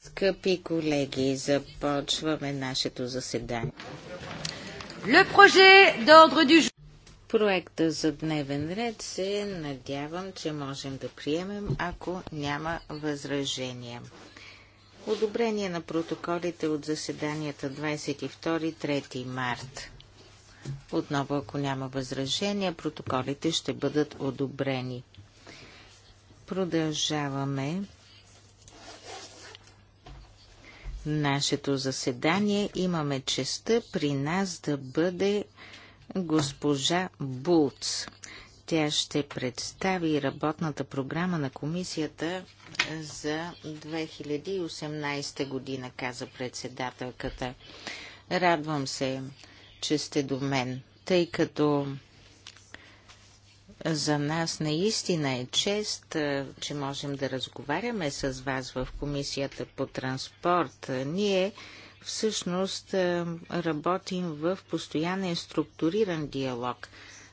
Скъпи колеги, започваме нашето заседание. Проекта за дневен ред се надявам, че можем да приемем, ако няма възражения. Одобрение на протоколите от заседанията 22-3 март. Отново, ако няма възражения, протоколите ще бъдат одобрени. Продължаваме нашето заседание. Имаме честа при нас да бъде госпожа Булц. Тя ще представи работната програма на комисията за 2018 година, каза председателката. Радвам се, че сте до мен, тъй като за нас наистина е чест, че можем да разговаряме с вас в Комисията по транспорт. Ние всъщност работим в постоянен структуриран диалог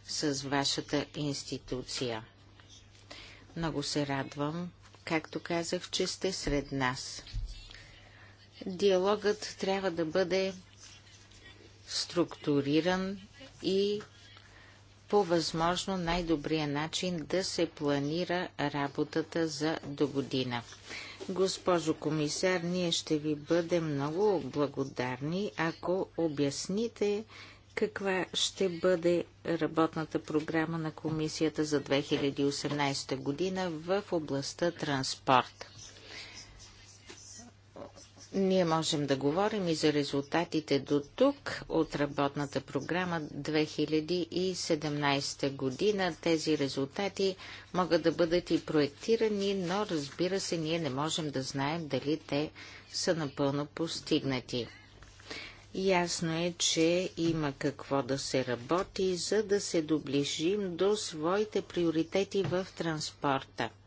с вашата институция. Много се радвам, както казах, че сте сред нас. Диалогът трябва да бъде структуриран и по възможно най-добрия начин да се планира работата за до година. Госпожо комисар, ние ще ви бъдем много благодарни, ако обясните каква ще бъде работната програма на комисията за 2018 година в областта транспорт. Ние можем да говорим и за резултатите до тук от работната програма 2017 година. Тези резултати могат да бъдат и проектирани, но разбира се, ние не можем да знаем дали те са напълно постигнати. Ясно е, че има какво да се работи, за да се доближим до своите приоритети в транспорта –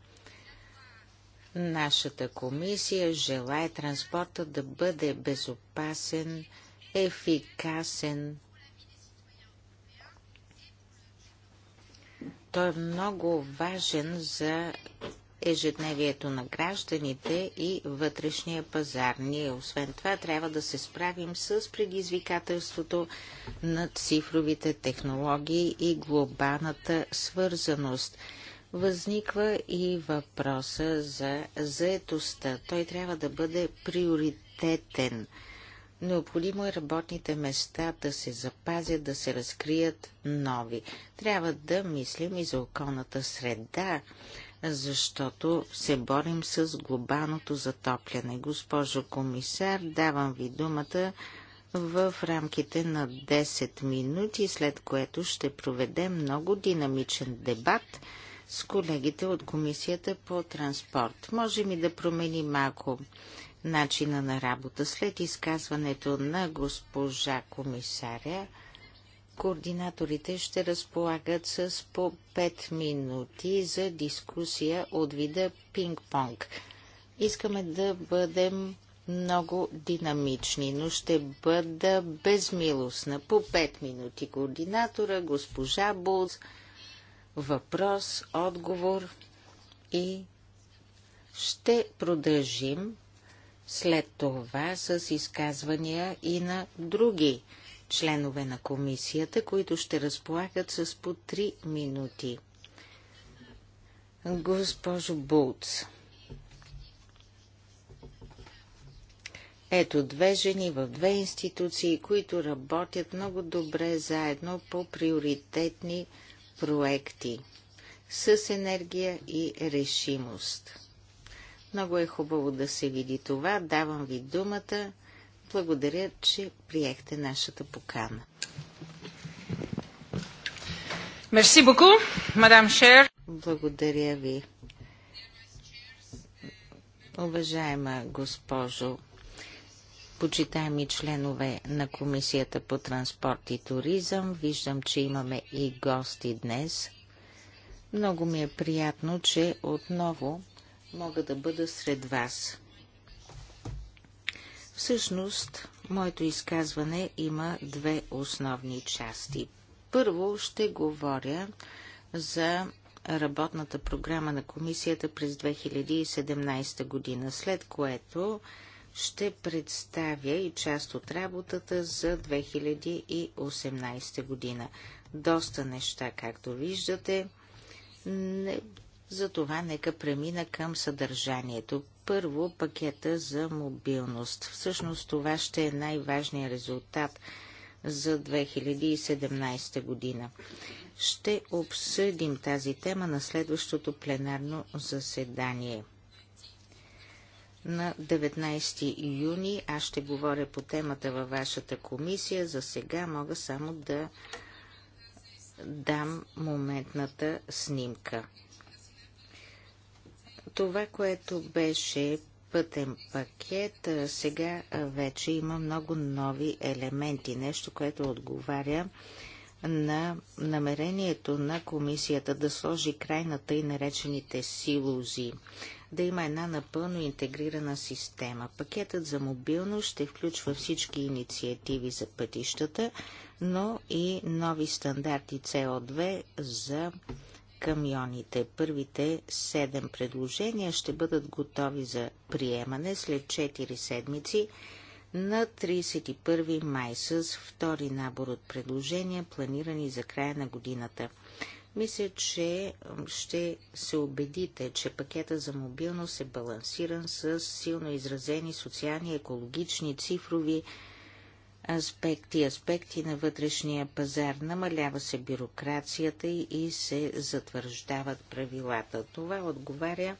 Нашата комисия желая транспорта да бъде безопасен, ефикасен. Той е много важен за ежедневието на гражданите и вътрешния пазар. Ние, освен това, трябва да се справим с предизвикателството на цифровите технологии и глобалната свързаност – възниква и въпроса за заетостта. Той трябва да бъде приоритетен. Необходимо е работните места да се запазят, да се разкрият нови. Трябва да мислим и за околната среда, защото се борим с глобалното затопляне. Госпожо комисар, давам ви думата в рамките на 10 минути, след което ще проведем много динамичен дебат с колегите от Комисията по транспорт. Можем и да променим малко начина на работа. След изказването на госпожа комисаря, координаторите ще разполагат с по 5 минути за дискусия от вида пинг-понг. Искаме да бъдем много динамични, но ще бъда безмилостна. По 5 минути координатора, госпожа Булс, въпрос, отговор и ще продължим след това с изказвания и на други членове на комисията, които ще разполагат с по 3 минути. Госпожо Булц, ето две жени в две институции, които работят много добре заедно по приоритетни проекти с енергия и решимост. Много е хубаво да се види това. Давам ви думата. Благодаря, че приехте нашата покана. Мерси боку, мадам Шер. Благодаря ви. Уважаема госпожо почитаеми членове на Комисията по транспорт и туризъм. Виждам, че имаме и гости днес. Много ми е приятно, че отново мога да бъда сред вас. Всъщност, моето изказване има две основни части. Първо ще говоря за работната програма на комисията през 2017 година, след което ще представя и част от работата за 2018 година. Доста неща, както виждате. Не, затова нека премина към съдържанието. Първо пакета за мобилност. Всъщност това ще е най-важният резултат за 2017 година. Ще обсъдим тази тема на следващото пленарно заседание. На 19 юни аз ще говоря по темата във вашата комисия. За сега мога само да дам моментната снимка. Това, което беше пътен пакет, сега вече има много нови елементи. Нещо, което отговаря на намерението на комисията да сложи край на тъй наречените силузи да има една напълно интегрирана система. Пакетът за мобилност ще включва всички инициативи за пътищата, но и нови стандарти CO2 за камионите. Първите седем предложения ще бъдат готови за приемане след 4 седмици на 31 май с втори набор от предложения, планирани за края на годината. Мисля, че ще се убедите, че пакета за мобилност е балансиран с силно изразени социални, екологични, цифрови аспекти, аспекти на вътрешния пазар. Намалява се бюрокрацията и се затвърждават правилата. Това отговаря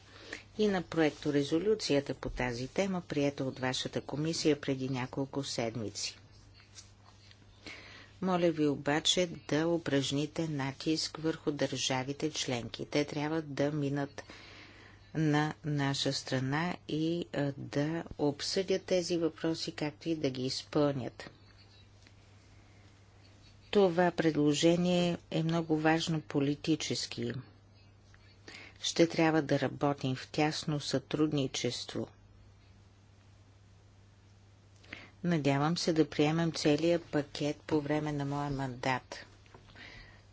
и на проекто резолюцията по тази тема, приета от вашата комисия преди няколко седмици. Моля ви обаче да упражните натиск върху държавите членки. Те трябва да минат на наша страна и да обсъдят тези въпроси, както и да ги изпълнят. Това предложение е много важно политически. Ще трябва да работим в тясно сътрудничество – Надявам се да приемем целия пакет по време на моя мандат,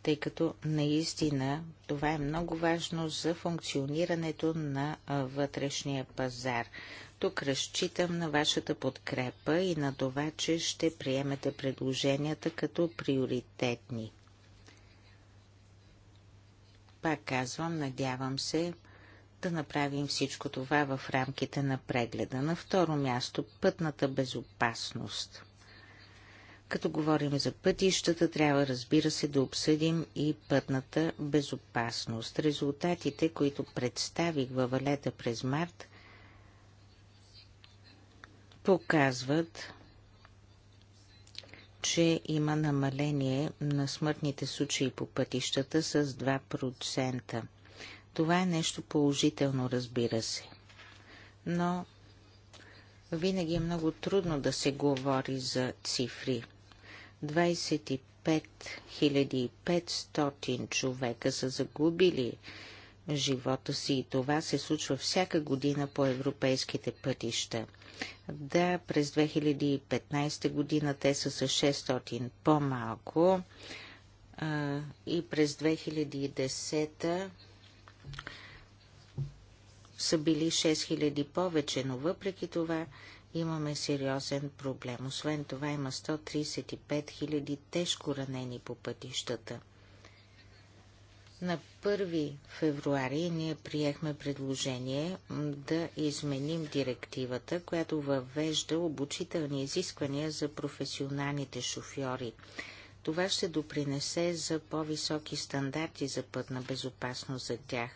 тъй като наистина това е много важно за функционирането на вътрешния пазар. Тук разчитам на вашата подкрепа и на това, че ще приемете предложенията като приоритетни. Пак казвам, надявам се да направим всичко това в рамките на прегледа. На второ място пътната безопасност. Като говорим за пътищата, трябва разбира се да обсъдим и пътната безопасност. Резултатите, които представих във Валета през март, показват, че има намаление на смъртните случаи по пътищата с 2%. Това е нещо положително, разбира се. Но винаги е много трудно да се говори за цифри. 25 500 човека са загубили живота си и това се случва всяка година по европейските пътища. Да, през 2015 година те са с 600 по-малко и през 2010 са били 6000 повече, но въпреки това имаме сериозен проблем. Освен това има 135 000 тежко ранени по пътищата. На 1 февруари ние приехме предложение да изменим директивата, която въвежда обучителни изисквания за професионалните шофьори. Това ще допринесе за по-високи стандарти за пътна безопасност за тях.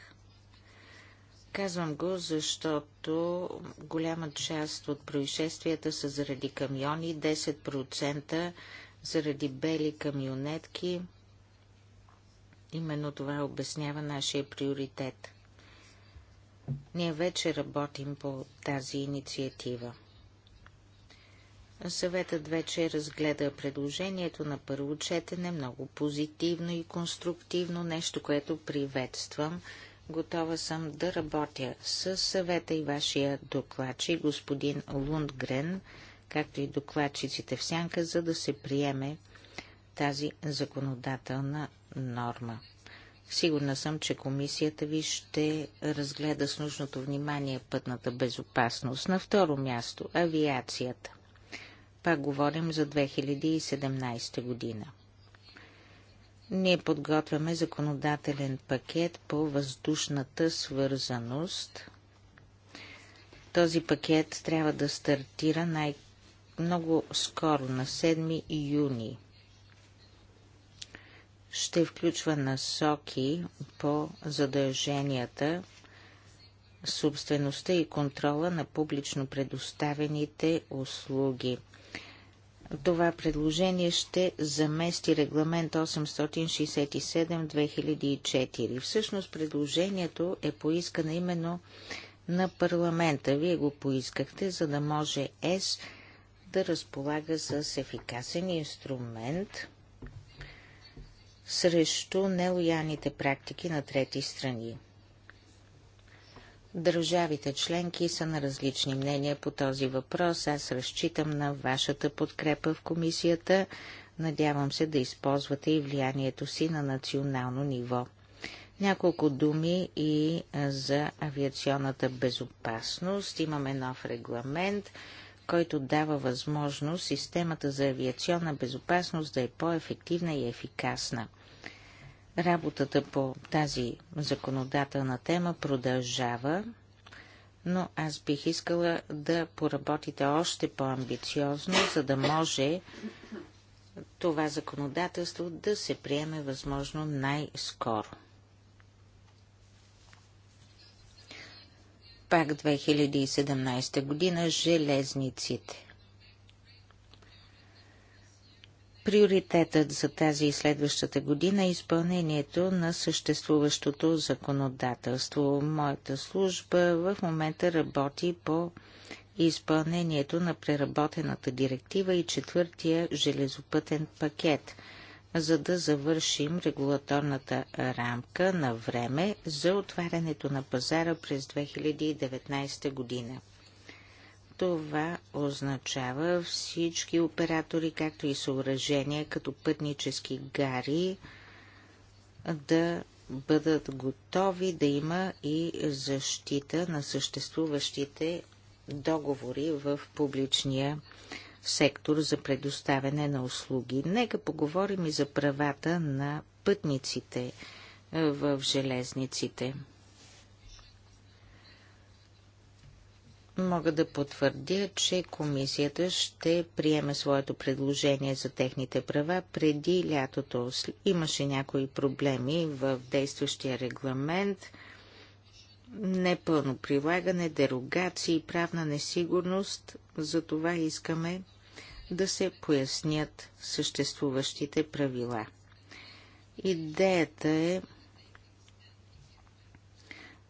Казвам го, защото голяма част от происшествията са заради камиони, 10% заради бели камионетки. Именно това обяснява нашия приоритет. Ние вече работим по тази инициатива. Съветът вече разгледа предложението на първо четене много позитивно и конструктивно, нещо, което приветствам. Готова съм да работя с съвета и вашия докладчик, господин Лундгрен, както и докладчиците в сянка, за да се приеме тази законодателна норма. Сигурна съм, че комисията ви ще разгледа с нужното внимание пътната безопасност. На второ място – авиацията. Пак говорим за 2017 година. Ние подготвяме законодателен пакет по въздушната свързаност. Този пакет трябва да стартира най- много скоро, на 7 юни. Ще включва насоки по задълженията, собствеността и контрола на публично предоставените услуги – това предложение ще замести регламент 867-2004. Всъщност предложението е поискано именно на парламента. Вие го поискахте, за да може ЕС да разполага с ефикасен инструмент срещу нелояните практики на трети страни. Държавите членки са на различни мнения по този въпрос. Аз разчитам на вашата подкрепа в комисията. Надявам се да използвате и влиянието си на национално ниво. Няколко думи и за авиационната безопасност. Имаме нов регламент, който дава възможност системата за авиационна безопасност да е по-ефективна и ефикасна – Работата по тази законодателна тема продължава, но аз бих искала да поработите още по-амбициозно, за да може това законодателство да се приеме възможно най-скоро. Пак 2017 година железниците. Приоритетът за тази и следващата година е изпълнението на съществуващото законодателство. Моята служба в момента работи по изпълнението на преработената директива и четвъртия железопътен пакет, за да завършим регулаторната рамка на време за отварянето на пазара през 2019 година. Това означава всички оператори, както и съоръжения, като пътнически гари, да бъдат готови да има и защита на съществуващите договори в публичния сектор за предоставяне на услуги. Нека поговорим и за правата на пътниците в железниците. мога да потвърдя, че комисията ще приеме своето предложение за техните права преди лятото. Имаше някои проблеми в действащия регламент, непълно прилагане, дерогации, правна несигурност. Затова искаме да се пояснят съществуващите правила. Идеята е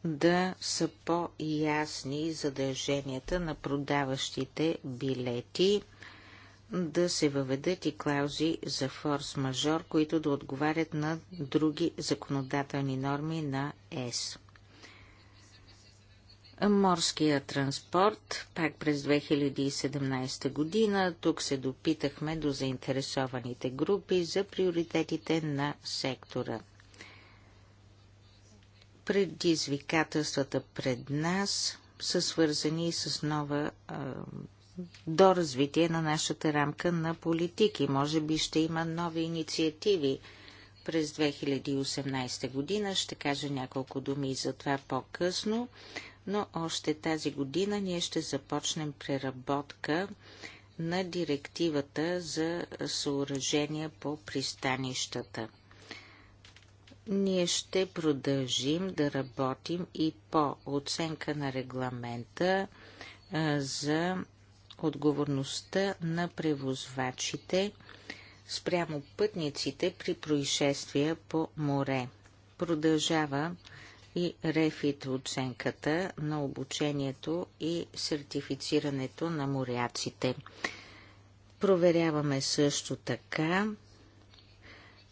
да са по-ясни задълженията на продаващите билети, да се въведат и клаузи за форс-мажор, които да отговарят на други законодателни норми на ЕС. Морския транспорт, пак през 2017 година, тук се допитахме до заинтересованите групи за приоритетите на сектора – Предизвикателствата пред нас са свързани и с нова а, до развитие на нашата рамка на политики. Може би ще има нови инициативи през 2018 година. Ще кажа няколко думи за това по-късно, но още тази година ние ще започнем преработка на директивата за съоръжения по пристанищата. Ние ще продължим да работим и по оценка на регламента за отговорността на превозвачите спрямо пътниците при происшествия по море. Продължава и рефит оценката на обучението и сертифицирането на моряците. Проверяваме също така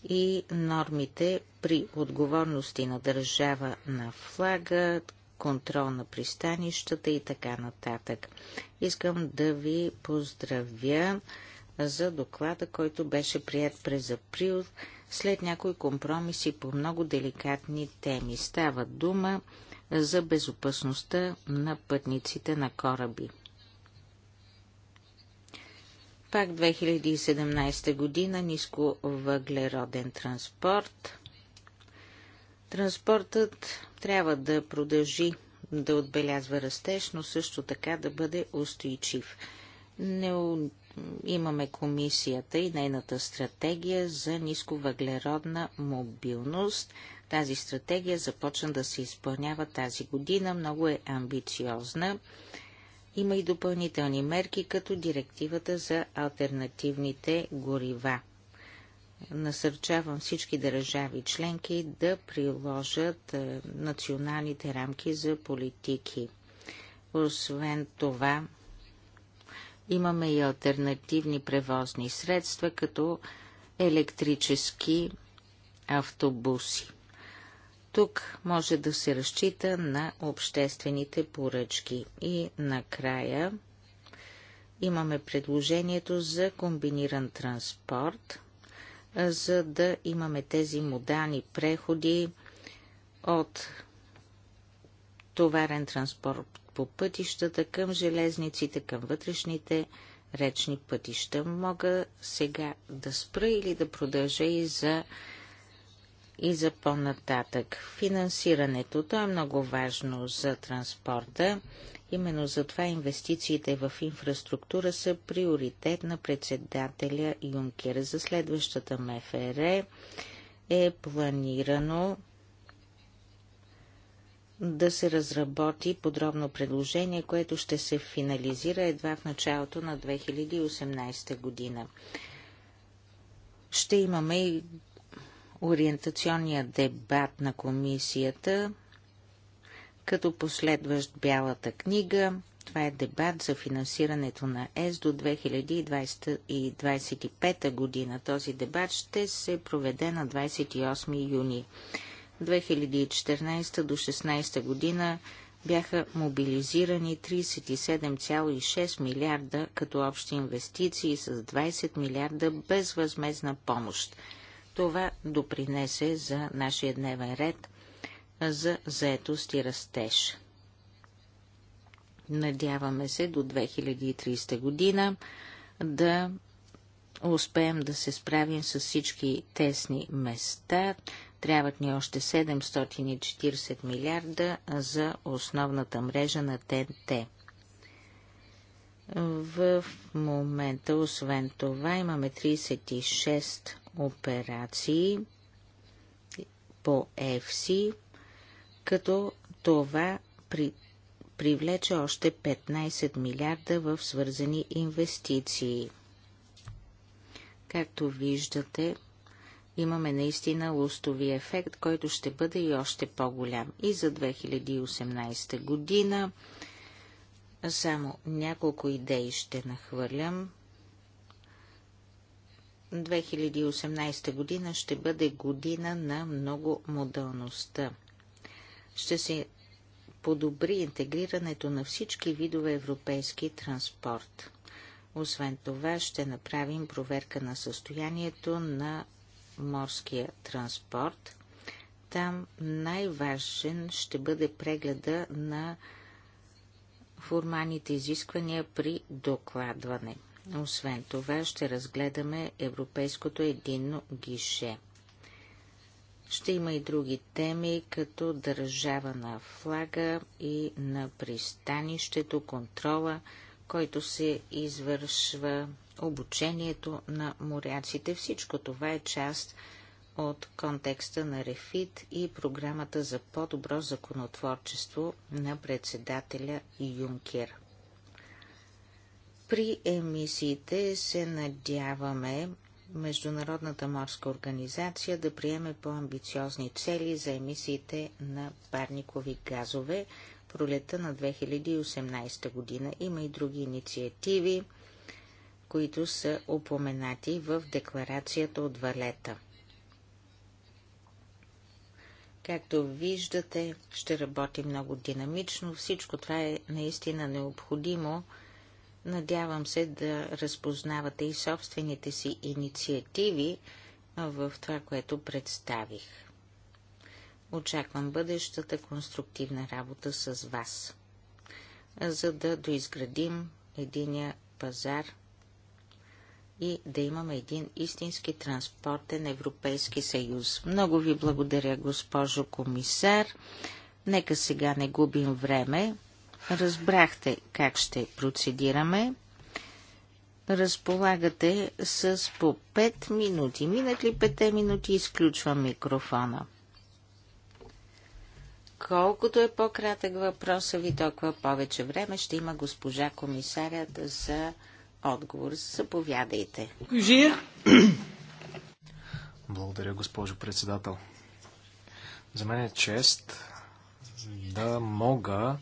и нормите при отговорности на държава на флага, контрол на пристанищата и така нататък. Искам да ви поздравя за доклада, който беше прият през април след някои компромиси по много деликатни теми. Става дума за безопасността на пътниците на кораби. Пак 2017 година ниско въглероден транспорт. Транспортът трябва да продължи да отбелязва растеж, но също така да бъде устойчив. Не имаме комисията и нейната стратегия за нисковъглеродна мобилност. Тази стратегия започна да се изпълнява тази година, много е амбициозна има и допълнителни мерки, като директивата за альтернативните горива. Насърчавам всички държави членки да приложат е, националните рамки за политики. Освен това, имаме и альтернативни превозни средства, като електрически автобуси. Тук може да се разчита на обществените поръчки. И накрая имаме предложението за комбиниран транспорт, за да имаме тези модални преходи от товарен транспорт по пътищата към железниците, към вътрешните речни пътища. Мога сега да спра или да продължа и за и за по-нататък. Финансирането, то е много важно за транспорта. Именно затова инвестициите в инфраструктура са приоритет на председателя Юнкер. За следващата МФР е планирано да се разработи подробно предложение, което ще се финализира едва в началото на 2018 година. Ще имаме и ориентационния дебат на комисията като последващ Бялата книга. Това е дебат за финансирането на ЕС до 2025 година. Този дебат ще се проведе на 28 юни. 2014 до 2016 година бяха мобилизирани 37,6 милиарда като общи инвестиции с 20 милиарда безвъзмезна помощ. Това допринесе за нашия дневен ред за заетост и растеж. Надяваме се до 2030 година да успеем да се справим с всички тесни места. Трябват ни още 740 милиарда за основната мрежа на ТНТ. В момента, освен това, имаме 36 операции по FC, като това при, привлече още 15 милиарда в свързани инвестиции. Както виждате, имаме наистина лустови ефект, който ще бъде и още по-голям. И за 2018 година само няколко идеи ще нахвърлям. 2018 година ще бъде година на много модалността. Ще се подобри интегрирането на всички видове европейски транспорт. Освен това ще направим проверка на състоянието на морския транспорт. Там най-важен ще бъде прегледа на формалните изисквания при докладване – освен това ще разгледаме Европейското единно гише. Ще има и други теми, като държава на флага и на пристанището, контрола, който се извършва, обучението на моряците. Всичко това е част от контекста на Рефит и програмата за по-добро законотворчество на председателя Юнкер. При емисиите се надяваме Международната морска организация да приеме по-амбициозни цели за емисиите на парникови газове пролета на 2018 година. Има и други инициативи, които са упоменати в декларацията от Валета. Както виждате, ще работи много динамично. Всичко това е наистина необходимо – Надявам се да разпознавате и собствените си инициативи в това, което представих. Очаквам бъдещата конструктивна работа с вас, за да доизградим единия пазар и да имаме един истински транспортен Европейски съюз. Много ви благодаря, госпожо комисар. Нека сега не губим време. Разбрахте как ще процедираме. Разполагате с по 5 минути. Минат ли 5 минути, изключвам микрофона. Колкото е по-кратък въпроса ви, толкова повече време ще има госпожа комисарят за отговор. Заповядайте. Благодаря, госпожо председател. За мен е чест да мога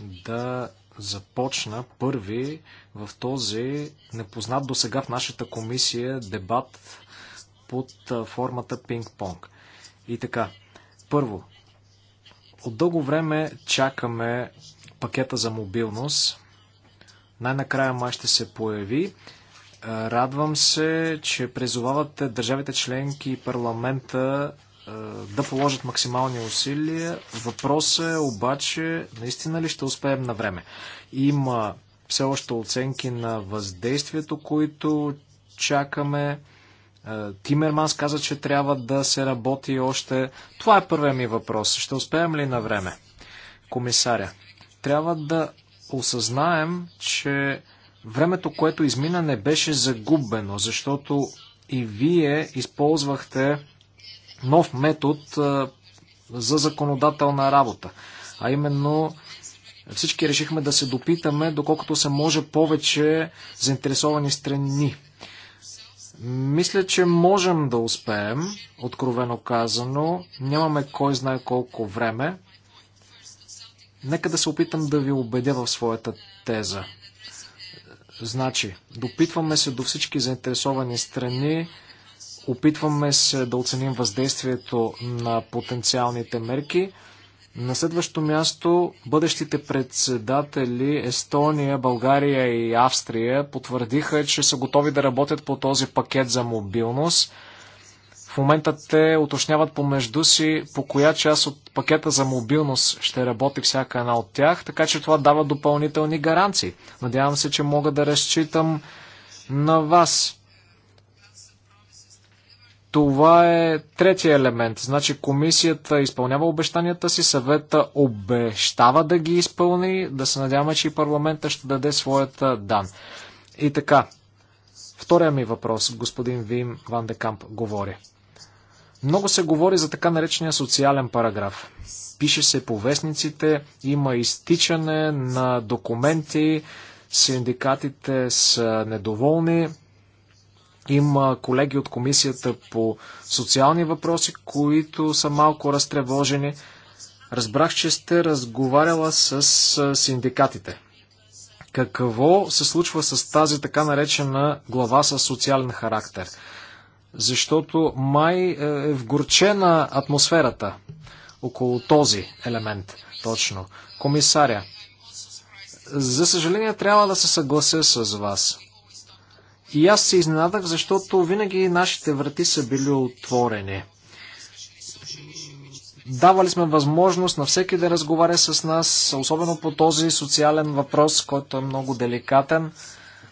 да започна първи в този непознат до сега в нашата комисия дебат под формата пинг-понг. И така, първо, от дълго време чакаме пакета за мобилност. Най-накрая май ще се появи. Радвам се, че призовавате държавите членки и парламента е, да положат максимални усилия. Въпросът е обаче, наистина ли ще успеем на време? Има все още оценки на въздействието, които чакаме. Е, Тимерманс каза, че трябва да се работи още. Това е първият ми въпрос. Ще успеем ли на време? Комисаря, трябва да осъзнаем, че времето, което измина, не беше загубено, защото и вие използвахте нов метод за законодателна работа. А именно всички решихме да се допитаме, доколкото се може повече заинтересовани страни. Мисля, че можем да успеем, откровено казано. Нямаме кой знае колко време. Нека да се опитам да ви убедя в своята теза. Значи, допитваме се до всички заинтересовани страни, Опитваме се да оценим въздействието на потенциалните мерки. На следващо място, бъдещите председатели Естония, България и Австрия потвърдиха, че са готови да работят по този пакет за мобилност. В момента те уточняват помежду си по коя част от пакета за мобилност ще работи всяка една от тях, така че това дава допълнителни гаранции. Надявам се, че мога да разчитам на вас това е третия елемент. Значи комисията изпълнява обещанията си, съвета обещава да ги изпълни, да се надяваме, че и парламента ще даде своята дан. И така, втория ми въпрос, господин Вим Ван де Камп говори. Много се говори за така наречения социален параграф. Пише се по вестниците, има изтичане на документи, синдикатите са недоволни, има колеги от комисията по социални въпроси, които са малко разтревожени. Разбрах, че сте разговаряла с синдикатите. Какво се случва с тази така наречена глава с социален характер? Защото май е, е вгорчена атмосферата около този елемент. Точно. Комисаря, за съжаление трябва да се съглася с вас. И аз се изненадах, защото винаги нашите врати са били отворени. Давали сме възможност на всеки да разговаря с нас, особено по този социален въпрос, който е много деликатен.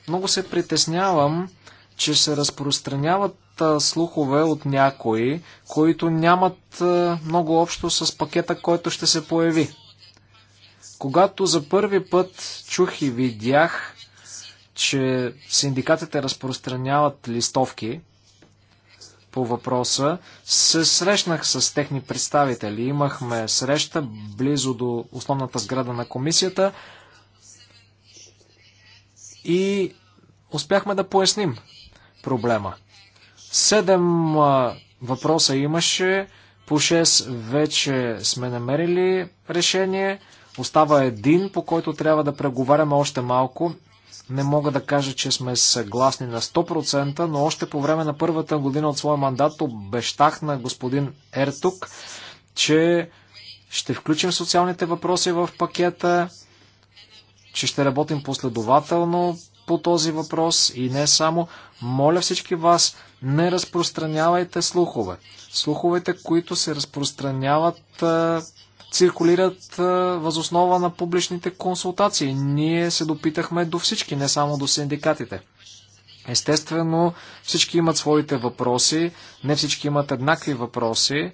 Много се притеснявам, че се разпространяват слухове от някои, които нямат много общо с пакета, който ще се появи. Когато за първи път чух и видях че синдикатите разпространяват листовки по въпроса. Се срещнах с техни представители. Имахме среща близо до основната сграда на комисията и успяхме да поясним проблема. Седем въпроса имаше, по 6 вече сме намерили решение. Остава един, по който трябва да преговаряме още малко. Не мога да кажа, че сме съгласни на 100%, но още по време на първата година от своя мандат обещах на господин Ертук, че ще включим социалните въпроси в пакета, че ще работим последователно по този въпрос и не само. Моля всички вас, не разпространявайте слухове. Слуховете, които се разпространяват, циркулират възоснова на публичните консултации. Ние се допитахме до всички, не само до синдикатите. Естествено, всички имат своите въпроси, не всички имат еднакви въпроси.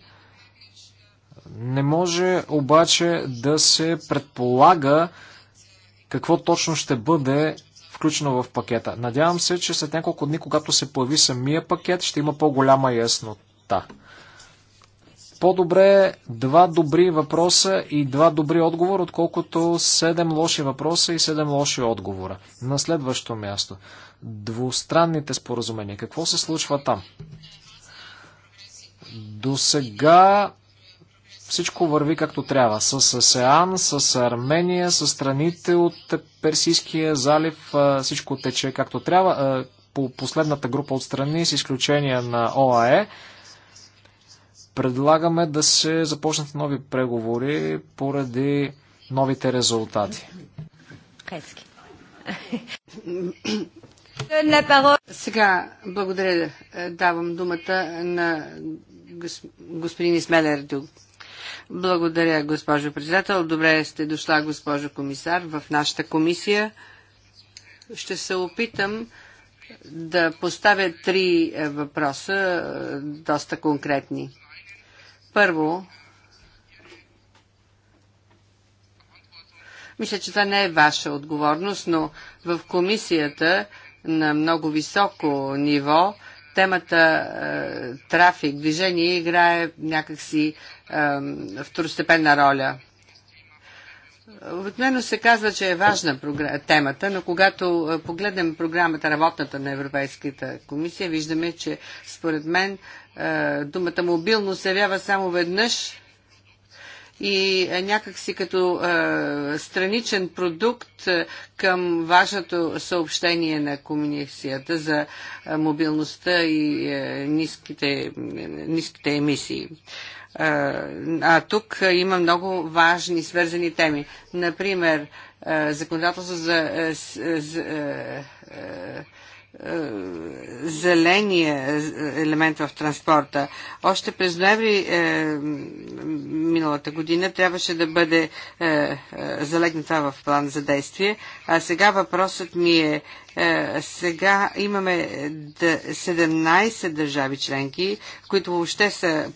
Не може обаче да се предполага какво точно ще бъде включено в пакета. Надявам се, че след няколко дни, когато се появи самия пакет, ще има по-голяма яснота. По-добре два добри въпроса и два добри отговора, отколкото седем лоши въпроса и седем лоши отговора. На следващо място. Двустранните споразумения. Какво се случва там? До сега всичко върви както трябва. С АСЕАН, с Армения, с страните от Персийския залив, всичко тече както трябва. По последната група от страни, с изключение на ОАЕ, Предлагаме да се започнат нови преговори поради новите резултати. Сега, благодаря, е, давам думата на господин Исмелер Дюк. Благодаря, госпожо председател. Добре сте дошла, госпожо комисар, в нашата комисия. Ще се опитам да поставя три е, въпроса, е, доста конкретни. Първо, мисля, че това не е ваша отговорност, но в комисията на много високо ниво темата е, трафик, движение играе някакси е, второстепенна роля. Обикновено се казва, че е важна темата, но когато е, погледнем програмата работната на Европейската комисия, виждаме, че според мен е, думата мобилност се явява само веднъж и е, някакси като е, страничен продукт към важното съобщение на комисията за мобилността и ниските, ниските емисии. А тук има много важни свързани теми. Например, законодателство за, за, за е, зеления елемент в транспорта. Още през ноември е, миналата година трябваше да бъде е, е, залегната в план за действие, а сега въпросът ми е, е сега имаме 17 държави членки, които въобще са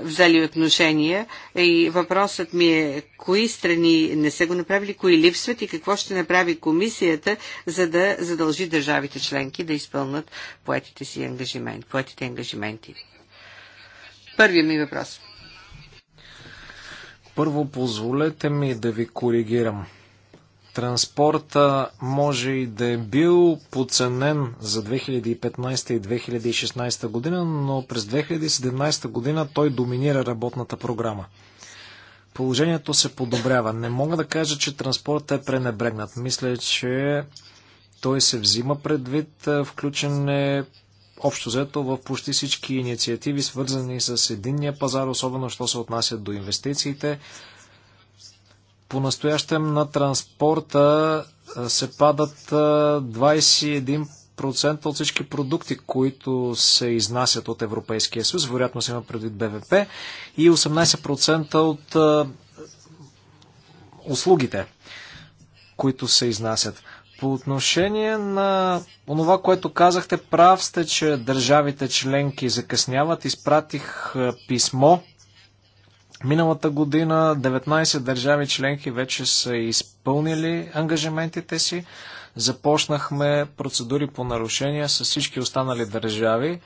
взели отношение и въпросът ми е кои страни не са го направили, кои липсват и какво ще направи комисията, за да задължи държавите членки да изпълнат поетите си ангажимент, поетите ангажименти. Първият ми въпрос. Първо позволете ми да ви коригирам. Транспорта може и да е бил подценен за 2015 и 2016 година, но през 2017 година той доминира работната програма. Положението се подобрява. Не мога да кажа, че транспортът е пренебрегнат. Мисля, че той се взима предвид, включен е общо взето в почти всички инициативи, свързани с единния пазар, особено що се отнася до инвестициите. По-настоящем на транспорта се падат 21% от всички продукти, които се изнасят от Европейския съюз, вероятно се има предвид БВП, и 18% от услугите, които се изнасят. По отношение на това, което казахте, прав сте, че държавите членки закъсняват. Изпратих писмо Миналата година 19 държави членки вече са изпълнили ангажиментите си. Започнахме процедури по нарушения с всички останали държави.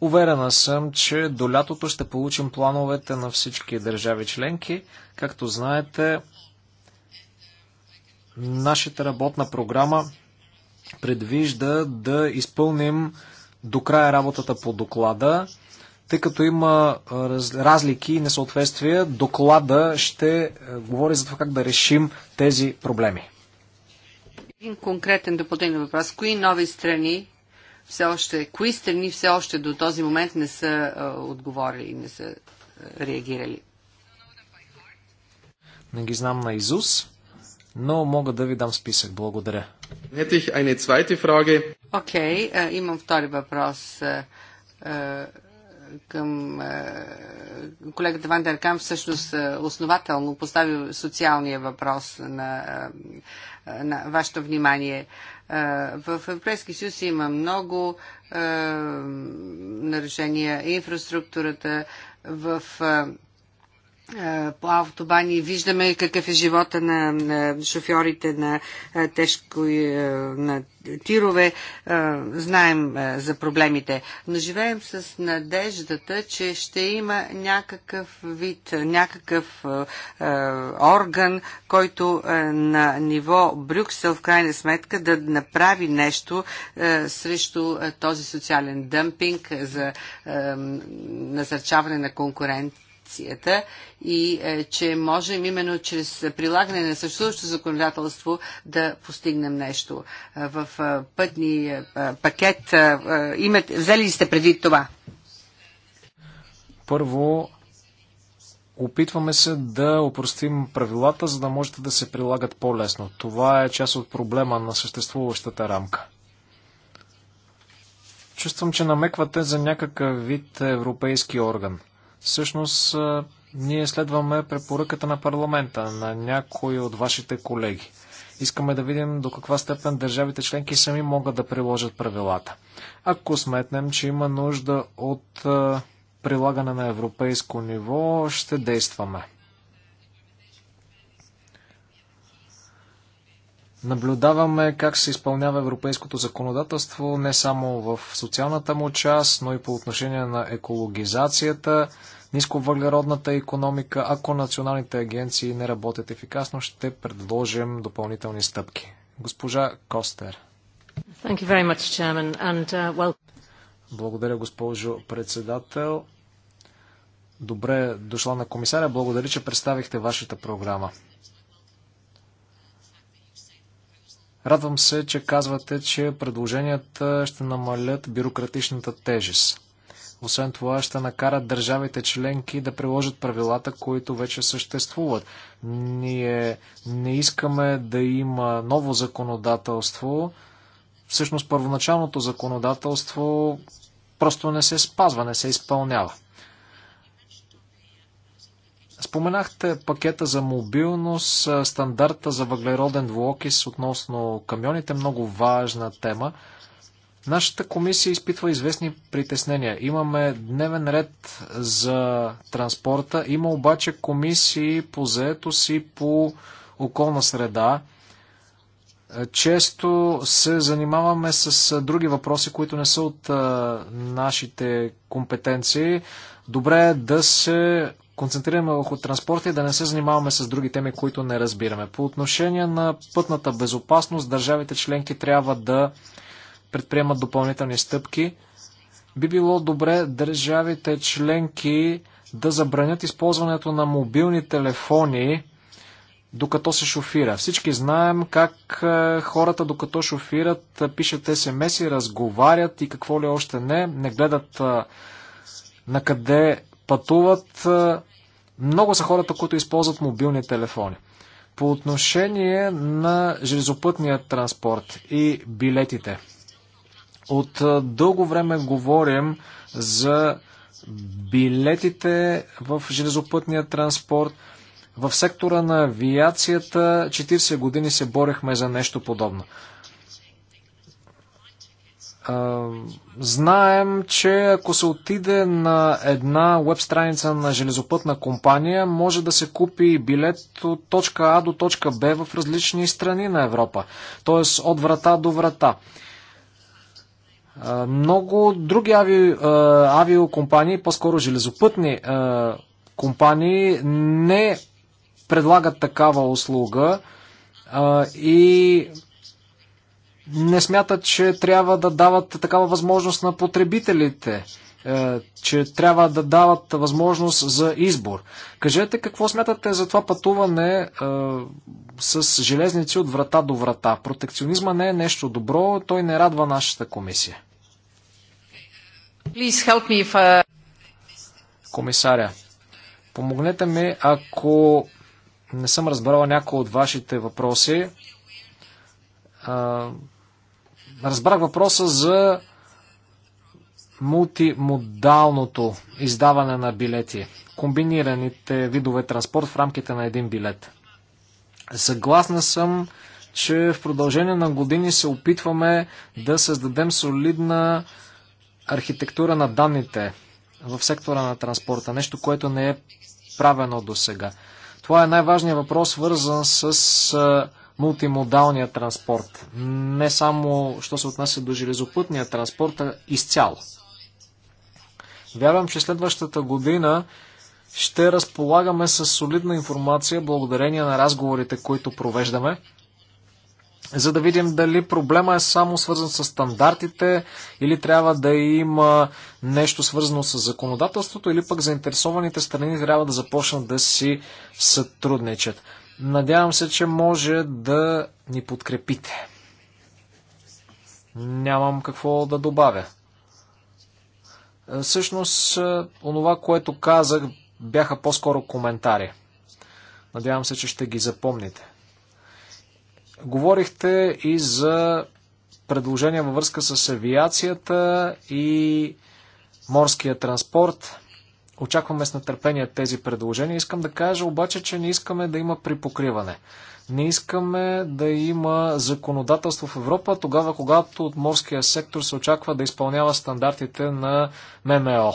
Уверена съм, че до лятото ще получим плановете на всички държави членки. Както знаете, нашата работна програма предвижда да изпълним до края работата по доклада. Тъй като има разлики и несъответствия, доклада ще е, говори за това как да решим тези проблеми. Един конкретен допълнителен въпрос. Кои нови страни все още, кои страни все още до този момент не са отговорили и не са реагирали? Не ги знам на Изус, но мога да ви дам списък. Благодаря. Окей, okay, имам втори въпрос към е, колегата Ван Кам всъщност е, основателно постави социалния въпрос на, е, на вашето внимание. В Европейски съюз има много нарушения инфраструктурата в по автобани виждаме какъв е живота на, на шофьорите на тежко на тирове. Знаем за проблемите, но живеем с надеждата, че ще има някакъв вид, някакъв орган, който на ниво Брюксел в крайна сметка да направи нещо срещу този социален дъмпинг за насърчаване на конкурент корупцията и е, че можем именно чрез прилагане на съществуващото законодателство да постигнем нещо. Е, в е, пътни пакет имате, взели ли сте преди това? Първо, Опитваме се да опростим правилата, за да можете да се прилагат по-лесно. Това е част от проблема на съществуващата рамка. Чувствам, че намеквате за някакъв вид европейски орган. Всъщност, ние следваме препоръката на парламента, на някои от вашите колеги. Искаме да видим до каква степен държавите членки сами могат да приложат правилата. Ако сметнем, че има нужда от прилагане на европейско ниво, ще действаме. Наблюдаваме как се изпълнява европейското законодателство не само в социалната му част, но и по отношение на екологизацията, нисковъглеродната економика. Ако националните агенции не работят ефикасно, ще предложим допълнителни стъпки. Госпожа Костер. Much, Chairman, and, uh, well... Благодаря, госпожо председател. Добре е дошла на комисаря. Благодаря, че представихте вашата програма. Радвам се, че казвате, че предложенията ще намалят бюрократичната тежест. Освен това, ще накарат държавите членки да приложат правилата, които вече съществуват. Ние не искаме да има ново законодателство. Всъщност, първоначалното законодателство просто не се спазва, не се изпълнява. Споменахте пакета за мобилност, стандарта за въглероден двуокис относно камионите, много важна тема. Нашата комисия изпитва известни притеснения. Имаме дневен ред за транспорта, има обаче комисии по заето си по околна среда. Често се занимаваме с други въпроси, които не са от нашите компетенции. Добре е да се концентрираме върху транспорта и да не се занимаваме с други теми, които не разбираме. По отношение на пътната безопасност, държавите членки трябва да предприемат допълнителни стъпки. Би било добре държавите членки да забранят използването на мобилни телефони, докато се шофира. Всички знаем как е, хората, докато шофират, е, пишат смс и разговарят и какво ли още не, не гледат е, на къде пътуват. Много са хората, които използват мобилни телефони. По отношение на железопътния транспорт и билетите. От дълго време говорим за билетите в железопътния транспорт. В сектора на авиацията 40 години се борехме за нещо подобно знаем, че ако се отиде на една веб страница на железопътна компания, може да се купи билет от точка А до точка Б в различни страни на Европа, т.е. от врата до врата. Много други ави, авиокомпании, по-скоро железопътни компании, не предлагат такава услуга и не смятат, че трябва да дават такава възможност на потребителите, е, че трябва да дават възможност за избор. Кажете какво смятате за това пътуване е, с железници от врата до врата. Протекционизма не е нещо добро, той не радва нашата комисия. Uh, Комисаря, помогнете ми, ако не съм разбрала някои от вашите въпроси разбрах въпроса за мултимодалното издаване на билети, комбинираните видове транспорт в рамките на един билет. Съгласна съм, че в продължение на години се опитваме да създадем солидна архитектура на данните в сектора на транспорта, нещо, което не е правено до сега. Това е най-важният въпрос, свързан с мултимодалния транспорт. Не само, що се отнася до железопътния транспорт, а изцяло. Вярвам, че следващата година ще разполагаме с солидна информация благодарение на разговорите, които провеждаме, за да видим дали проблема е само свързан с стандартите или трябва да има нещо свързано с законодателството или пък заинтересованите страни трябва да започнат да си сътрудничат. Надявам се, че може да ни подкрепите. Нямам какво да добавя. Е, всъщност, е, онова, което казах, бяха по-скоро коментари. Надявам се, че ще ги запомните. Говорихте и за предложения във връзка с авиацията и морския транспорт. Очакваме с нетърпение тези предложения. Искам да кажа обаче, че не искаме да има припокриване. Не искаме да има законодателство в Европа тогава, когато от морския сектор се очаква да изпълнява стандартите на ММО.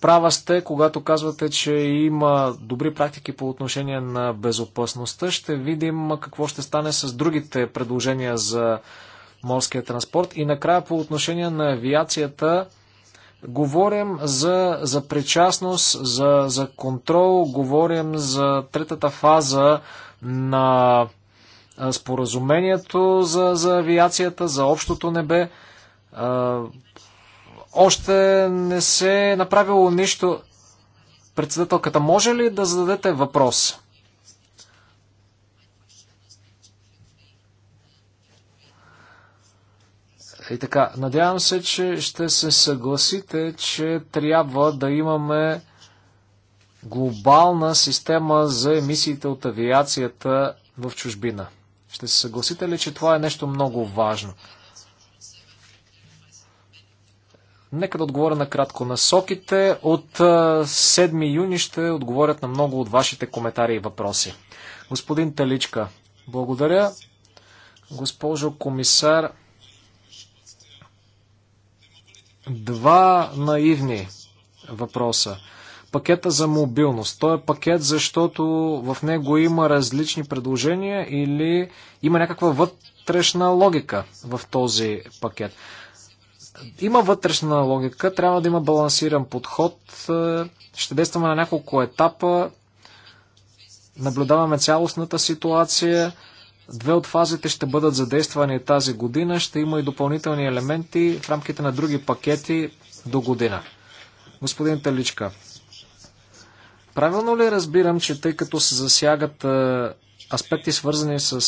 Права сте, когато казвате, че има добри практики по отношение на безопасността. Ще видим какво ще стане с другите предложения за морския транспорт. И накрая по отношение на авиацията Говорим за, за причастност, за, за контрол, говорим за третата фаза на споразумението за, за авиацията, за общото небе. още не се е направило нищо. Председателката, може ли да зададете въпрос? И така, надявам се, че ще се съгласите, че трябва да имаме глобална система за емисиите от авиацията в чужбина. Ще се съгласите ли, че това е нещо много важно? Нека да отговоря накратко. Насоките от 7 юни ще отговорят на много от вашите коментари и въпроси. Господин Таличка, благодаря. Госпожо комисар, Два наивни въпроса. Пакета за мобилност. Той е пакет, защото в него има различни предложения или има някаква вътрешна логика в този пакет. Има вътрешна логика, трябва да има балансиран подход. Ще действаме на няколко етапа. Наблюдаваме цялостната ситуация Две от фазите ще бъдат задействани тази година. Ще има и допълнителни елементи в рамките на други пакети до година. Господин Таличка, правилно ли разбирам, че тъй като се засягат аспекти свързани с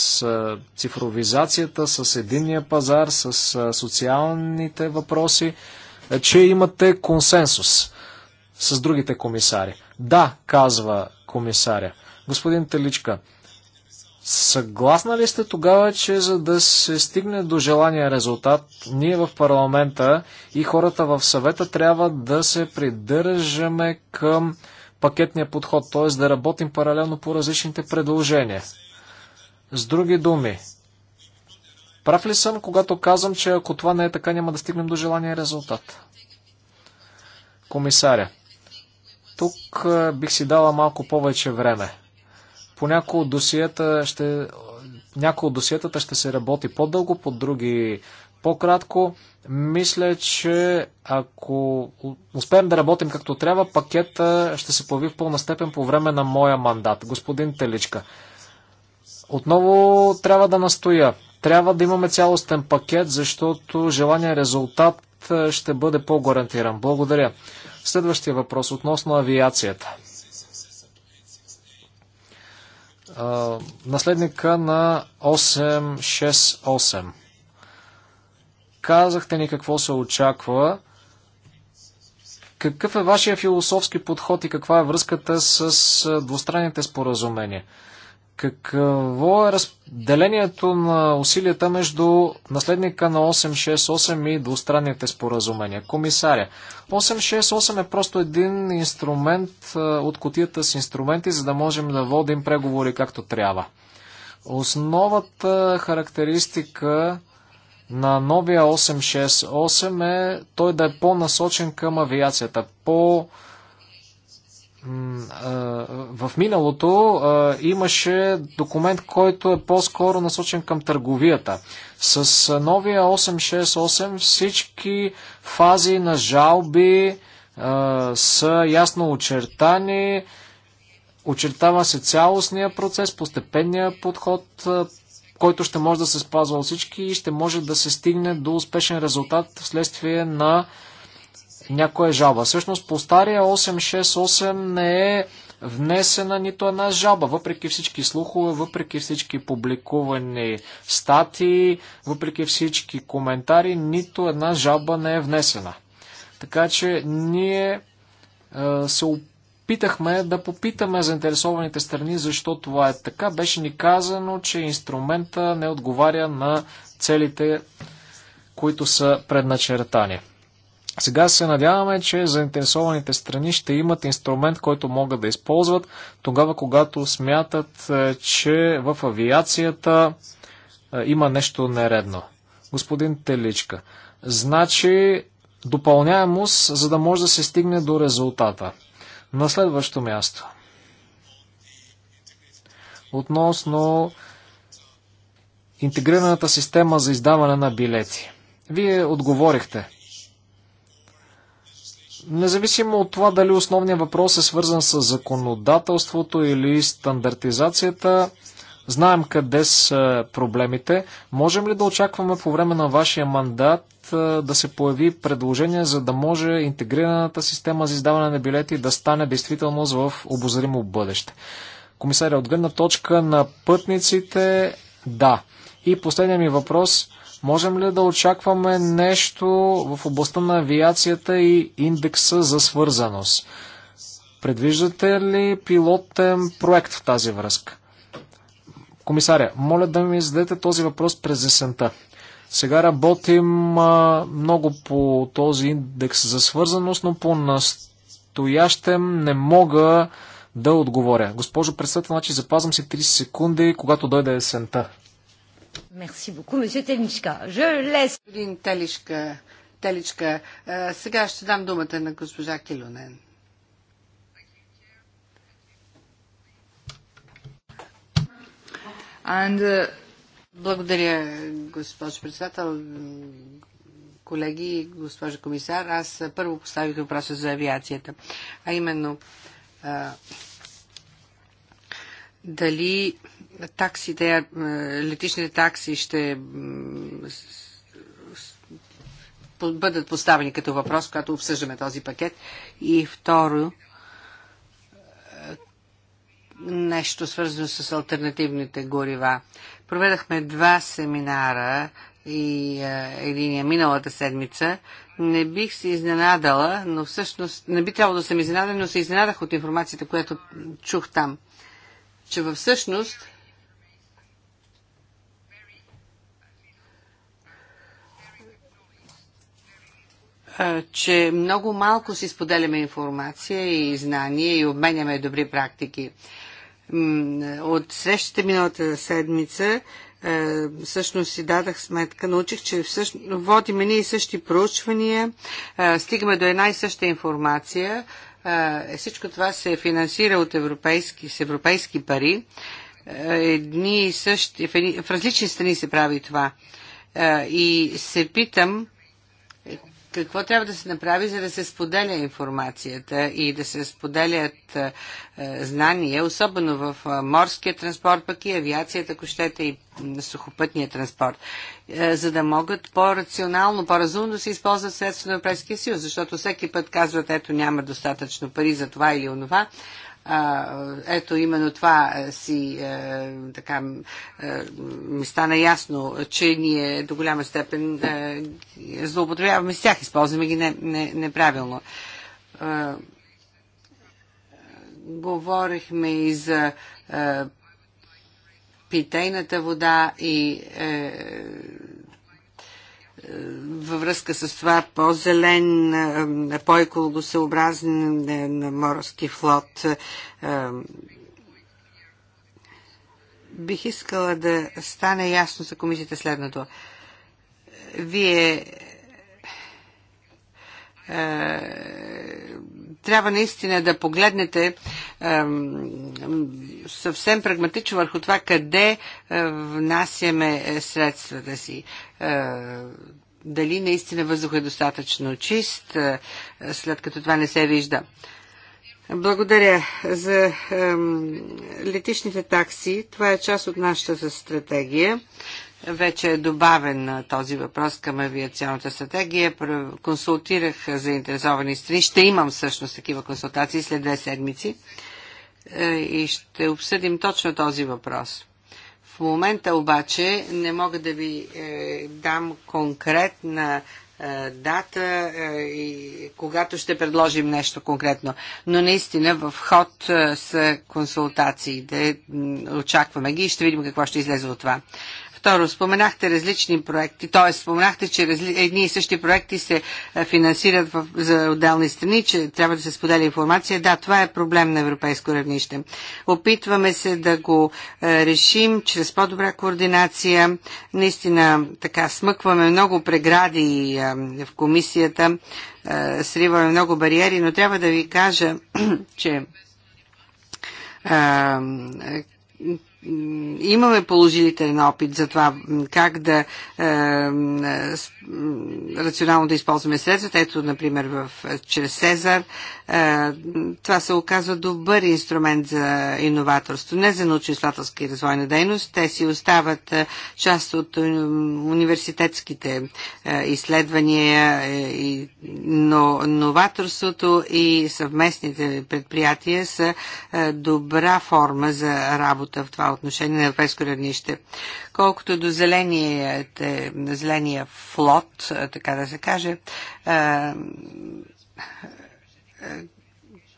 цифровизацията, с единния пазар, с социалните въпроси, че имате консенсус с другите комисари? Да, казва комисаря. Господин Теличка, Съгласна ли сте тогава, че за да се стигне до желания резултат, ние в парламента и хората в съвета трябва да се придържаме към пакетния подход, т.е. да работим паралелно по различните предложения? С други думи, прав ли съм, когато казвам, че ако това не е така, няма да стигнем до желания резултат? Комисаря, тук е, бих си дала малко повече време. По някои от досиета ще, някои от досиетата ще се работи по-дълго, по други по-кратко. Мисля, че ако успеем да работим както трябва, пакета ще се появи в пълна степен по време на моя мандат. Господин Теличка, отново трябва да настоя. Трябва да имаме цялостен пакет, защото желания резултат е, ще бъде по-гарантиран. Благодаря. Следващия въпрос относно авиацията. наследника на 868. Казахте ни какво се очаква. Какъв е вашия философски подход и каква е връзката с двустранните споразумения? Какво е разделението на усилията между наследника на 868 и двустранните споразумения? Комисаря, 868 е просто един инструмент от котията с инструменти, за да можем да водим преговори както трябва. Основната характеристика на новия 868 е той да е по-насочен към авиацията, по-насочен в миналото имаше документ, който е по-скоро насочен към търговията. С новия 868 всички фази на жалби са ясно очертани. Очертава се цялостния процес, постепенния подход, който ще може да се спазва от всички и ще може да се стигне до успешен резултат вследствие на някоя жалба. Всъщност по стария 868 не е внесена нито една жалба, въпреки всички слухове, въпреки всички публикувани статии, въпреки всички коментари, нито една жалба не е внесена. Така че ние е, се опитахме да попитаме заинтересованите страни защо това е така. Беше ни казано, че инструмента не отговаря на целите, които са предначертани. Сега се надяваме, че заинтересованите страни ще имат инструмент, който могат да използват тогава, когато смятат, е, че в авиацията е, има нещо нередно. Господин Теличка, значи допълняемост, за да може да се стигне до резултата. На следващо място. Относно интегрираната система за издаване на билети. Вие отговорихте Независимо от това дали основният въпрос е свързан с законодателството или стандартизацията, знаем къде са проблемите. Можем ли да очакваме по време на вашия мандат да се появи предложение, за да може интегрираната система за издаване на билети да стане действителност в обозримо бъдеще? Комисаря, от гледна точка на пътниците, да. И последният ми въпрос – Можем ли да очакваме нещо в областта на авиацията и индекса за свързаност? Предвиждате ли пилотен проект в тази връзка? Комисаря, моля да ми зададете този въпрос през есента. Сега работим а, много по този индекс за свързаност, но по настоящем не мога да отговоря. Госпожо председател, значи запазвам си 30 секунди, когато дойде есента. Мерси beaucoup, месье Теличка. Je laisse... Господин Теличка, Теличка, сега ще дам думата на госпожа Килонен. And, uh... Благодаря, госпожо председател, колеги, госпожо комисар. Аз първо поставих въпроса за авиацията, а именно а, дали таксите, е, летичните такси ще бъдат поставени като въпрос, когато обсъждаме този пакет. И второ, е, нещо свързано с альтернативните горива. Проведахме два семинара и е, единия миналата седмица. Не бих се изненадала, но всъщност не би трябвало да съм изненадана, но се изненадах от информацията, която чух там, че всъщност че много малко си споделяме информация и знания и обменяме добри практики. От срещите миналата седмица всъщност си дадах сметка, научих, че всъщност водиме ние същи проучвания, стигаме до една и съща информация. Е, всичко това се финансира от европейски, с европейски пари. Едни и същи, в различни страни се прави това. И се питам, какво трябва да се направи, за да се споделя информацията и да се споделят е, е знания, особено в е, морския транспорт, пък и авиацията, ако щете, и сухопътния транспорт, е, за да могат по-рационално, по-разумно да се използват средства на Европейския съюз, защото всеки път казват, ето няма достатъчно пари за това или онова, а, ето именно това е, си е, така е, ми стана ясно, че ние до голяма степен е, злоупотребяваме с тях, използваме ги не, не, неправилно. Е, говорихме и за е, питейната вода и е, във връзка с това по-зелен, е, по-екологосъобразен е, морски флот. Е, бих искала да стане ясно за комисията следното. Вие трябва наистина да погледнете съвсем прагматично върху това къде внасяме средствата си дали наистина въздух е достатъчно чист, е, след като това не се вижда. Благодаря за летишните такси. Това е част от нашата стратегия. Вече е добавен е, този въпрос към авиационната стратегия. Консултирах заинтересовани страни. Ще имам всъщност такива консултации след две седмици е, и ще обсъдим точно този въпрос. В момента обаче не мога да ви е, дам конкретна е, дата е, и когато ще предложим нещо конкретно. Но наистина в ход е, са консултациите. Очакваме ги и ще видим какво ще излезе от това. Второ, споменахте различни проекти, т.е. споменахте, че разли... едни и същи проекти се е, финансират в... за отделни страни, че трябва да се споделя информация. Да, това е проблем на европейско равнище. Опитваме се да го е, решим чрез по-добра координация. Наистина, така, смъкваме много прегради е, в комисията, сриваме много бариери, но трябва да ви кажа, че имаме положителен опит за това как да е, рационално да използваме средствата. Ето, например, в, е, чрез Сезар. Е, това се оказва добър инструмент за иноваторство. Не за научно-изследователска и развойна дейност. Те си остават е, част от е, университетските е, изследвания, е, и, но новаторството и съвместните предприятия са е, добра форма за работа в това отношение на европейско равнище. Колкото до зеленият, е, зеления флот, е, така да се каже, е,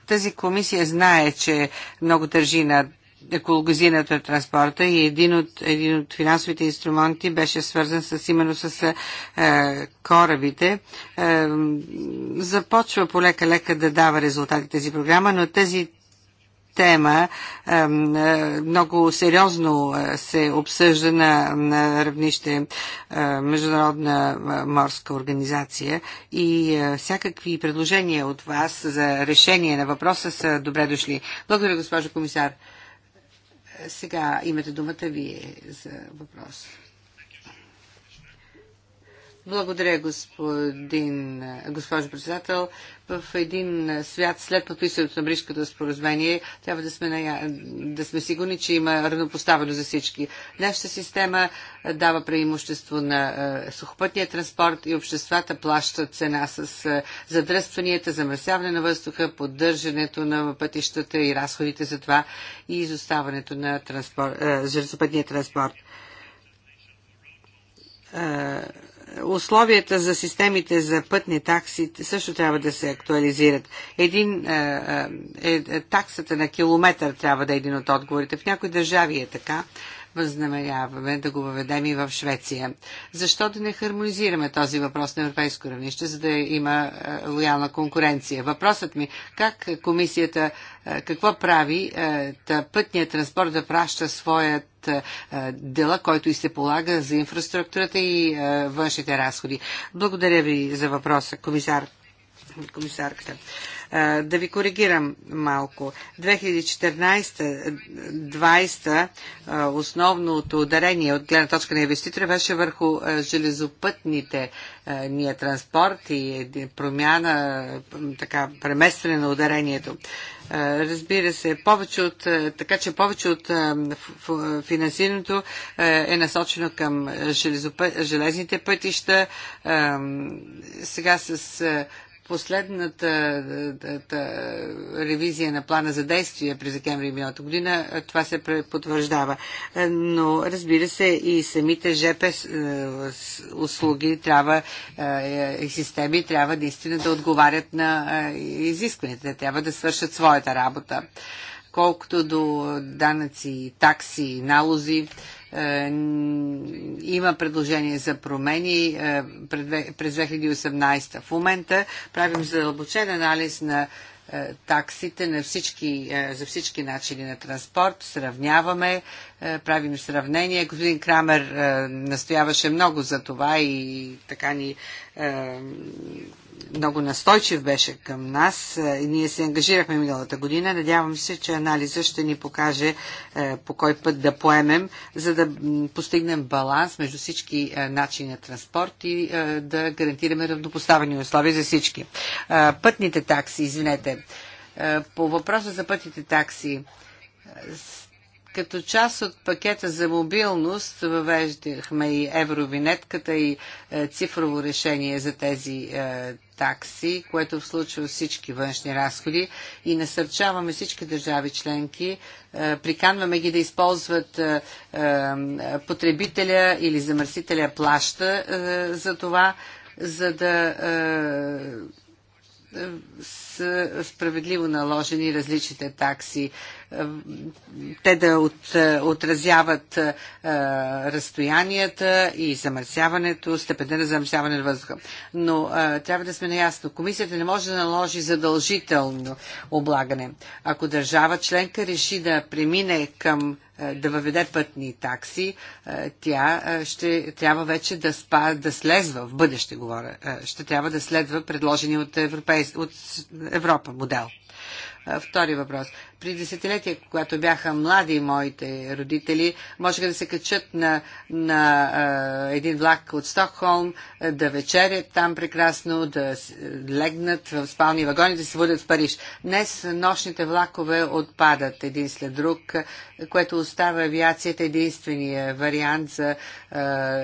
тази комисия знае, че много държи на екологизирането на транспорта и един от, един от финансовите инструменти беше свързан с, именно с е, корабите. Е, започва полека-лека да дава резултати тези програма, но тези тема много сериозно се обсъжда на, равнище Международна морска организация и всякакви предложения от вас за решение на въпроса са добре дошли. Благодаря, госпожо комисар. Сега имате думата вие за въпрос. Благодаря, господин, госпожо председател. В един свят след подписването на Бришкото споразумение трябва да сме, на, да сме сигурни, че има равнопоставено за всички. Нашата система дава преимущество на сухопътния транспорт и обществата плащат цена с задръстванията, замърсяване на въздуха, поддържането на пътищата и разходите за това и изоставането на транспорт, железопътния транспорт условията за системите за пътни такси също трябва да се актуализират. Един, е, е, е, таксата на километър трябва да е един от отговорите. В някои държави е така, възнамеряваме да го въведем и в Швеция. Защо да не хармонизираме този въпрос на европейско равнище, за да има е, лоялна конкуренция? Въпросът ми, как комисията, е, какво прави да е, пътният транспорт да праща своят дела, който и се полага за инфраструктурата и външните разходи. Благодаря ви за въпроса, комисар, комисарката. Да ви коригирам малко. 2014-2020 основното ударение от гледна точка на инвеститора беше върху железопътните ни транспорт и промяна, така, преместване на ударението. Разбира се, повече от, така че повече от финансирането е насочено към железните пътища. Сега с последната е, е, е, ревизия на плана за действие през декември миналата година това се потвърждава. Но разбира се и самите ЖП услуги трябва и системи трябва наистина да отговарят на изискванията. Те трябва да свършат своята работа. Колкото до данъци, такси, налози, е, има предложение за промени е, през 2018. В момента правим задълбочен анализ на е, таксите на всички, за всички начини на транспорт, сравняваме, правим сравнение. Господин Крамер настояваше много за това и така ни много настойчив беше към нас. Е, ние се ангажирахме миналата година. Надявам се, че анализа ще ни покаже е, по кой път да поемем, за да постигнем баланс между всички е, начини на транспорт и да гарантираме равнопоставени условия за всички. Пътните такси, извинете. По въпроса за пътните такси, като част от пакета за мобилност въвеждахме и евровинетката и е, цифрово решение за тези е, такси, което случва всички външни разходи и насърчаваме всички държави членки, е, приканваме ги да използват потребителя или замърсителя плаща за това, за да са справедливо наложени различните такси те да от, е, отразяват а, е, разстоянията и замърсяването, степента на замърсяване на въздуха. Но а, е, трябва да сме наясно. Комисията не може да наложи задължително облагане. Ако държава членка реши да премине към да въведе пътни такси, тя ще трябва вече да, спа, да слезва, в бъдеще говоря, ще трябва да следва предложения от, Европейс... от Европа модел. Втори въпрос. При десетилетия, когато бяха млади моите родители, можеха да се качат на, на а, един влак от Стокхолм, да вечерят там прекрасно, да легнат в спални вагони, да се водят в Париж. Днес нощните влакове отпадат един след друг, което остава авиацията единствения вариант за а,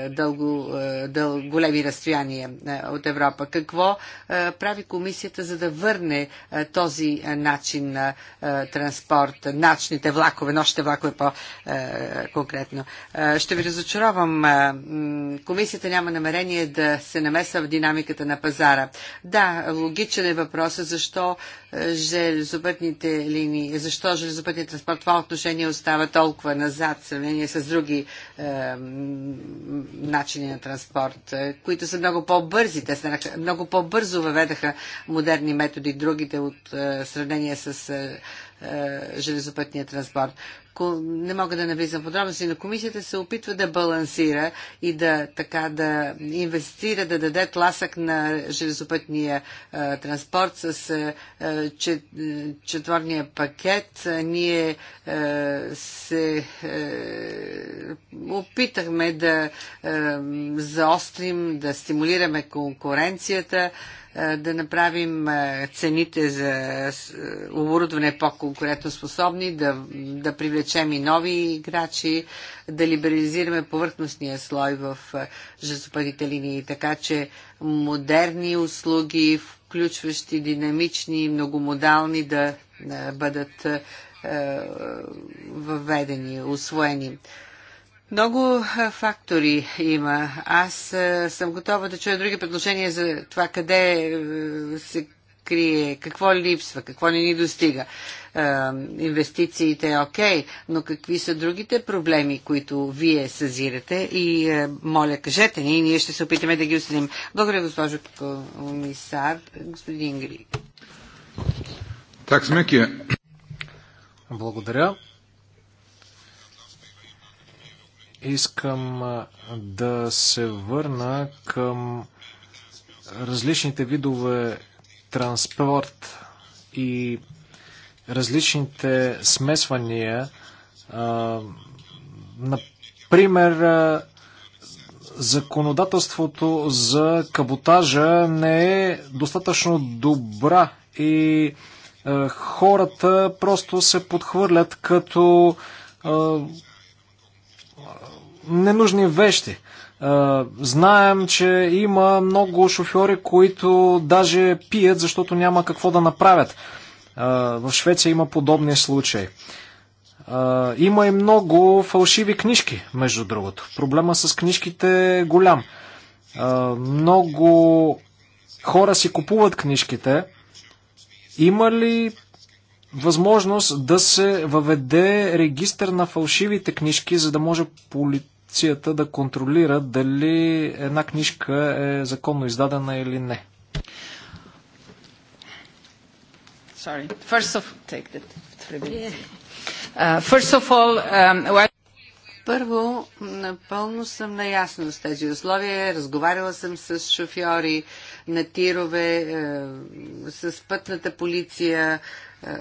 дълго, а, дъл, големи разстояния от Европа. Какво а, прави комисията, за да върне а, този начин? начин на е, транспорт, начните влакове, нощите влакове по-конкретно. Е, е, ще ви разочаровам. Комисията няма намерение да се намесва в динамиката на пазара. Да, логичен е въпросът защо железопътните линии, защо железопътният транспорт в това отношение остава толкова назад в сравнение с други е, начини на транспорт, които са много по-бързи. Те са много по-бързо въведаха модерни методи, другите от е, сравнение с е, е, железопътния транспорт не мога да навлизам подробности, но комисията се опитва да балансира и да, така, да инвестира, да даде тласък на железопътния а, транспорт с а, четворния пакет. ние а, се а, опитахме да а, заострим, да стимулираме конкуренцията да направим цените за оборудване по-конкурентоспособни, да, да привлечем привлечем и нови играчи, да либерализираме повърхностния слой в е, железопътните линии, така че модерни услуги, включващи динамични, многомодални да е, бъдат е, въведени, освоени. Много фактори има. Аз съм готова да чуя други предложения за това къде се крие, какво липсва, какво не ни достига инвестициите е окей, но какви са другите проблеми, които вие съзирате и моля кажете ни, ние ще се опитаме да ги осъдим. Благодаря, госпожо комисар, господин Гри. Так, смекия. Благодаря. Искам да се върна към различните видове транспорт и различните смесвания. Например, законодателството за каботажа не е достатъчно добра и хората просто се подхвърлят като ненужни вещи. Знаем, че има много шофьори, които даже пият, защото няма какво да направят. В Швеция има подобни случаи. Има и много фалшиви книжки, между другото. Проблема с книжките е голям. Много хора си купуват книжките. Има ли възможност да се въведе регистър на фалшивите книжки, за да може полицията да контролира дали една книжка е законно издадена или не? Sorry. First of, take three minutes. Uh, first of all, um, well... Първо, напълно съм наясна с тези условия. Разговаряла съм с шофьори на тирове, е, с пътната полиция. Е,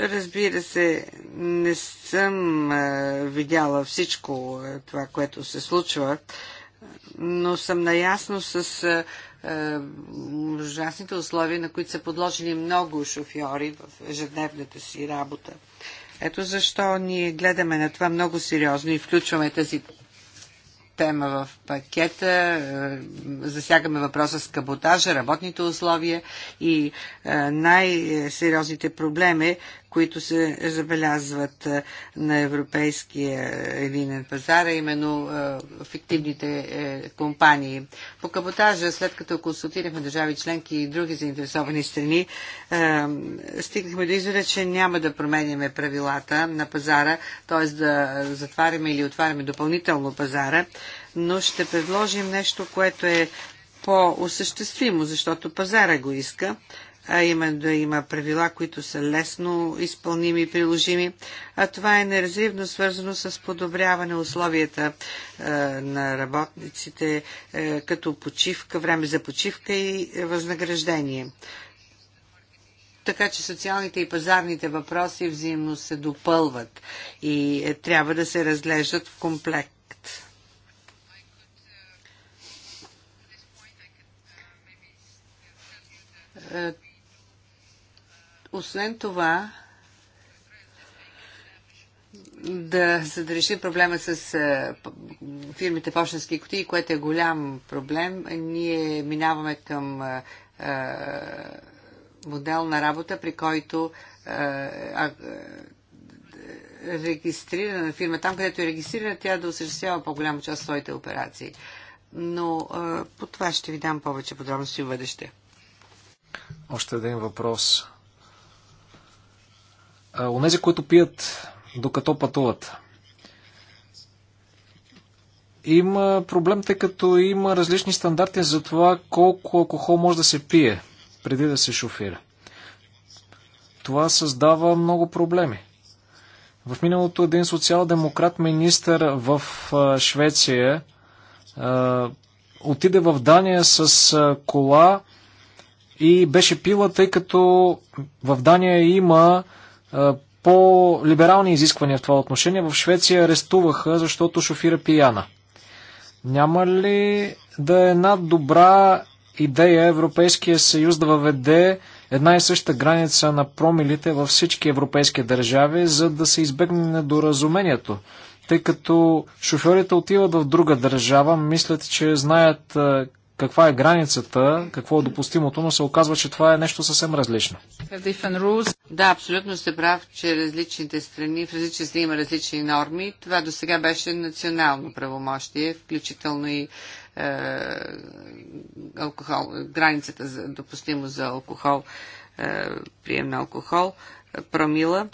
разбира се, не съм е, видяла всичко е, това, което се случва, но съм наясно с е, е, ужасните условия, на които са подложени много шофьори в ежедневната си работа. Ето защо ние гледаме на това много сериозно и включваме тази тема в пакета, е, засягаме въпроса с каботажа, работните условия и е, най-сериозните проблеми които се забелязват е, на европейския винен е, пазар, а именно е, фиктивните компании. По каботажа, след като консултирахме държави членки и други заинтересовани страни, стигнахме до извода, че няма да променяме правилата на пазара, т.е. да затваряме или отваряме допълнително пазара, но ще предложим нещо, което е по-осъществимо, защото пазара го иска а именно да има правила, които са лесно изпълними и приложими, а това е неразривно свързано с подобряване условията е, на работниците, е, като почивка, време за почивка и възнаграждение. Така че социалните и пазарните въпроси взаимно се допълват и е, трябва да се разглеждат в комплект. Е, освен това, да, за да решим проблема с фирмите почтенски кутии, което е голям проблем, ние минаваме към модел на работа, при който регистрирана фирма, там където е регистрирана, тя да осъществява по-голяма част от своите операции. Но по това ще ви дам повече подробности в бъдеще. Още един въпрос онези, които пият докато пътуват. Има проблем, тъй като има различни стандарти за това колко алкохол може да се пие преди да се шофира. Това създава много проблеми. В миналото един социал-демократ министър в Швеция отиде в Дания с кола и беше пила, тъй като в Дания има по-либерални изисквания в това отношение. В Швеция арестуваха, защото шофира пияна. Няма ли да е една добра идея Европейския съюз да въведе една и съща граница на промилите във всички европейски държави, за да се избегне недоразумението? Тъй като шофьорите отиват в друга държава, мислят, че знаят каква е границата, какво е допустимото, но се оказва, че това е нещо съвсем различно. Да, абсолютно сте прав, че различните страни, в различни страни има различни норми. Това до сега беше национално правомощие, включително и е, алкохол, границата за допустимост за алкохол, е, прием на алкохол, промила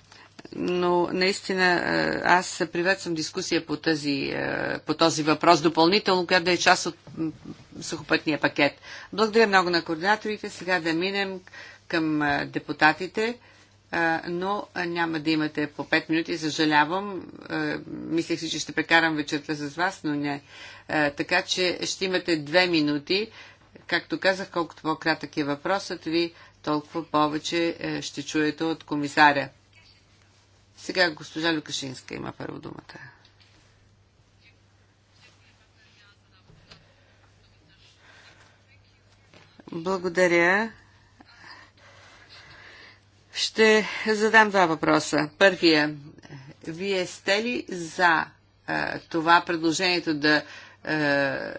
но наистина е, аз приветствам дискусия по, тази, е, по този въпрос допълнително, която да е част от сухопътния пакет. Благодаря много на координаторите. Сега да минем към е, депутатите, но няма да имате по 5 минути. Съжалявам. Мислех си, че ще прекарам вечерта с вас, но не. Така че ще имате 2 минути. Както казах, колкото по-кратък е въпросът ви, толкова повече ще чуете от комисаря. Сега госпожа Люкашинска има първо думата. Благодаря. Ще задам два въпроса. Първия. Вие сте ли за а, това предложението да а, а,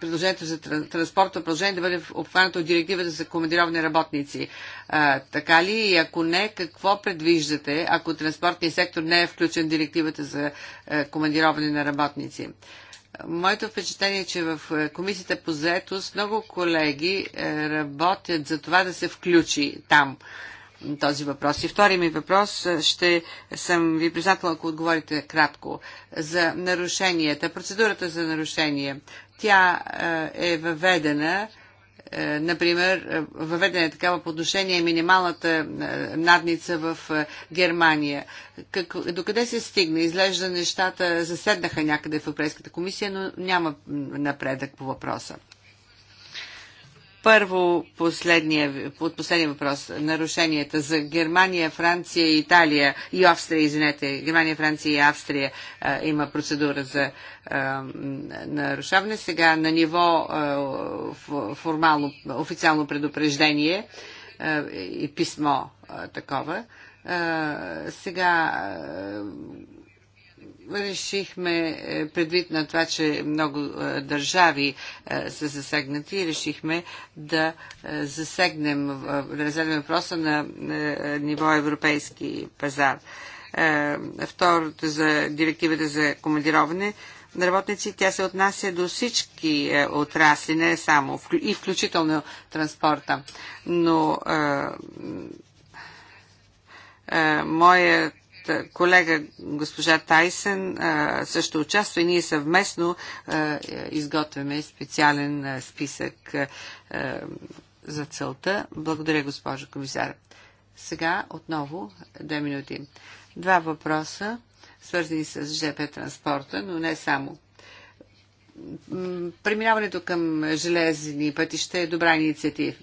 предложението за транспортно предложение да бъде обхванато от директивата за командировни работници. А, така ли? И ако не, какво предвиждате, ако транспортният сектор не е включен в директивата за е, а, на работници? Моето впечатление е, че в е, комисията по заетост много колеги е, работят за това да се включи там този въпрос. И втори ми въпрос е, ще съм ви признателна, ако отговорите кратко за нарушенията, процедурата за нарушение. Тя е, е въведена е, например, въведена такава по отношение минималната надница в Германия. Как, докъде се стигна? Изглежда нещата заседнаха някъде в Европейската комисия, но няма напредък по въпроса. Първо, последния, от последния въпрос. Нарушенията за Германия, Франция и Италия и Австрия, извинете. Германия, Франция и Австрия а, има процедура за а, нарушаване. Сега на ниво а, формално, официално предупреждение а, и писмо а, такова. А, сега а, решихме, е, предвид на това, че много е, държави е, са засегнати, решихме да засегнем, да разгледаме въпроса на ниво европейски пазар. Второто за директивата за командироване на работници, тя се отнася до всички отрасли, не само, и включително транспорта. Но моят е, колега госпожа Тайсен е, също участва и ние съвместно е, изготвяме специален списък за целта. Благодаря, госпожо комисар. Сега отново две минути. Два въпроса, свързани с ЖП транспорта, но не само преминаването към железни пътища е добра инициатива,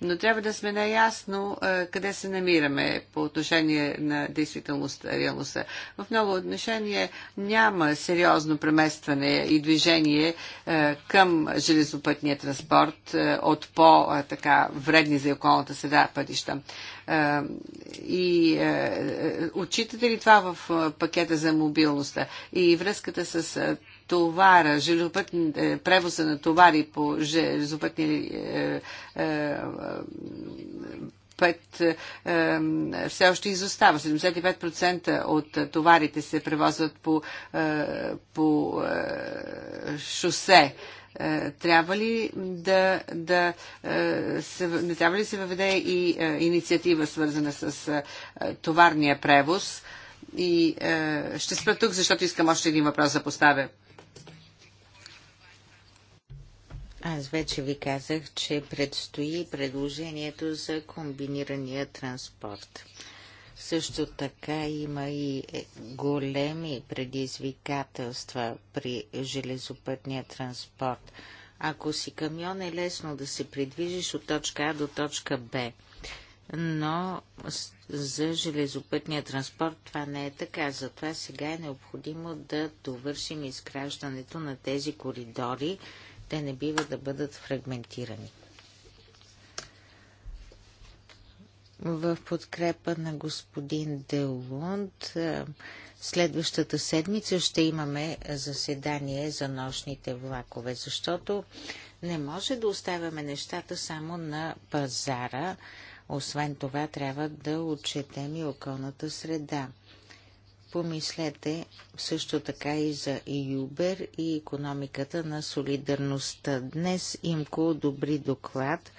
но трябва да сме наясно къде се намираме по отношение на действителността, реалността. В много отношение няма сериозно преместване и движение към железопътния транспорт от по-така вредни за околната среда пътища. И отчитате ли това в пакета за мобилността и връзката с товара, е, превоза на товари по железопътни е, е, път все още изостава. 75% от товарите се превозват по, по шосе трябва ли да, да се, не трябва ли се въведе и инициатива свързана с товарния превоз? И ще спра тук, защото искам още един въпрос да поставя. Аз вече ви казах, че предстои предложението за комбинирания транспорт. Също така има и е, големи предизвикателства при железопътния транспорт. Ако си камион е лесно да се придвижиш от точка А до точка Б, но за железопътния транспорт това не е така. Затова сега е необходимо да довършим изграждането на тези коридори, те не бива да бъдат фрагментирани. в подкрепа на господин Делунд. Е, следващата седмица ще имаме заседание за нощните влакове, защото не може да оставяме нещата само на пазара. Освен това, трябва да отчетем и околната среда. Помислете също така и за Юбер и економиката на солидарността. Днес имко добри доклад,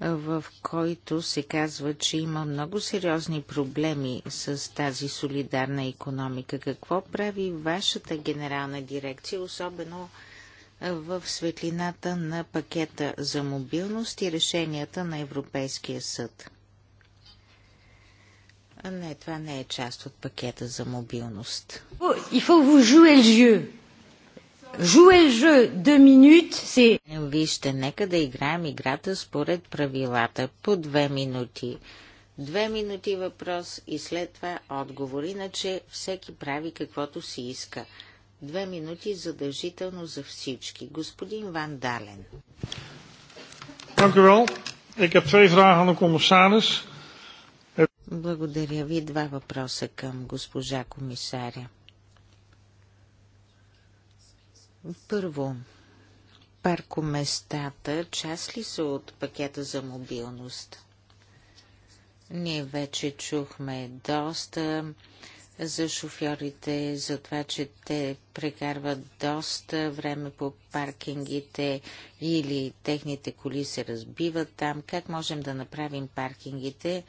в който се казва, че има много сериозни проблеми с тази солидарна економика. Какво прави вашата генерална дирекция, особено в светлината на пакета за мобилност и решенията на Европейския съд? Не, това не е част от пакета за мобилност. Il faut vous jouer le jeu. Jouer le jeu deux minutes, c'est... Вижте, нека да играем играта според правилата. По две минути. Две минути въпрос и след това отговор. Иначе всеки прави каквото си иска. Две минути задължително за всички. Господин Ван Дален. Dank u wel. Ik heb twee vragen aan de commissaris. Благодаря ви. Два въпроса към госпожа комисаря. Първо, паркоместата част ли са от пакета за мобилност? Ние вече чухме доста за шофьорите, за това, че те прекарват доста време по паркингите или техните коли се разбиват там. Как можем да направим паркингите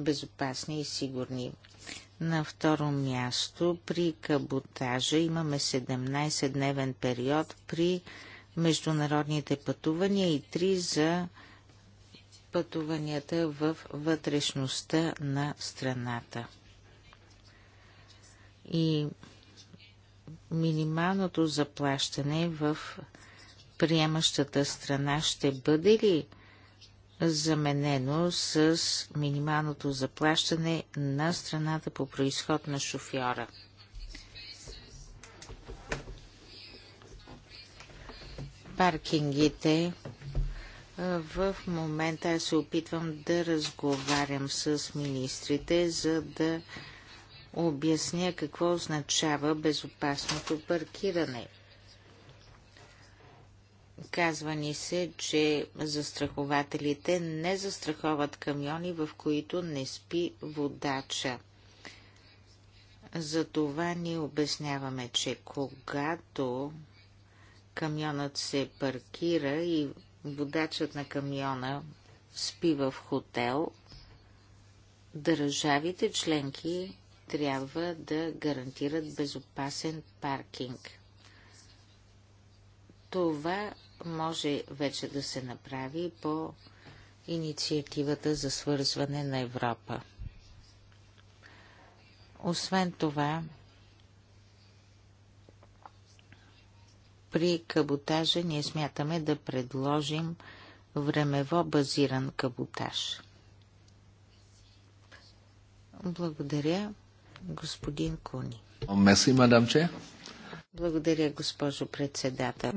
безопасни и сигурни. На второ място при каботажа имаме 17-дневен период при международните пътувания и 3 за пътуванията в вътрешността на страната. И минималното заплащане в приемащата страна ще бъде ли заменено с минималното заплащане на страната по происход на шофьора. Паркингите в момента аз се опитвам да разговарям с министрите, за да обясня какво означава безопасното паркиране – Казва ни се, че застрахователите не застраховат камиони, в които не спи водача. Затова ни обясняваме, че когато камионът се паркира и водачът на камиона спи в хотел, държавите членки трябва да гарантират безопасен паркинг. Това може вече да се направи по инициативата за свързване на Европа. Освен това, при каботажа ние смятаме да предложим времево базиран каботаж. Благодаря, господин Куни. Меси, мадам Че. Благодаря, госпожо председател.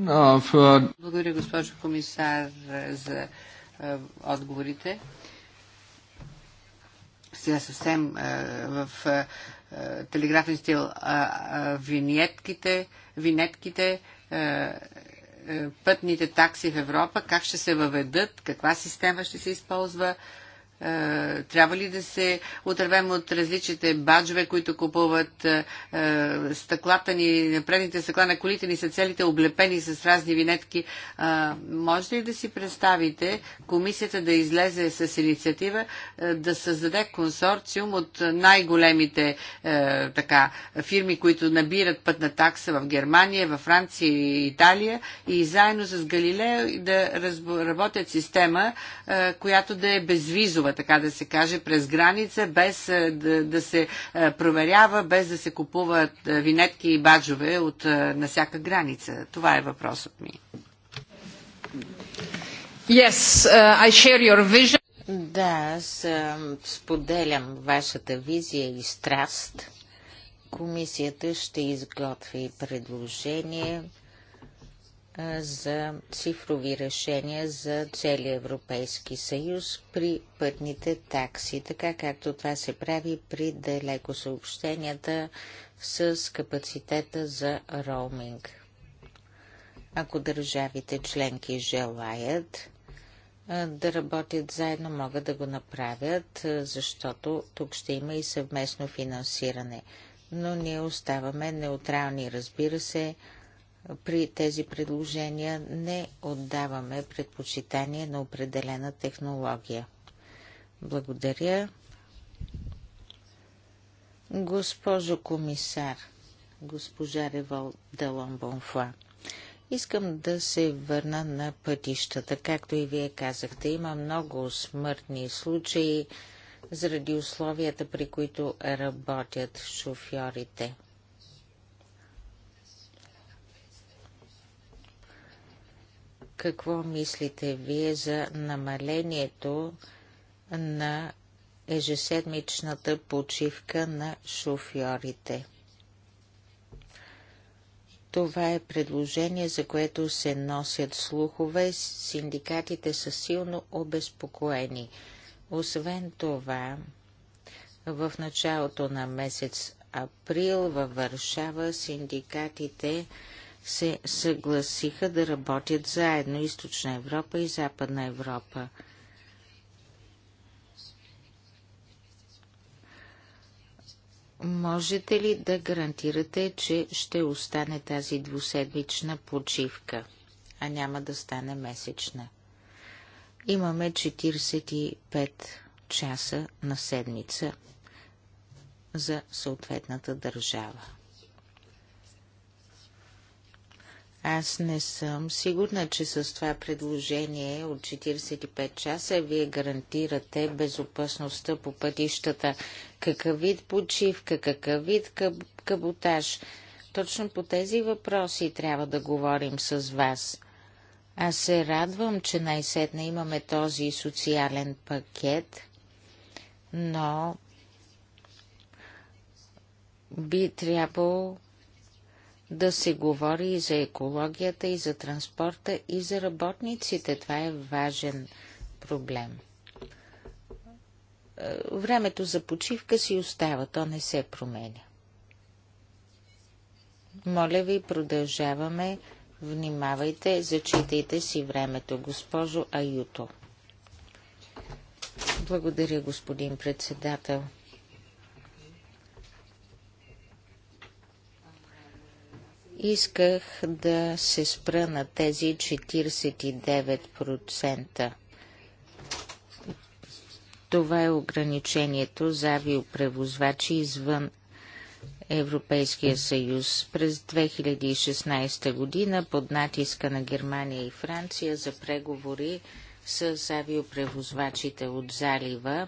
Благодаря, госпожо комисар, за отговорите. Сега съвсем в телеграфен стил винетките, винетките пътните такси в Европа, как ще се въведат, каква система ще се използва. Е, трябва ли да се отървем от различните баджове, които купуват е, стъклата ни, предните стъкла на колите ни са целите облепени с разни винетки? Е, може ли да си представите комисията да излезе с инициатива да създаде консорциум от най-големите така, фирми, които набират пътна такса в Германия, във Франция и Италия и заедно с Галилео да работят система, която да е безвизова, така да се каже, през граница, без е, да, да се е, проверява, без да се купуват е, винетки и баджове от на всяка граница. Това е въпросът ми. Yes, uh, I share your vision. Да, аз споделям вашата визия и страст. Комисията ще изготви предложение за цифрови решения за целия Европейски съюз при пътните такси, така както това се прави при далеко съобщенията с капацитета за роуминг. Ако държавите членки желаят да работят заедно, могат да го направят, защото тук ще има и съвместно финансиране. Но ние оставаме неутрални, разбира се, при тези предложения не отдаваме предпочитание на определена технология. Благодаря. Госпожо комисар, госпожа Револ Делон Бонфла, искам да се върна на пътищата. Както и вие казахте, има много смъртни случаи заради условията, при които работят шофьорите – какво мислите вие за намалението на ежеседмичната почивка на шофьорите? Това е предложение, за което се носят слухове. Синдикатите са силно обезпокоени. Освен това, в началото на месец април във Варшава синдикатите се съгласиха да работят заедно Източна Европа и Западна Европа. Можете ли да гарантирате, че ще остане тази двуседмична почивка, а няма да стане месечна? Имаме 45 часа на седмица за съответната държава. Аз не съм сигурна, че с това предложение от 45 часа вие гарантирате безопасността по пътищата. Какъв вид почивка, какъв вид каб, каботаж? Точно по тези въпроси трябва да говорим с вас. Аз се радвам, че най-сетне имаме този социален пакет, но би трябвало да се говори и за екологията, и за транспорта, и за работниците. Това е важен проблем. Е, времето за почивка си остава, то не се променя. Моля ви, продължаваме. Внимавайте, зачитайте си времето, госпожо Аюто. Благодаря, господин председател. Исках да се спра на тези 49%. Това е ограничението за авиопревозвачи извън Европейския съюз. През 2016 година под натиска на Германия и Франция за преговори с авиопревозвачите от залива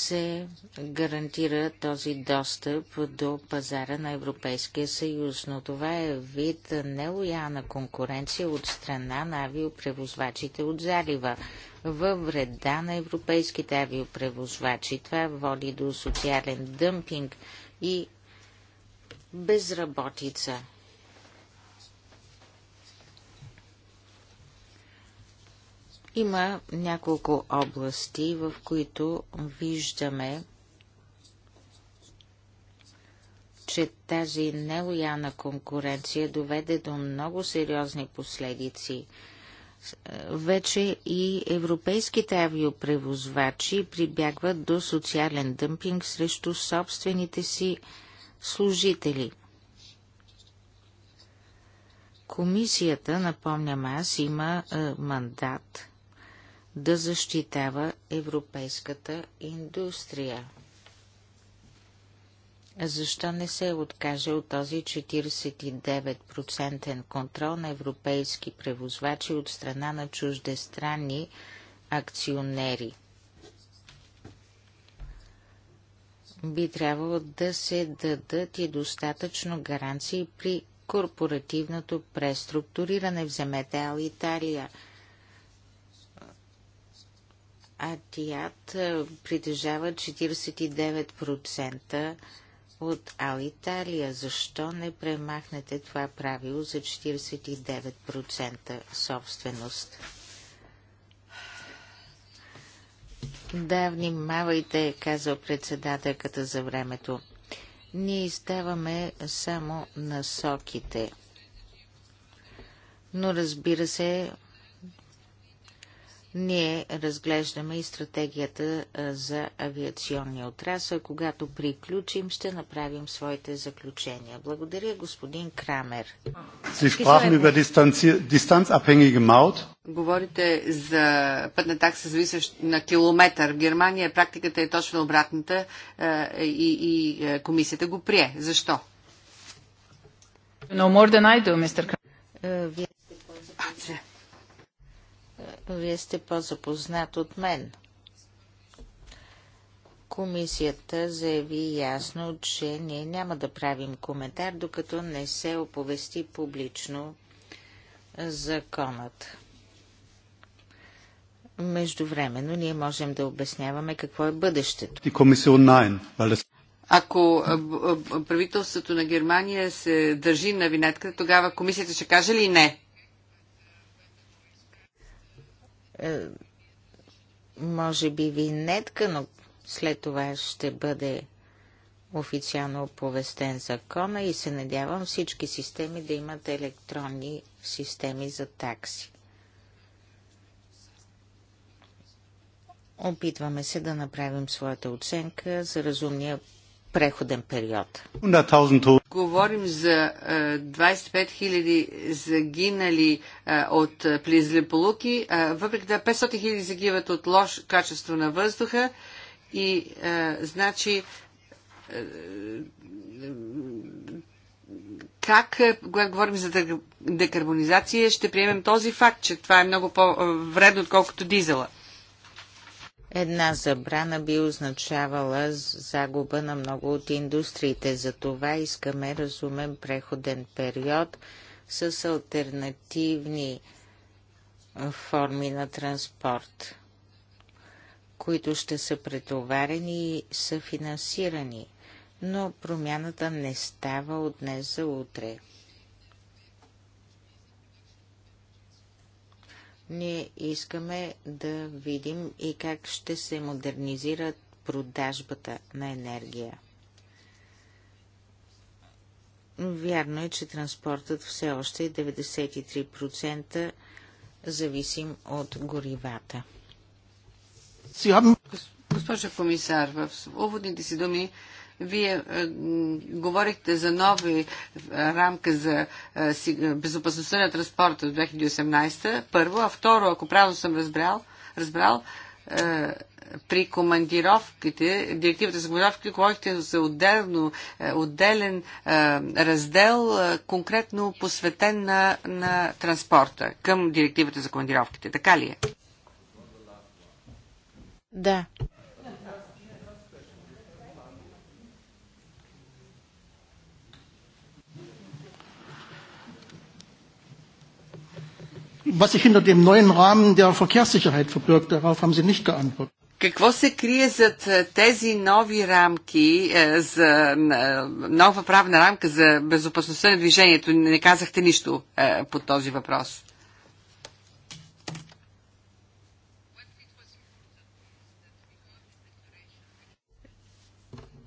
се гарантира този достъп до пазара на Европейския съюз, но това е вид нелоялна конкуренция от страна на авиопревозвачите от залива във вреда на европейските авиопревозвачи. Това води до социален дъмпинг и безработица. Има няколко области, в които виждаме, че тази нелояна конкуренция доведе до много сериозни последици. Вече и европейските авиопревозвачи прибягват до социален дъмпинг срещу собствените си служители. Комисията, напомням аз, има е, мандат да защитава европейската индустрия. Защо не се откаже от този 49% контрол на европейски превозвачи от страна на чуждестранни акционери? Би трябвало да се дадат и достатъчно гаранции при корпоративното преструктуриране. Вземете Алиталия. Италия Атият притежава 49% от Алиталия. Защо не премахнете това правило за 49% собственост? Да, внимавайте, казва председателката за времето. Ние издаваме само насоките. Но разбира се, ние разглеждаме и стратегията за авиационния отрасъл. Когато приключим, ще направим своите заключения. Благодаря, господин Крамер. Говорите за пътна такса, зависещ на километър. В Германия практиката е точно обратната и, и комисията го прие. Защо? No more than I do, е, Вие сте вие сте по-запознат от мен. Комисията заяви ясно, че ние няма да правим коментар, докато не се оповести публично законът. Междувременно ние можем да обясняваме какво е бъдещето. Ако правителството на Германия се държи на винетката, тогава комисията ще каже ли не? Е, може би винетка, но след това ще бъде официално оповестен закона и се надявам всички системи да имат електронни системи за такси. Опитваме се да направим своята оценка за разумния преходен период. Говорим за 25 000 загинали от плизлеполуки, въпреки да 500 000 загиват от лош качество на въздуха и значи как, когато говорим за декарбонизация, ще приемем този факт, че това е много по-вредно, отколкото дизела. Една забрана би означавала загуба на много от индустриите. Затова искаме разумен преходен период с альтернативни форми на транспорт, които ще са претоварени и са финансирани. Но промяната не става от днес за утре. Ние искаме да видим и как ще се модернизира продажбата на енергия. Вярно е, че транспортът все още е 93% зависим от горивата. Госпожа комисар, в уводните си думи вие е, говорихте за нови е, рамка за е, е безопасността на транспорта в 2018. Първо, а второ, ако правилно съм разбрал, разбрал е, при командировките, директивата за командировките, говорихте за отделно, е, отделен е, раздел, е, конкретно посветен на, на транспорта към директивата за командировките. Така ли е? Да. was sich hinter dem neuen Rahmen der Verkehrssicherheit verbirgt. Darauf haben Sie nicht geantwortet. Какво се крие зад е, тези нови рамки, е, за е, нова правна рамка за безопасността на движението? Не казахте нищо по този въпрос.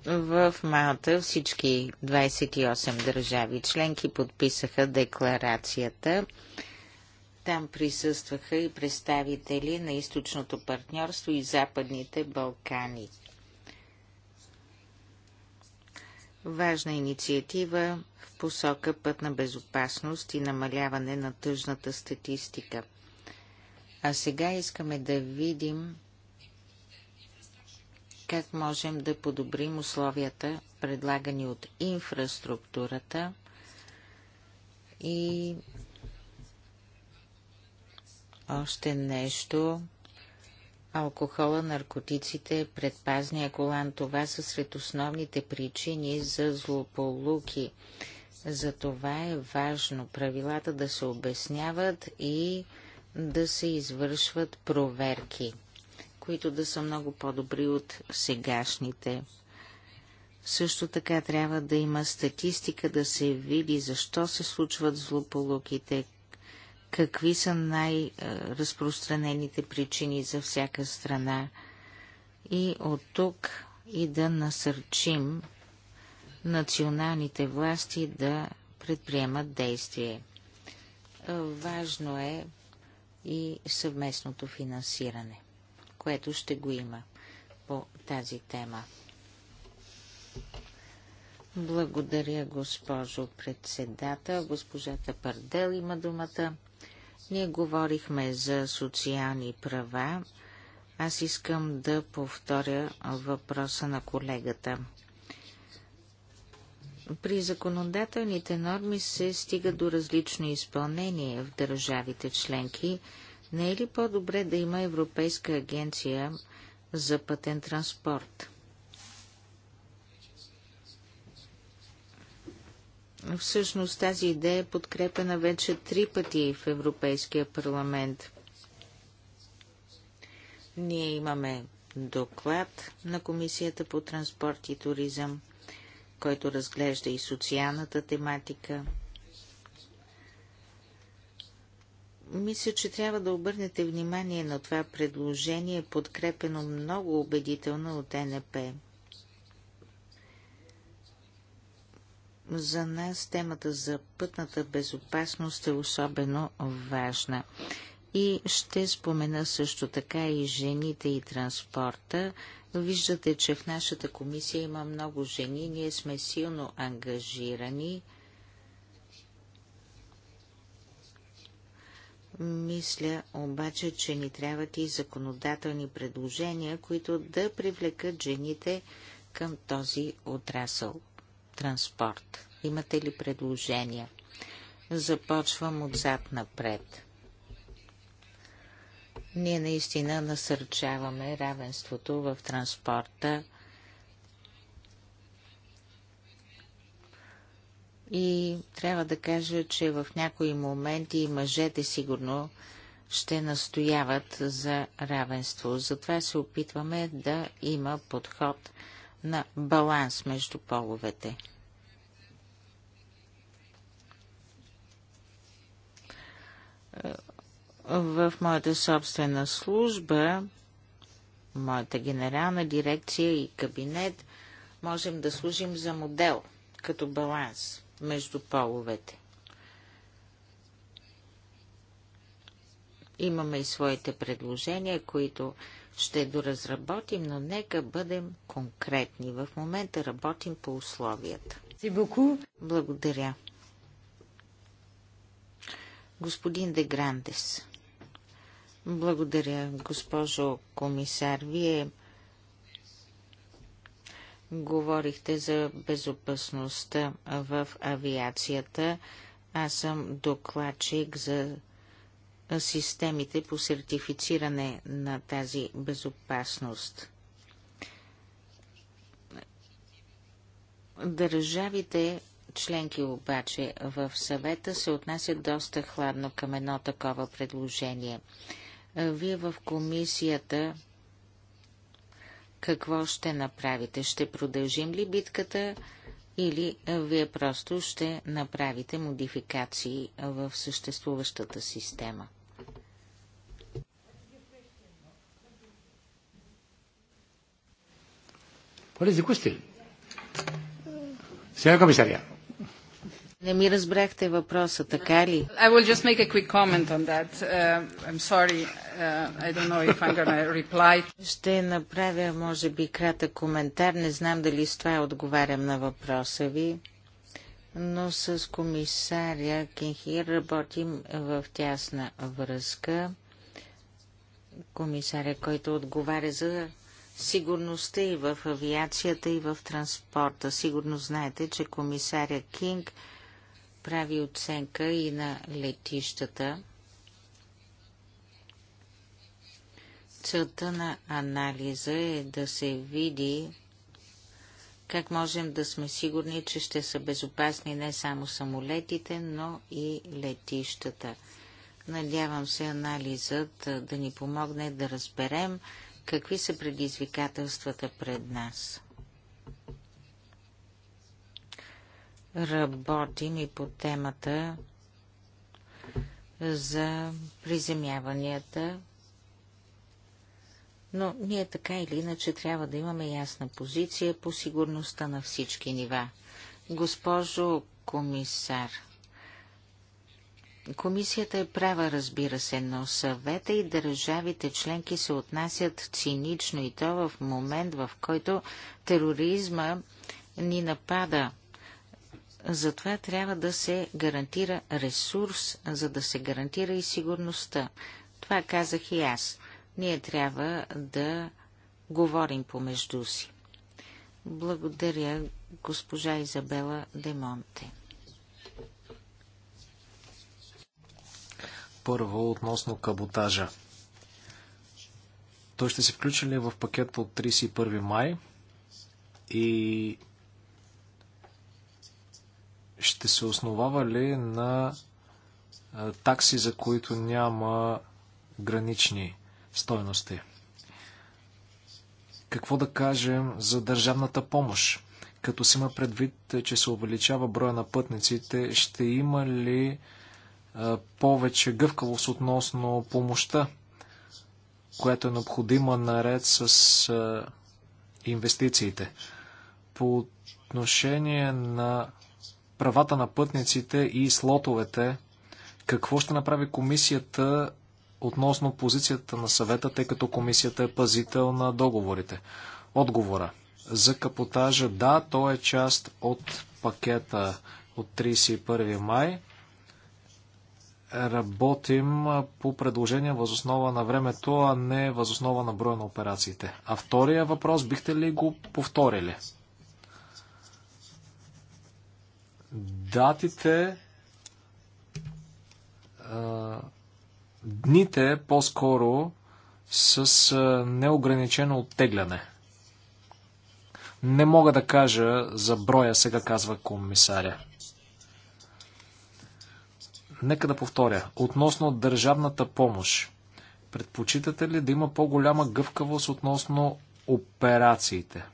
В Малта всички 28 държави членки подписаха декларацията. Там присъстваха и представители на източното партньорство и западните Балкани. Важна инициатива в посока път на безопасност и намаляване на тъжната статистика. А сега искаме да видим как можем да подобрим условията, предлагани от инфраструктурата и още нещо. Алкохола, наркотиците, предпазния колан, това са сред основните причини за злополуки. Затова е важно правилата да се обясняват и да се извършват проверки, които да са много по-добри от сегашните. Също така трябва да има статистика да се види защо се случват злополуките, какви са най-разпространените причини за всяка страна и от тук и да насърчим националните власти да предприемат действие. Важно е и съвместното финансиране, което ще го има по тази тема. Благодаря, госпожо председател. Госпожата Пардел има думата. Ние говорихме за социални права. Аз искам да повторя въпроса на колегата. При законодателните норми се стига до различно изпълнение в държавите членки. Не е ли по-добре да има Европейска агенция за пътен транспорт? Всъщност тази идея е подкрепена вече три пъти в Европейския парламент. Ние имаме доклад на Комисията по транспорт и туризъм, който разглежда и социалната тематика. Мисля, че трябва да обърнете внимание на това предложение, подкрепено много убедително от НП. За нас темата за пътната безопасност е особено важна. И ще спомена също така и жените и транспорта. Виждате, че в нашата комисия има много жени. Ние сме силно ангажирани. Мисля обаче, че ни трябват и законодателни предложения, които да привлекат жените към този отрасъл транспорт. Имате ли предложения? Започвам отзад напред. Ние наистина насърчаваме равенството в транспорта и трябва да кажа, че в някои моменти и мъжете сигурно ще настояват за равенство. Затова се опитваме да има подход – на баланс между половете. В моята собствена служба, моята генерална дирекция и кабинет можем да служим за модел, като баланс между половете. Имаме и своите предложения, които ще доразработим, но нека бъдем конкретни. В момента работим по условията. Благодаря. Господин Де Грандес. Благодаря, госпожо комисар. Вие говорихте за безопасността в авиацията. Аз съм докладчик за системите по сертифициране на тази безопасност. Държавите членки обаче в съвета се отнасят доста хладно към едно такова предложение. Вие в комисията какво ще направите? Ще продължим ли битката? или вие просто ще направите модификации в съществуващата система. Сега комисария. Не ми разбрахте въпроса, така ли? I will just make a quick comment on that. Uh, I'm sorry. Uh, Ще направя, може би, кратък коментар. Не знам дали с това отговарям на въпроса ви, но с комисаря Кенхир работим в тясна връзка. Комисаря, който отговаря за сигурността и в авиацията, и в транспорта. Сигурно знаете, че комисаря Кинг прави оценка и на летищата Целта на анализа е да се види как можем да сме сигурни, че ще са безопасни не само самолетите, но и летищата. Надявам се анализът да ни помогне да разберем какви са предизвикателствата пред нас. Работим и по темата за приземяванията но ние така или иначе трябва да имаме ясна позиция по сигурността на всички нива. Госпожо комисар, комисията е права, разбира се, но съвета и държавите членки се отнасят цинично и то в момент, в който тероризма ни напада. Затова трябва да се гарантира ресурс, за да се гарантира и сигурността. Това казах и аз ние трябва да говорим помежду си. Благодаря, госпожа Изабела Демонте. Първо, относно каботажа. Той ще се включи ли в пакет от 31 май и ще се основава ли на такси, за които няма гранични стойности. Какво да кажем за държавната помощ? Като си има предвид, че се увеличава броя на пътниците, ще има ли повече гъвкавост относно помощта, която е необходима наред с инвестициите? По отношение на правата на пътниците и слотовете, какво ще направи комисията относно позицията на съвета, тъй като комисията е пазител на договорите? Отговора. За капотажа, да, то е част от пакета от 31 май. Работим по предложение възоснова на времето, а не възоснова на броя на операциите. А втория въпрос, бихте ли го повторили? Датите дните по-скоро с неограничено оттегляне. Не мога да кажа за броя, сега казва комисаря. Нека да повторя. Относно държавната помощ, предпочитате ли да има по-голяма гъвкавост относно операциите?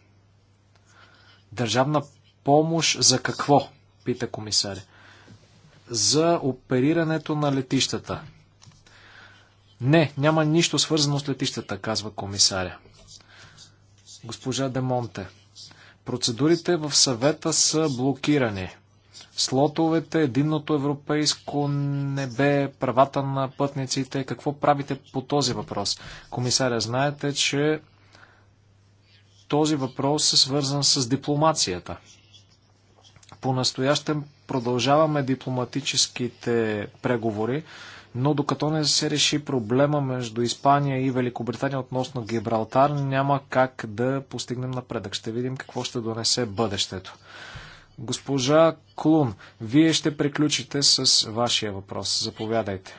Държавна помощ за какво? Пита комисаря. За оперирането на летищата. Не, няма нищо свързано с летищата, казва комисаря. Госпожа Демонте. Процедурите в съвета са блокирани. Слотовете, единното европейско небе, правата на пътниците. Какво правите по този въпрос? Комисаря, знаете, че този въпрос е свързан с дипломацията. По-настоящем продължаваме дипломатическите преговори но докато не се реши проблема между Испания и Великобритания относно Гибралтар, няма как да постигнем напредък. Ще видим какво ще донесе бъдещето. Госпожа Клун, вие ще приключите с вашия въпрос. Заповядайте.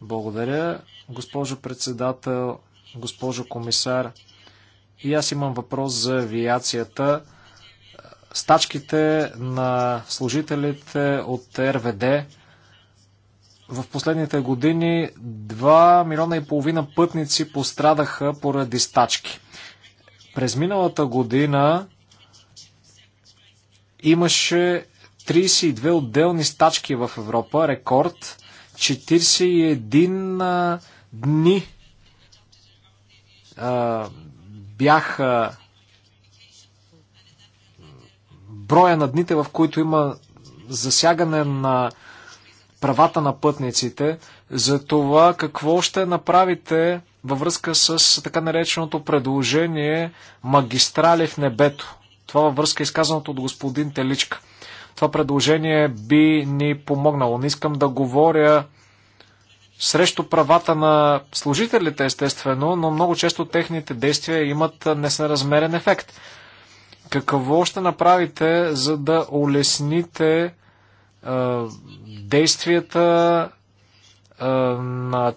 Благодаря, госпожо председател, госпожо комисар. И аз имам въпрос за авиацията. Стачките на служителите от РВД в последните години 2 милиона и половина пътници пострадаха поради стачки. През миналата година имаше 32 отделни стачки в Европа, рекорд 41 дни а, бяха броя на дните, в които има засягане на правата на пътниците, за това какво ще направите във връзка с така нареченото предложение магистрали в небето. Това във връзка е изказаното от господин Теличка. Това предложение би ни помогнало. Не искам да говоря срещу правата на служителите, естествено, но много често техните действия имат несъразмерен ефект. Какво ще направите, за да улесните действията на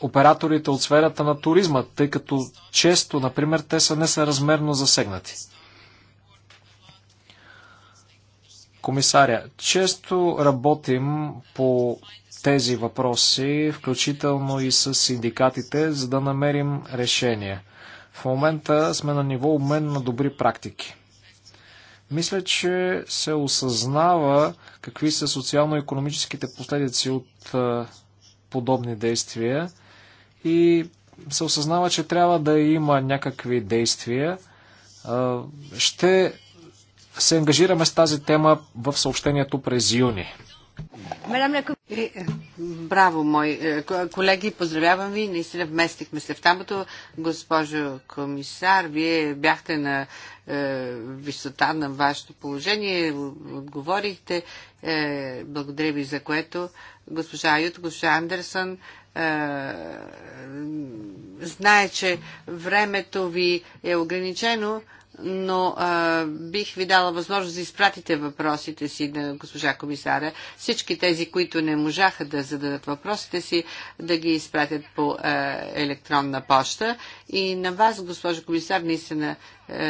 операторите от сферата на туризма, тъй като често, например, те са несъразмерно засегнати. Комисаря, често работим по тези въпроси, включително и с синдикатите, за да намерим решение. В момента сме на ниво обмен на добри практики. Мисля, че се осъзнава какви са социално-економическите последици от подобни действия и се осъзнава, че трябва да има някакви действия. Ще се ангажираме с тази тема в съобщението през юни. Е, е, браво, мои е, колеги, поздравявам ви. Наистина вместихме се в тамото. Госпожо комисар, вие бяхте на е, висота на вашето положение, отговорихте. Е, благодаря ви за което. Госпожа Ают, госпожа Андерсън, е, знае, че времето ви е ограничено, но а, бих ви дала възможност да изпратите въпросите си на госпожа комисаря. Всички тези, които не можаха да зададат въпросите си, да ги изпратят по а, електронна поща. И на вас, госпожа комисар, наистина е,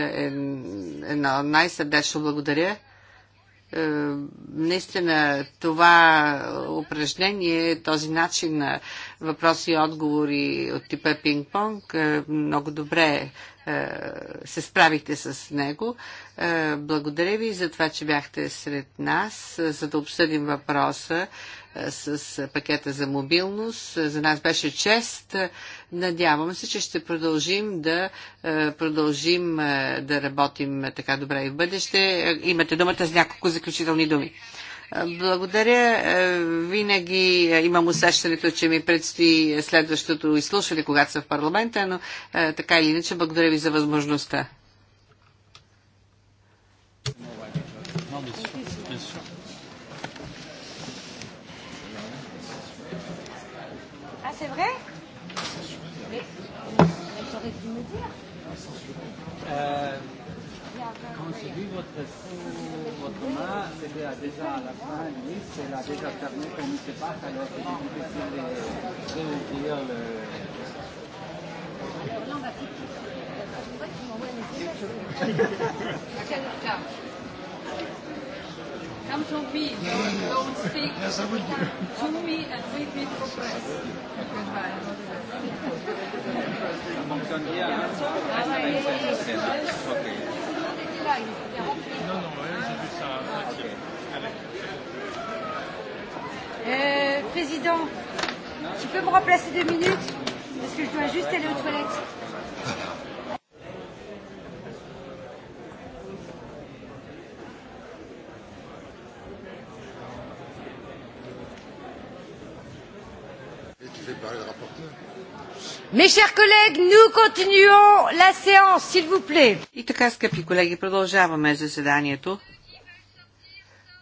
едно най-сърдечно благодаря. Е, наистина това упражнение, този начин на въпроси и отговори от типа пинг-понг е, много добре е. Е, се справихте с него. Е, благодаря ви за това, че бяхте сред нас, за да обсъдим въпроса е, с пакета за мобилност. За нас беше чест. Надявам се, че ще продължим да продължим да работим така добре и в бъдеще. Имате думата с няколко заключителни думи. Благодаря. Е, винаги е, имам усещането, че ми предстои следващото изслушване, когато са в парламента, но е, така или иначе благодаря ви за възможността. Ah, c'est vrai Mais me dire. Euh celui votre, votre main, c'était déjà à la fin, lui, c'est déjà terminé qu'on ne sait alors c'est difficile de réouvrir le. Come to me, don't, don't speak. Yes, I will To me and with me for press. Goodbye. Euh, président, tu peux me remplacer deux minutes Parce que je dois juste aller aux toilettes. Et tu fais parler le rapporteur Mes chers collègues, nous continuons la séance, s'il vous plaît. И така, скъпи колеги, продължаваме заседанието.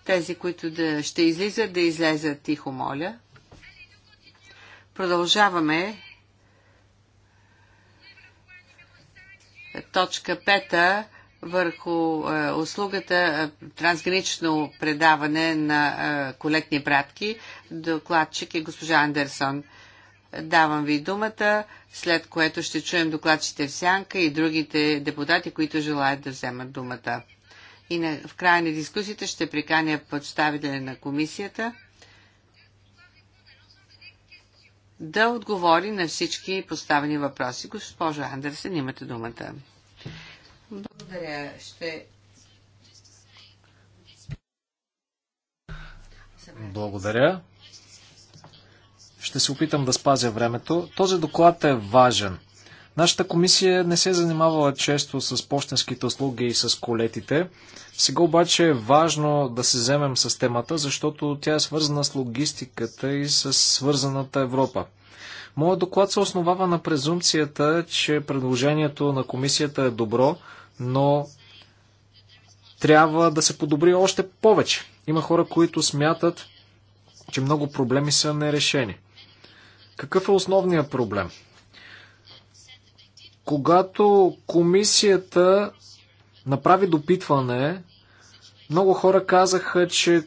Тези, които да ще излизат, да излезат тихо, моля. Продължаваме точка пета върху е, услугата е, трансгранично предаване на е, колектни пратки. Докладчик е госпожа Андерсон. Давам ви думата, след което ще чуем докладчите в сянка и другите депутати, които желаят да вземат думата. И на, в края на дискусията ще приканя представителя на комисията да отговори на всички поставени въпроси. Госпожо Андерсен, имате думата. Благодаря. Ще... Благодаря. Ще се опитам да спазя времето. Този доклад е важен. Нашата комисия не се е занимавала често с почтенските услуги и с колетите. Сега обаче е важно да се вземем с темата, защото тя е свързана с логистиката и с свързаната Европа. Моят доклад се основава на презумцията, че предложението на комисията е добро, но трябва да се подобри още повече. Има хора, които смятат, че много проблеми са нерешени. Какъв е основният проблем? Когато комисията направи допитване, много хора казаха, че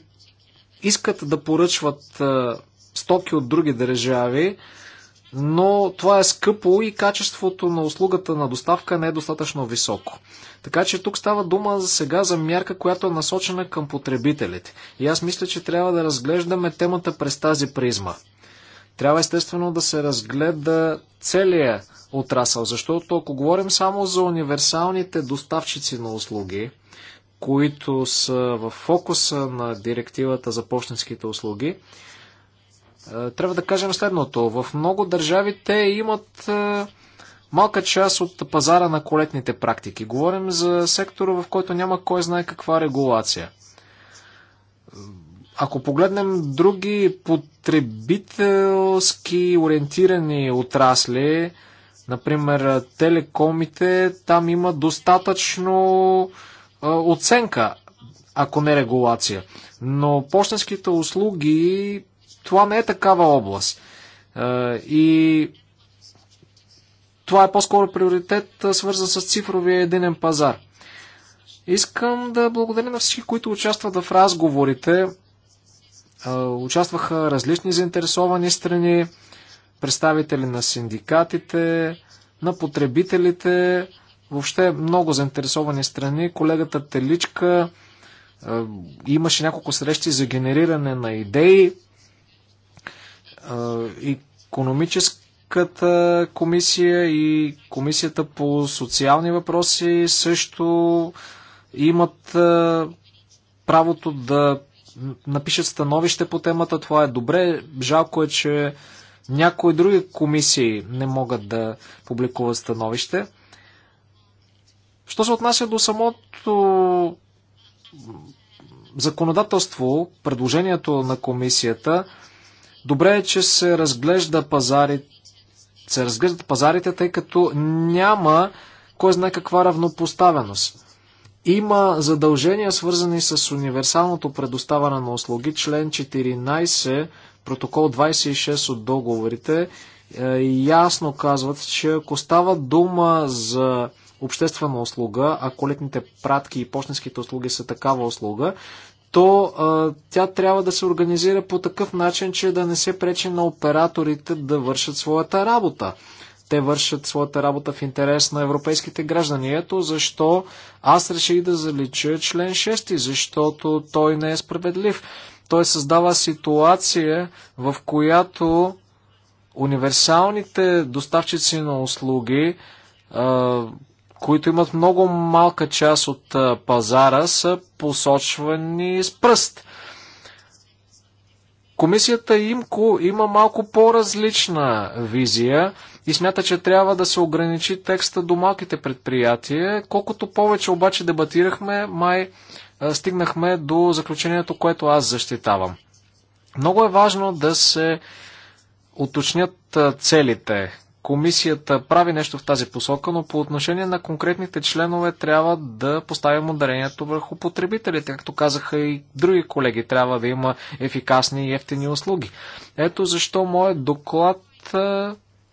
искат да поръчват стоки от други държави, но това е скъпо и качеството на услугата на доставка не е достатъчно високо. Така че тук става дума за сега за мярка, която е насочена към потребителите. И аз мисля, че трябва да разглеждаме темата през тази призма. Трябва естествено да се разгледа целия отрасъл, защото ако говорим само за универсалните доставчици на услуги, които са в фокуса на директивата за почтенските услуги, е, трябва да кажем следното. В много държави те имат е, малка част от пазара на колетните практики. Говорим за сектора, в който няма кой знае каква регулация. Ако погледнем други потребителски ориентирани отрасли, например телекомите, там има достатъчно оценка, ако не регулация. Но почтенските услуги, това не е такава област. И това е по-скоро приоритет, свързан с цифровия единен пазар. Искам да благодаря на всички, които участват в разговорите. Участваха различни заинтересовани страни, представители на синдикатите, на потребителите, въобще много заинтересовани страни. Колегата Теличка имаше няколко срещи за генериране на идеи. Економическата комисия и комисията по социални въпроси също имат правото да напишат становище по темата. Това е добре. Жалко е, че някои други комисии не могат да публикуват становище. Що се отнася до самото законодателство, предложението на комисията, добре е, че се разглежда пазарите, се разглеждат пазарите, тъй като няма кой знае каква равнопоставеност. Има задължения, свързани с универсалното предоставяне на услуги, член 14, протокол 26 от договорите, е, ясно казват, че ако става дума за обществена услуга, а колетните пратки и почтенските услуги са такава услуга, то а, е, тя трябва да се организира по такъв начин, че да не се пречи на операторите да вършат своята работа. Те вършат своята работа в интерес на европейските граждани. Ето защо аз реших да залича член 6, защото той не е справедлив. Той създава ситуация, в която универсалните доставчици на услуги, които имат много малка част от пазара, са посочвани с пръст. Комисията ИМКО има малко по-различна визия и смята, че трябва да се ограничи текста до малките предприятия. Колкото повече обаче дебатирахме, май стигнахме до заключението, което аз защитавам. Много е важно да се уточнят целите. Комисията прави нещо в тази посока, но по отношение на конкретните членове трябва да поставим ударението върху потребителите. Както казаха и други колеги, трябва да има ефикасни и ефтини услуги. Ето защо моят доклад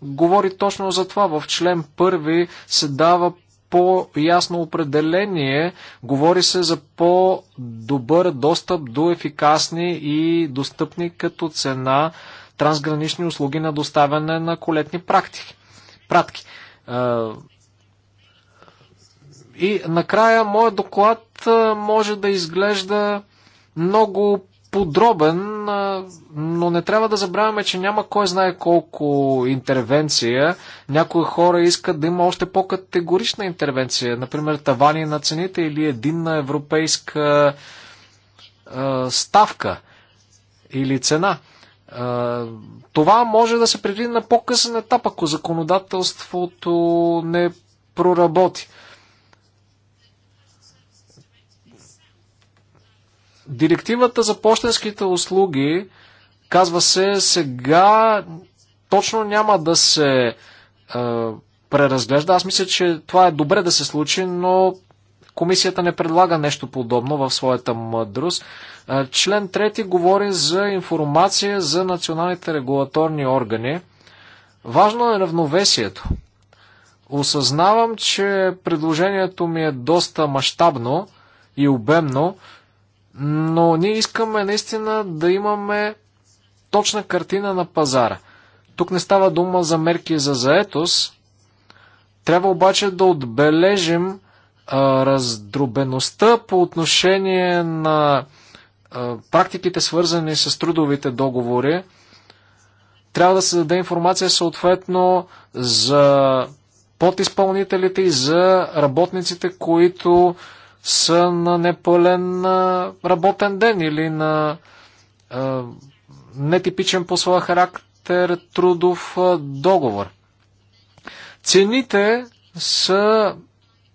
говори точно за това. В член 1 се дава по-ясно определение, говори се за по-добър достъп до ефикасни и достъпни като цена трансгранични услуги на доставяне на колетни практики, пратки. И накрая моят доклад може да изглежда много подробен, но не трябва да забравяме, че няма кой знае колко интервенция. Някои хора искат да има още по-категорична интервенция, например тавани на цените или единна европейска е, ставка или цена. Е, това може да се предвиди на по-късен етап, ако законодателството не проработи. Директивата за почтенските услуги, казва се, сега точно няма да се е, преразглежда. Аз мисля, че това е добре да се случи, но комисията не предлага нещо подобно в своята мъдрост. Е, член 3 говори за информация за националните регулаторни органи. Важно е равновесието. Осъзнавам, че предложението ми е доста мащабно и обемно, но ние искаме наистина да имаме точна картина на пазара. Тук не става дума за мерки за заетост. Трябва обаче да отбележим а, раздробеността по отношение на а, практиките, свързани с трудовите договори. Трябва да се даде информация съответно за подизпълнителите и за работниците, които а, са на непълен работен ден или на а, нетипичен по своя характер трудов договор. Цените са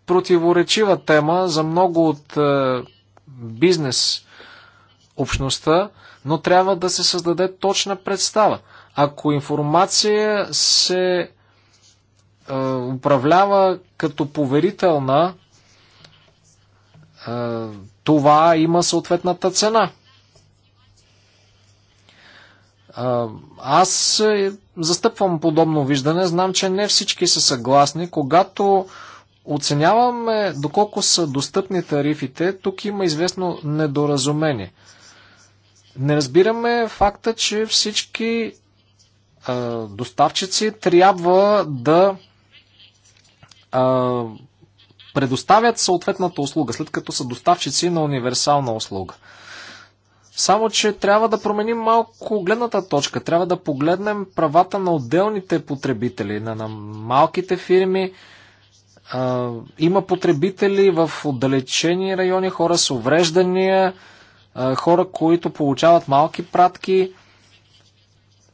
противоречива тема за много от а, бизнес общността, но трябва да се създаде точна представа. Ако информация се а, управлява като поверителна, е, това има съответната цена. Е, аз е, застъпвам подобно виждане. Знам, че не всички са съгласни. Когато оценяваме доколко са достъпни тарифите, тук има известно недоразумение. Не разбираме факта, че всички доставчици трябва да предоставят съответната услуга, след като са доставчици на универсална услуга. Само, че трябва да променим малко гледната точка. Трябва да погледнем правата на отделните потребители, на, на малките фирми. А, има потребители в отдалечени райони, хора с увреждания, а, хора, които получават малки пратки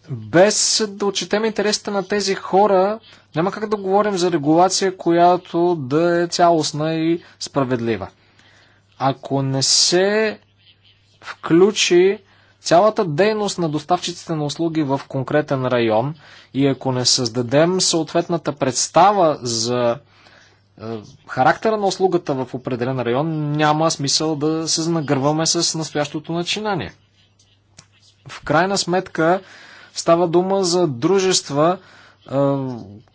без да отчетем интересите на тези хора, няма как да говорим за регулация, която да е цялостна и справедлива. Ако не се включи цялата дейност на доставчиците на услуги в конкретен район и ако не създадем съответната представа за е, характера на услугата в определен район, няма смисъл да се нагърваме с настоящото начинание. В крайна сметка, Става дума за дружества,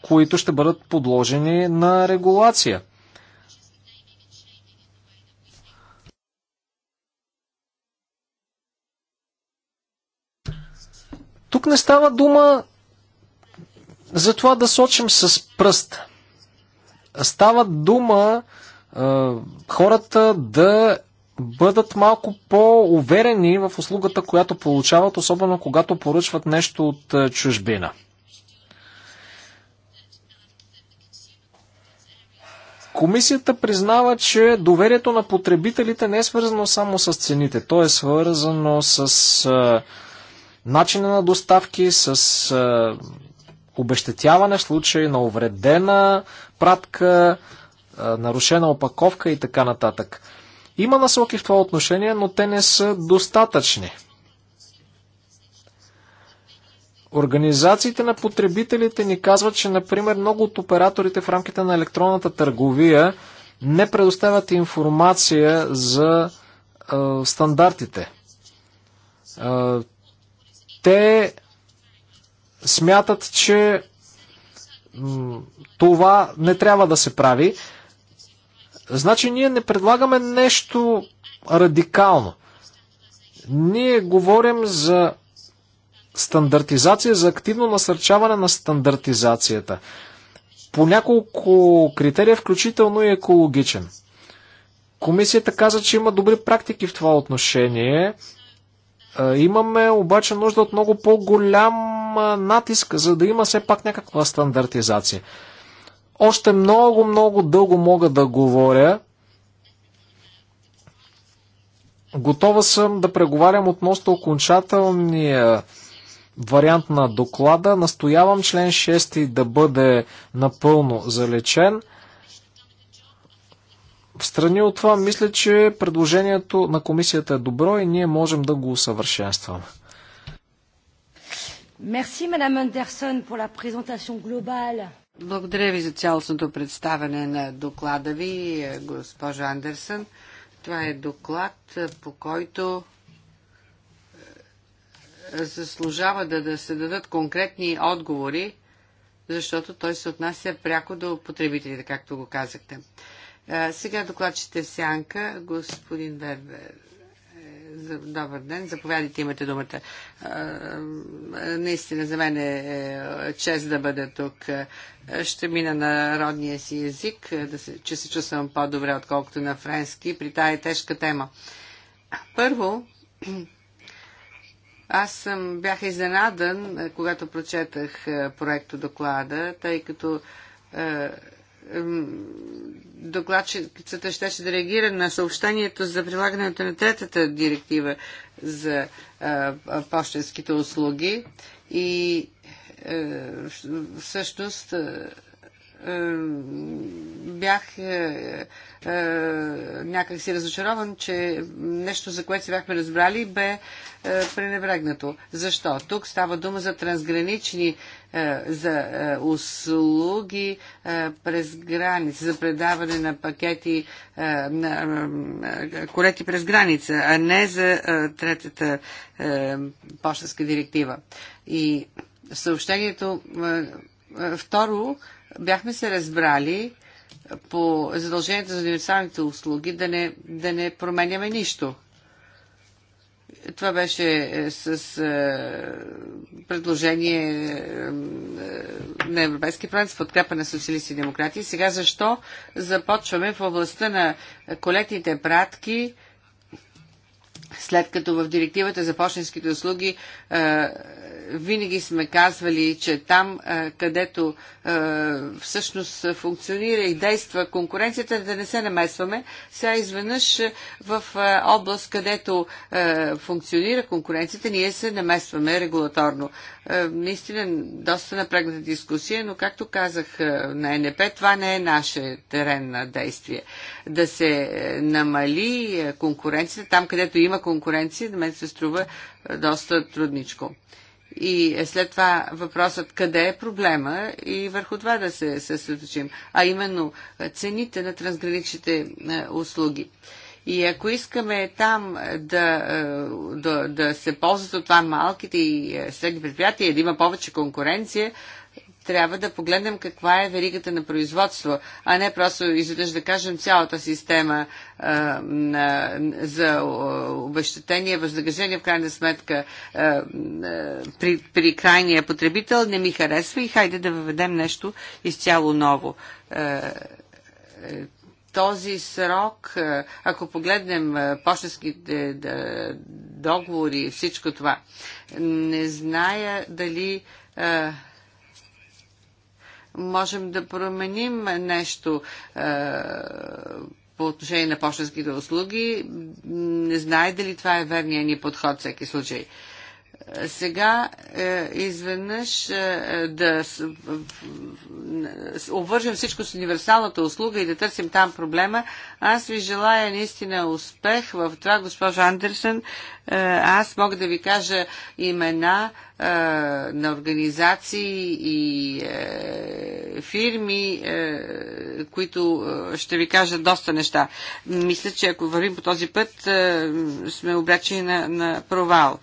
които ще бъдат подложени на регулация. Тук не става дума за това да сочим с пръст. Става дума е, хората да бъдат малко по-уверени в услугата, която получават, особено когато поръчват нещо от е, чужбина. Комисията признава, че доверието на потребителите не е свързано само с цените, то е свързано с е, начина на доставки, с е, обещетяване в случай на увредена пратка, нарушена опаковка и така нататък. Има насоки в това отношение, но те не са достатъчни. Организациите на потребителите ни казват, че, например, много от операторите в рамките на електронната търговия не предоставят информация за е, стандартите. Е, те смятат, че това не трябва да се прави. Значи ние не предлагаме нещо радикално. Ние говорим за стандартизация, за активно насърчаване на стандартизацията. По няколко критерия, включително и екологичен. Комисията каза, че има добри практики в това отношение. Имаме обаче нужда от много по-голям натиск, за да има все пак някаква стандартизация. Още много, много дълго мога да говоря. Готова съм да преговарям относно окончателния вариант на доклада. Настоявам член 6 да бъде напълно залечен. В страни от това, мисля, че предложението на комисията е добро и ние можем да го усъвършенстваме. Merci, Madame Anderson, pour la présentation globale благодаря ви за цялостното представяне на доклада ви, госпожо Андерсън. Това е доклад, по който е, заслужава да, да се дадат конкретни отговори, защото той се отнася пряко до потребителите, както го казахте. Е, сега докладчите в сянка, господин Вербер. Добър ден, заповядайте, имате думата. Наистина за мен е, е чест да бъда тук. Ще мина на родния си език, да се, че се чувствам по-добре, отколкото на френски, при тази тежка тема. Първо, аз съм, бях изненадан, когато прочетах проекто доклада, тъй като докладчицата щеше да реагира на съобщението за прилагането на третата директива за е, пощенските почтенските услуги и е, всъщност е, бях е, е, разочарован, че нещо, за което се бяхме разбрали, бе е, пренебрегнато. Защо? Тук става дума за трансгранични е, за е, услуги е, през граница, за предаване на пакети е, на е, колети през граница, а не за е, третата е, директива. И съобщението е, е, второ, бяхме се разбрали по задължението за универсалните услуги да не, да не променяме нищо. Това беше е, с е, предложение е, на Европейски правен с подкрепа на социалисти и демократи. Сега защо започваме в областта на колетните пратки след като в директивата за почтенските услуги е, винаги сме казвали, че там, е, където е, всъщност функционира и действа конкуренцията, да не се намесваме. Сега изведнъж в област, където функционира конкуренцията, ние се намесваме регулаторно. Е, наистина доста напрегната дискусия, но както казах е, на НП, това не е наше терен на действие. Да се е, намали конкуренцията, там където има конкуренция, на мен се струва доста трудничко. И след това въпросът къде е проблема и върху това да се съсредоточим, а именно цените на трансграничните услуги. И ако искаме там да, е, да, да се ползват от това малките и е, средни предприятия, да има повече конкуренция, трябва да погледнем каква е веригата на производство, а не просто изведнъж да кажем цялата система а, е, на, за обещатение, възнаграждение в крайна сметка а, а, при, при крайния потребител не ми харесва и хайде да въведем нещо изцяло ново. А, този срок, е, ако погледнем е, почтенските е, договори и всичко това, не зная дали можем да променим нещо по отношение на почтенските услуги. Не знае дали това е верният ни подход всеки случай сега е, изведнъж е, да обвържем всичко с универсалната услуга и да търсим там проблема. Аз ви желая наистина успех в това, госпожо Андерсен. Е, аз мога да ви кажа имена на организации и фирми, които ще ви кажа доста неща. Мисля, че ако вървим по този път, сме обречени на, на провал.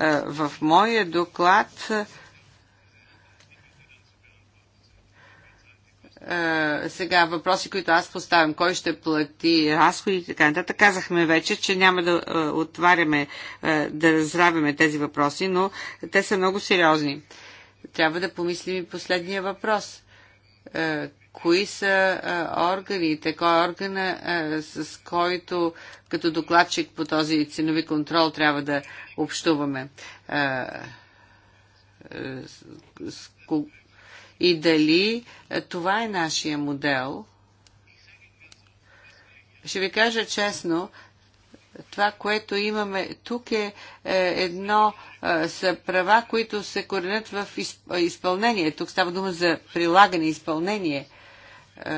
Е, в моя доклад е, сега въпроси, които аз поставям, кой ще плати разходи и така нататък, казахме вече, че няма да е, отваряме, да разравяме тези въпроси, но те са много сериозни. Трябва да помислим и последния въпрос кои са а, органите, кой е органа, а, с който като докладчик по този ценови контрол трябва да общуваме. А, с, и дали това е нашия модел. Ще ви кажа честно, това, което имаме тук е, е едно е, са права, които се коренят в изпълнение. Тук става дума за прилагане, изпълнение. Е,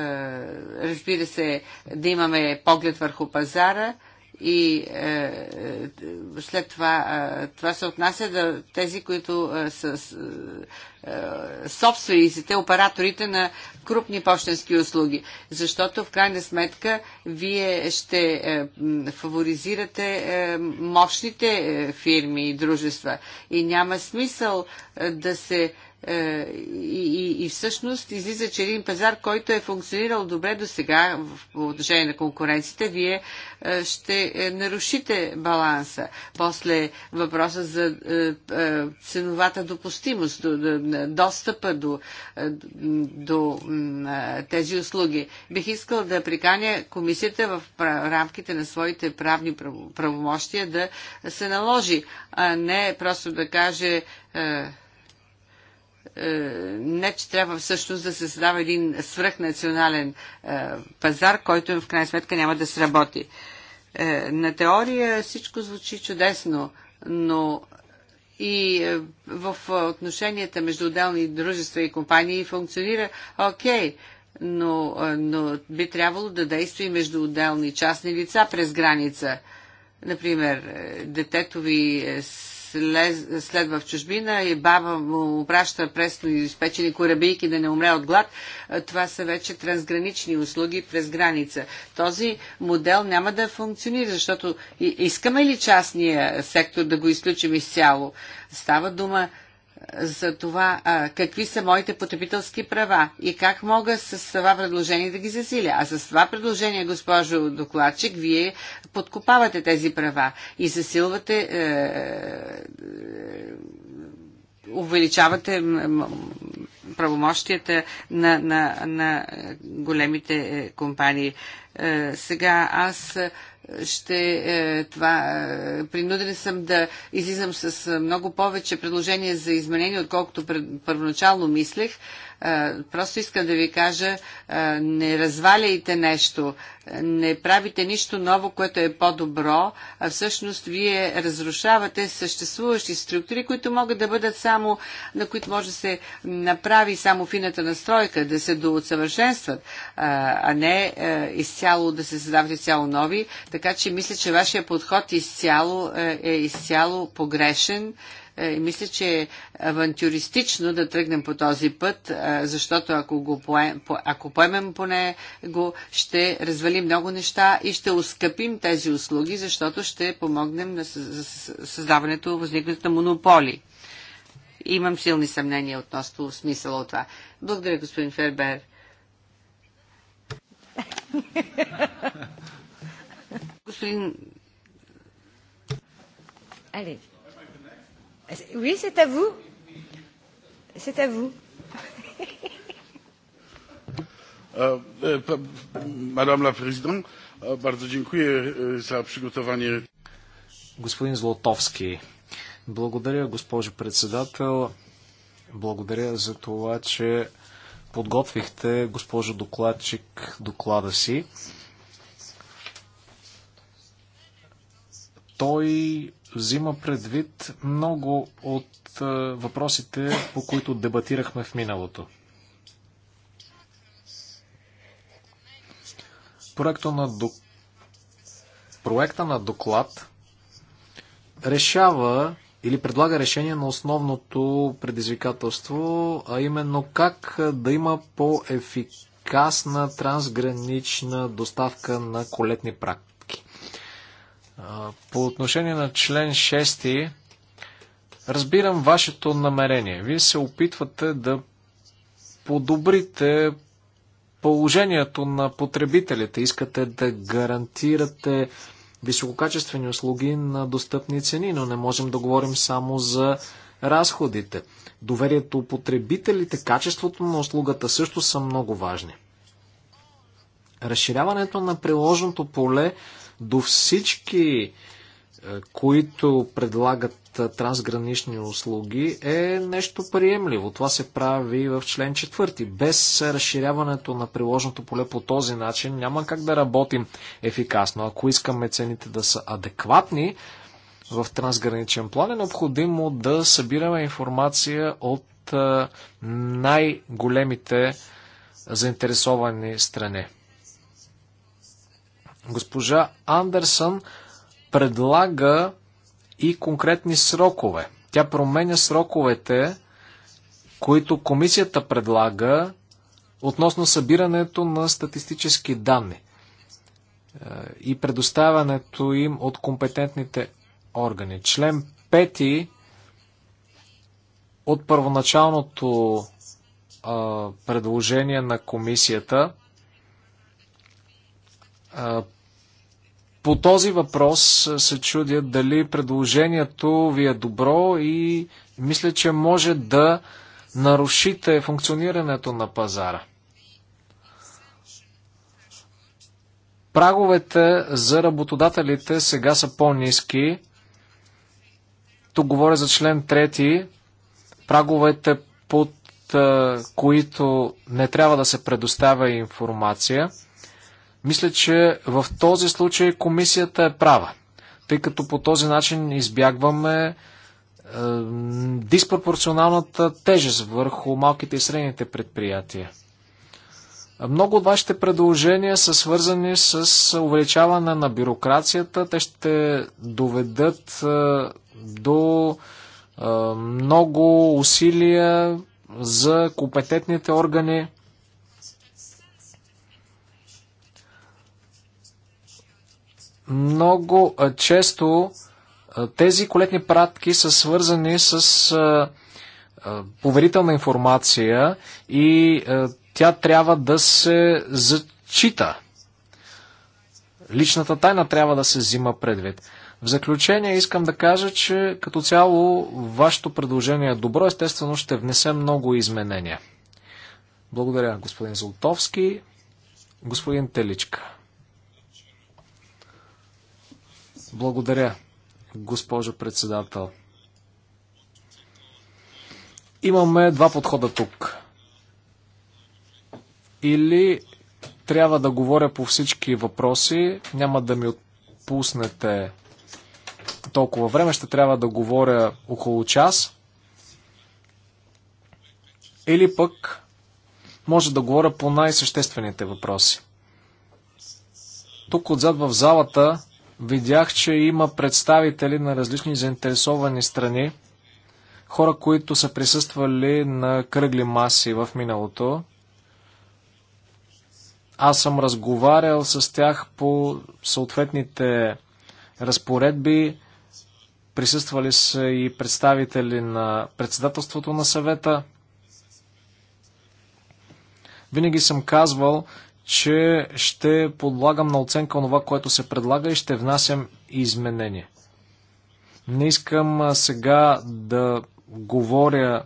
разбира се, да имаме поглед върху пазара и е, е, след това е, това се отнася до тези, които е, са е, собствениците, операторите на крупни почтенски услуги. Защото в крайна сметка вие ще е, фаворизирате е, мощните е, фирми и дружества. И няма смисъл е, да се е, е, и, и, и всъщност излиза, че един пазар, който е функционирал добре до сега в отношение на конкуренцията, вие е, ще е, нарушите баланса. После въпроса за ценовата допустимост, достъпа до, до тези услуги. Бих искал да приканя комисията в рамките на своите правни правомощия да се наложи, а не просто да каже е, не, че трябва всъщност да се създава един свръхнационален е, пазар, който в крайна сметка няма да сработи. Е, на теория всичко звучи чудесно, но и в отношенията между отделни дружества и компании функционира окей, но, но би трябвало да действа и между отделни частни лица през граница. Например, детето ви следва в чужбина и баба му праща пресно изпечени корабийки да не умре от глад, е, това са вече трансгранични услуги през граница. Този модел няма да функционира, защото искаме ли частния сектор да го изключим изцяло? Става дума за това а, какви са моите потребителски права и как мога с това предложение да ги засиля. А с това предложение, госпожо докладчик, вие подкопавате тези права и засилвате, е, е увеличавате правомощията на, на, на големите е, компании. Е, сега аз ще е, това, е, принуден съм да излизам с е, много повече предложения за изменения, отколкото пред, първоначално мислех. Е, просто искам да ви кажа, е, не разваляйте нещо, не правите нищо ново, което е по-добро, а всъщност вие разрушавате съществуващи структури, които могат да бъдат само, на които може да се направи само фината настройка, да се доусъвършенстват, а не е, изцяло да се създават изцяло нови. Така че мисля, че вашия подход изцяло, е, е изцяло погрешен. Е, и мисля, че е авантюристично да тръгнем по този път, е, защото ако, го поем, ако поемем поне го, ще развалим много неща и ще ускъпим тези услуги, защото ще помогнем на създаването, възникването на монополи. Имам силни съмнения относно смисъла от това. Благодаря, господин Фербер. Господин... Allez. Уи, c'est à vous. C'est à vous. E, e, Madame la Présidente, e, bardzo dziękuję za przygotowanie. Господин Злотовски, благодаря, госпожо председател. Благодаря за това, че подготвихте, госпожо докладчик, доклада си. Той взима предвид много от въпросите, по които дебатирахме в миналото. Проекта на, док... Проекта на доклад решава или предлага решение на основното предизвикателство, а именно как да има по-ефикасна трансгранична доставка на колетни прак по отношение на член 6, разбирам вашето намерение. Вие се опитвате да подобрите положението на потребителите. Искате да гарантирате висококачествени услуги на достъпни цени, но не можем да говорим само за разходите. Доверието у потребителите, качеството на услугата също са много важни. Разширяването на приложното поле до всички, е, които предлагат е, трансгранични услуги, е нещо приемливо. Това се прави в член 4. Без разширяването на приложното поле по този начин няма как да работим ефикасно. Ако искаме цените да са адекватни, в трансграничен план е необходимо да събираме информация от е, най-големите заинтересовани страни. Госпожа Андерсън предлага и конкретни срокове. Тя променя сроковете, които комисията предлага относно събирането на статистически данни е, и предоставянето им от компетентните органи. Член 5 от първоначалното предложение на комисията по този въпрос се чудя дали предложението ви е добро и мисля, че може да нарушите функционирането на пазара. Праговете за работодателите сега са по-низки. Тук говоря за член 3. Праговете под които не трябва да се предоставя информация – мисля, че в този случай комисията е права, тъй като по този начин избягваме е, диспропорционалната тежест върху малките и средните предприятия. Много от вашите предложения са свързани с увеличаване на бюрокрацията. Те ще доведат е, до е, много усилия за компетентните органи. Много често тези колетни пратки са свързани с поверителна информация и тя трябва да се зачита. Личната тайна трябва да се взима предвид. В заключение искам да кажа, че като цяло вашето предложение е добро. Естествено ще внесе много изменения. Благодаря, господин Золтовски. Господин Теличка. Благодаря, госпожо председател. Имаме два подхода тук. Или трябва да говоря по всички въпроси, няма да ми отпуснете толкова време, ще трябва да говоря около час. Или пък може да говоря по най-съществените въпроси. Тук отзад в залата Видях, че има представители на различни заинтересовани страни, хора, които са присъствали на кръгли маси в миналото. Аз съм разговарял с тях по съответните разпоредби. Присъствали са и представители на председателството на съвета. Винаги съм казвал, че ще подлагам на оценка това, което се предлага и ще внасям изменения. Не искам сега да говоря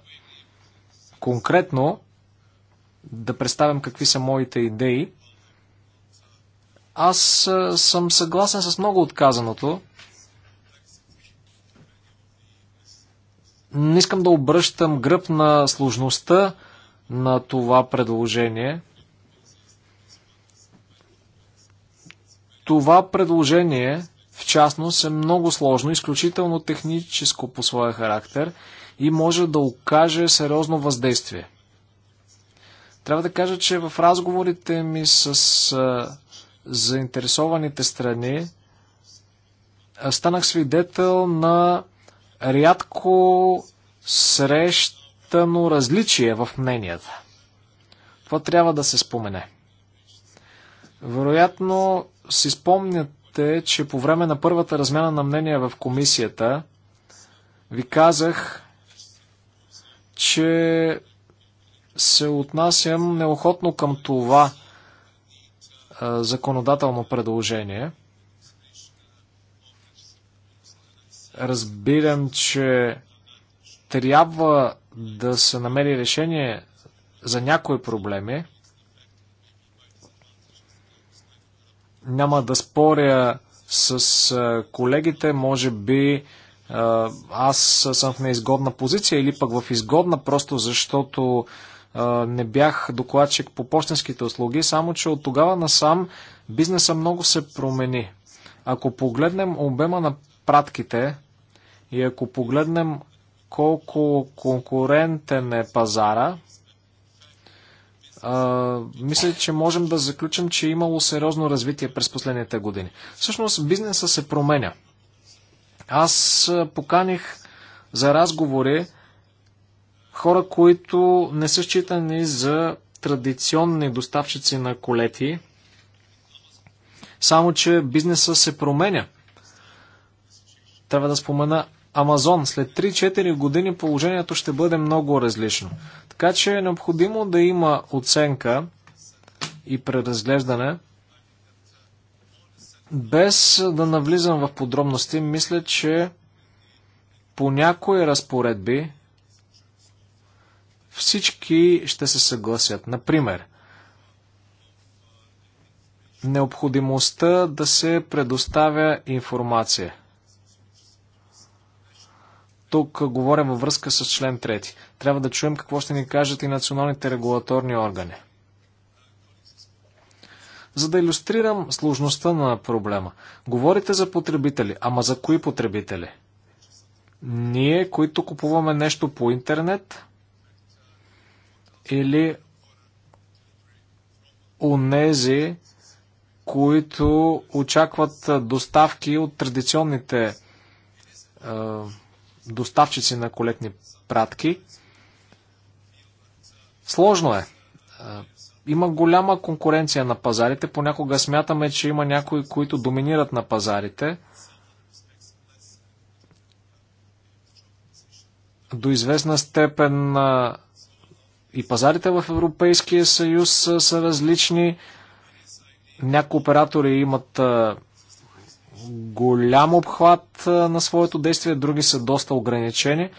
конкретно, да представям какви са моите идеи. Аз съм съгласен с много отказаното. Не искам да обръщам гръб на сложността на това предложение – Това предложение, в частност, е много сложно, изключително техническо по своя характер и може да окаже сериозно въздействие. Трябва да кажа, че в разговорите ми с заинтересованите страни станах свидетел на рядко срещано различие в мненията. Това трябва да се спомене. Вероятно, си спомняте, че по време на първата размяна на мнения в комисията ви казах, че се отнасям неохотно към това а, законодателно предложение. Разбирам, че трябва да се намери решение за някои проблеми. Няма да споря с колегите, може би аз съм в неизгодна позиция или пък в изгодна, просто защото не бях докладчик по почтенските услуги, само че от тогава насам бизнеса много се промени. Ако погледнем обема на пратките и ако погледнем колко конкурентен е пазара, а, мисля, че можем да заключим, че е имало сериозно развитие през последните години. Всъщност бизнеса се променя. Аз поканих за разговори хора, които не са считани за традиционни доставчици на колети, само че бизнеса се променя. Трябва да спомена Амазон. След 3-4 години положението ще бъде много различно. Така че е необходимо да има оценка и преразглеждане. Без да навлизам в подробности, мисля, че по някои разпоредби всички ще се съгласят. Например, необходимостта да се предоставя информация – тук говоря във връзка с член 3. Трябва да чуем какво ще ни кажат и националните регулаторни органи. За да иллюстрирам сложността на проблема. Говорите за потребители, ама за кои потребители? Ние, които купуваме нещо по интернет или онези, които очакват доставки от традиционните е, доставчици на колетни пратки. Сложно е. Има голяма конкуренция на пазарите. Понякога смятаме, че има някои, които доминират на пазарите. До известна степен и пазарите в Европейския съюз са, различни. Някои оператори имат голям обхват на своето действие, други са доста ограничени.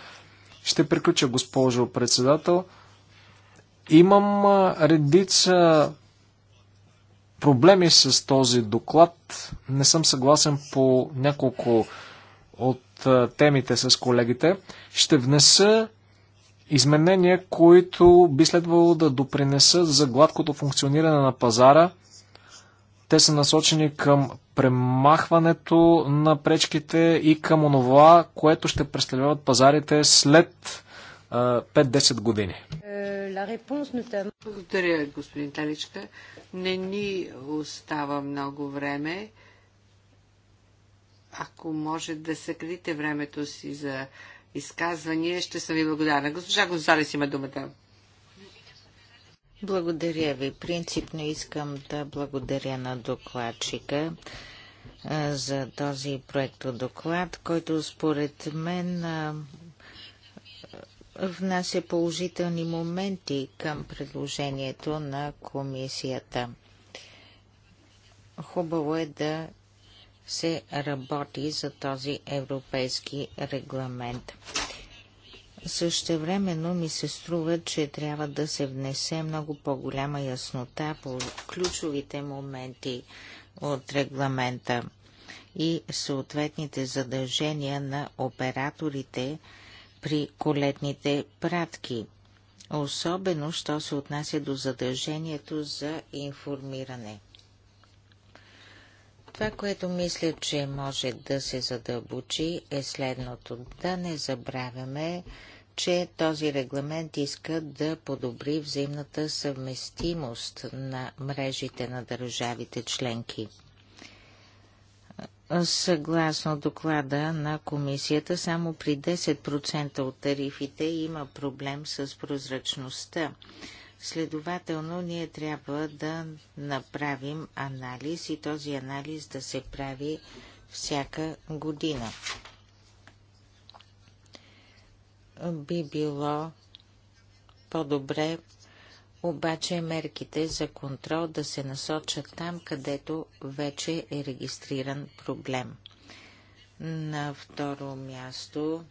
Ще приключа, госпожо председател. Имам редица проблеми с този доклад. Не съм съгласен по няколко от темите с колегите. Ще внеса изменения, които би следвало да допринесат за гладкото функциониране на пазара. Те са насочени към премахването на пречките и към онова, което ще представляват пазарите след 5-10 години? Благодаря, господин Таличка. Не ни остава много време. Ако може да съкрите времето си за изказвания, ще съм ви благодарна. Госпожа Гонзалес има думата. Благодаря ви. Принципно искам да благодаря на докладчика за този проект доклад, който според мен внася положителни моменти към предложението на комисията. Хубаво е да се работи за този европейски регламент. Същевременно ми се струва, че трябва да се внесе много по-голяма яснота по ключовите моменти от регламента и съответните задължения на операторите при колетните пратки, особено що се отнася до задължението за информиране. Това, което мисля, че може да се задълбочи е следното. Да не забравяме, че този регламент иска да подобри взаимната съвместимост на мрежите на държавите членки. Съгласно доклада на комисията, само при 10% от тарифите има проблем с прозрачността. Следователно, ние трябва да направим анализ и този анализ да се прави всяка година би било по-добре обаче мерките за контрол да се насочат там, където вече е регистриран проблем. На второ място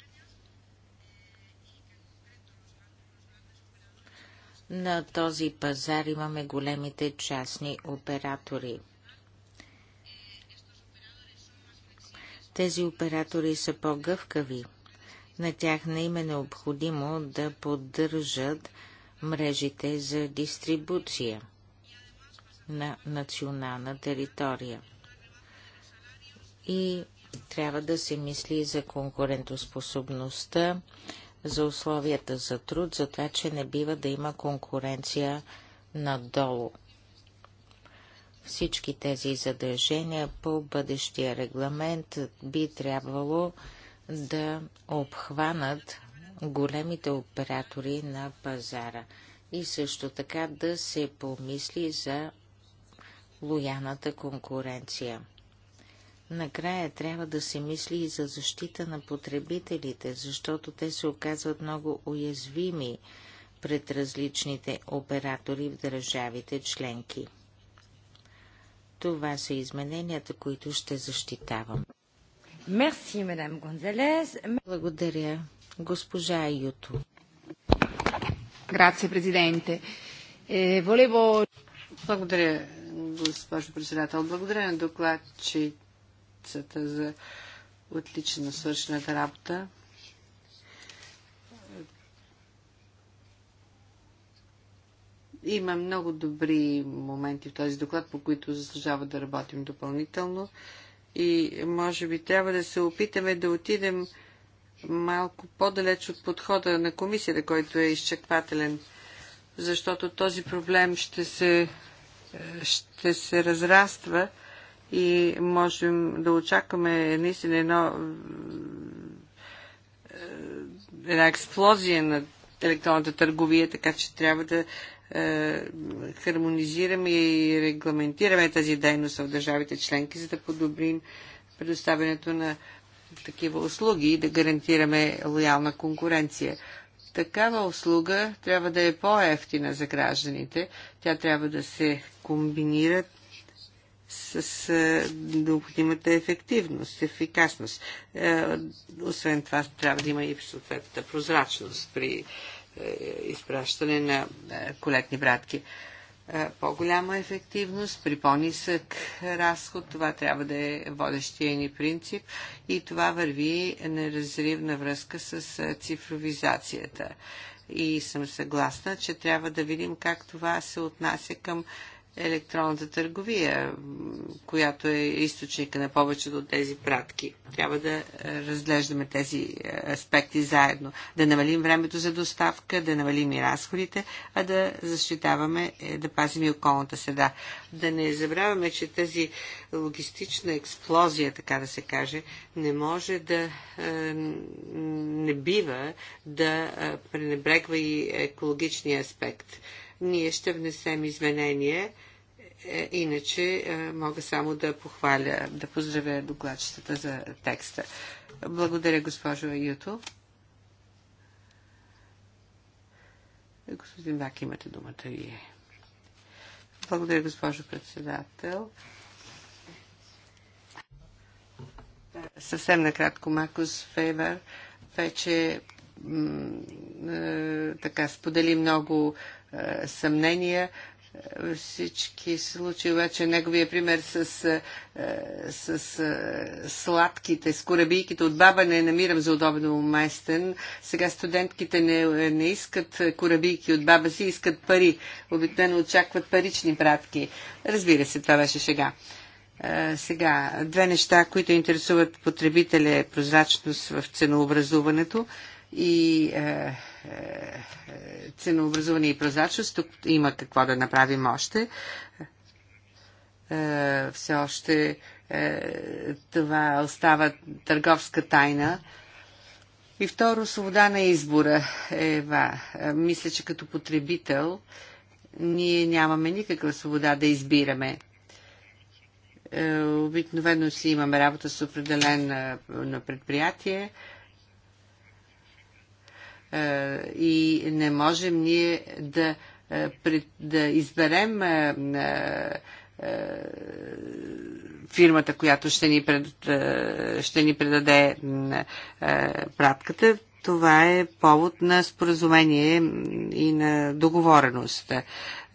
на този пазар имаме големите частни оператори. Тези оператори са по-гъвкави – на тях не им е необходимо да поддържат мрежите за дистрибуция на национална територия. И трябва да се мисли за конкурентоспособността, за условията за труд, за това, че не бива да има конкуренция надолу. Всички тези задължения по бъдещия регламент би трябвало да обхванат големите оператори на пазара и също така да се помисли за лояната конкуренция. Накрая трябва да се мисли и за защита на потребителите, защото те се оказват много уязвими пред различните оператори в държавите членки. Това са измененията, които ще защитавам. Благодаря. Госпожа Юту. Е, Благодаря, госпожо председател. Благодаря на докладчицата за отлично свършената работа. Има много добри моменти в този доклад, по които заслужава да работим допълнително и може би трябва да се опитаме да отидем малко по-далеч от подхода на комисията, който е изчеквателен, защото този проблем ще се, ще се разраства и можем да очакваме наистина едно, една експлозия на електронната търговия, така че трябва да е, хармонизираме и регламентираме тази дейност в държавите членки, за да подобрим предоставянето на такива услуги и да гарантираме лоялна конкуренция. Такава услуга трябва да е по-ефтина за гражданите. Тя трябва да се комбинира с необходимата ефективност, ефикасност. Е, освен това, трябва да има и съответната прозрачност при е, изпращане на е, колетни братки. Е, по-голяма ефективност при по-нисък разход, това трябва да е водещия ни принцип и това върви неразривна връзка с цифровизацията. И съм съгласна, че трябва да видим как това се отнася към електронната търговия, която е източника на повечето от тези пратки. Трябва да разглеждаме тези е, аспекти заедно. Да намалим времето за доставка, да намалим и разходите, а да защитаваме, е, да пазим и околната среда. Да не забравяме, че тази логистична експлозия, така да се каже, не може да е, не бива да пренебрегва и екологичния аспект ние ще внесем изменения. Е, иначе е, мога само да похваля, да поздравя докладчетата за текста. Благодаря, госпожо Юто. Господин Бак, имате думата вие. Благодаря, госпожо председател. Съвсем накратко, Макус Фейвер. вече е, така сподели много съмнения всички случаи, обаче неговия пример с, е, с, с е, сладките, с корабийките от баба не намирам за удобно уместен. Сега студентките не, е, не искат корабийки от баба си, искат пари. Обикновено очакват парични пратки. Разбира се, това беше шега. Сега, две неща, които интересуват потребителя е прозрачност в ценообразуването и е, ценообразуване и прозрачност. Тук има какво да направим още. Е, все още е, това остава търговска тайна. И второ, свобода на избора. Ева, е, мисля, че като потребител ние нямаме никаква свобода да избираме. Обикновено си имаме работа с определен на предприятие е, и не можем ние да, е, да изберем е, фирмата, която ще ни, пред, ще ни предаде пратката. Това е повод на споразумение и на договореност.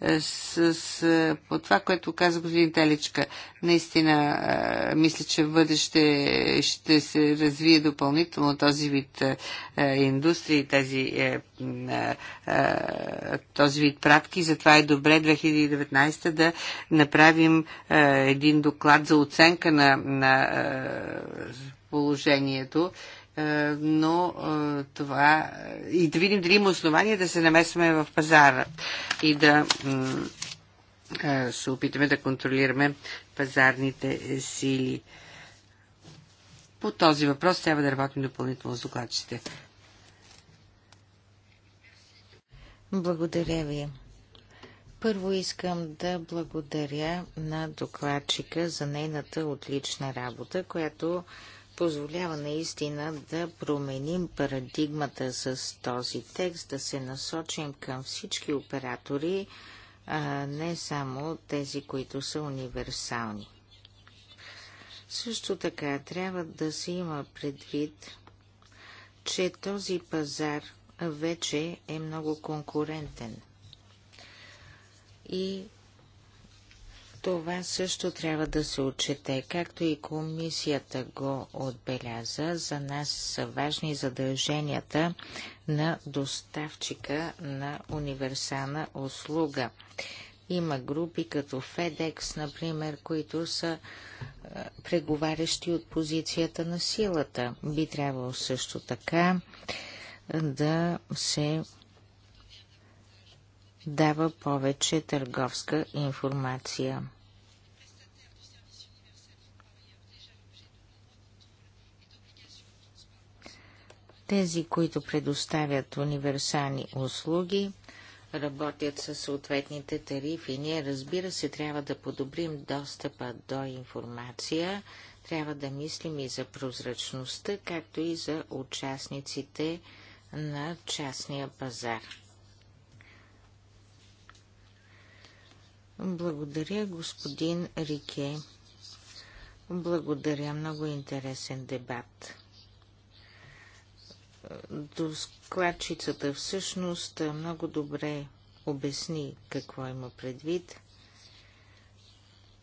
Е, с, с е, по това, което каза господин Теличка. Наистина, а, е, мисля, че в бъдеще ще се развие допълнително този вид а, индустрии, тези, а, този вид пратки. Затова е добре 2019 да направим един доклад за оценка на, на положението е, но е, това и да видим дали има основания да се намесваме в пазара и да е, се опитаме да контролираме пазарните сили. По този въпрос трябва да работим допълнително с докладчите. Благодаря ви. Първо искам да благодаря на докладчика за нейната отлична работа, която позволява наистина да променим парадигмата с този текст, да се насочим към всички оператори, а не само тези, които са универсални. Също така трябва да се има предвид, че този пазар вече е много конкурентен. И това също трябва да се отчете, както и комисията го отбеляза. За нас са важни задълженията на доставчика на универсална услуга. Има групи като FedEx, например, които са е, преговарящи от позицията на силата. Би трябвало също така да се дава повече търговска информация. Тези, които предоставят универсални услуги, работят със съответните тарифи. Ние, разбира се, трябва да подобрим достъпа до информация, трябва да мислим и за прозрачността, както и за участниците на частния пазар. Благодаря, господин Рике. Благодаря, много интересен дебат. Доскладчицата всъщност много добре обясни какво има предвид,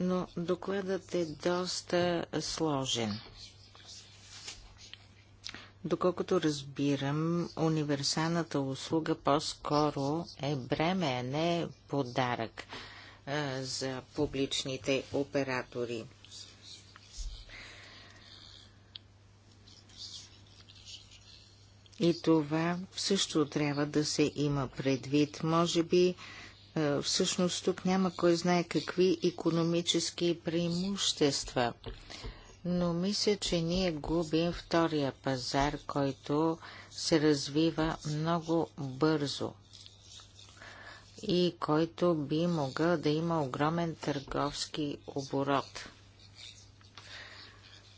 но докладът е доста сложен. Доколкото разбирам, универсалната услуга по-скоро е бреме, а не подарък за публичните оператори. И това също трябва да се има предвид. Може би всъщност тук няма кой знае какви економически преимущества. Но мисля, че ние губим втория пазар, който се развива много бързо и който би могъл да има огромен търговски оборот.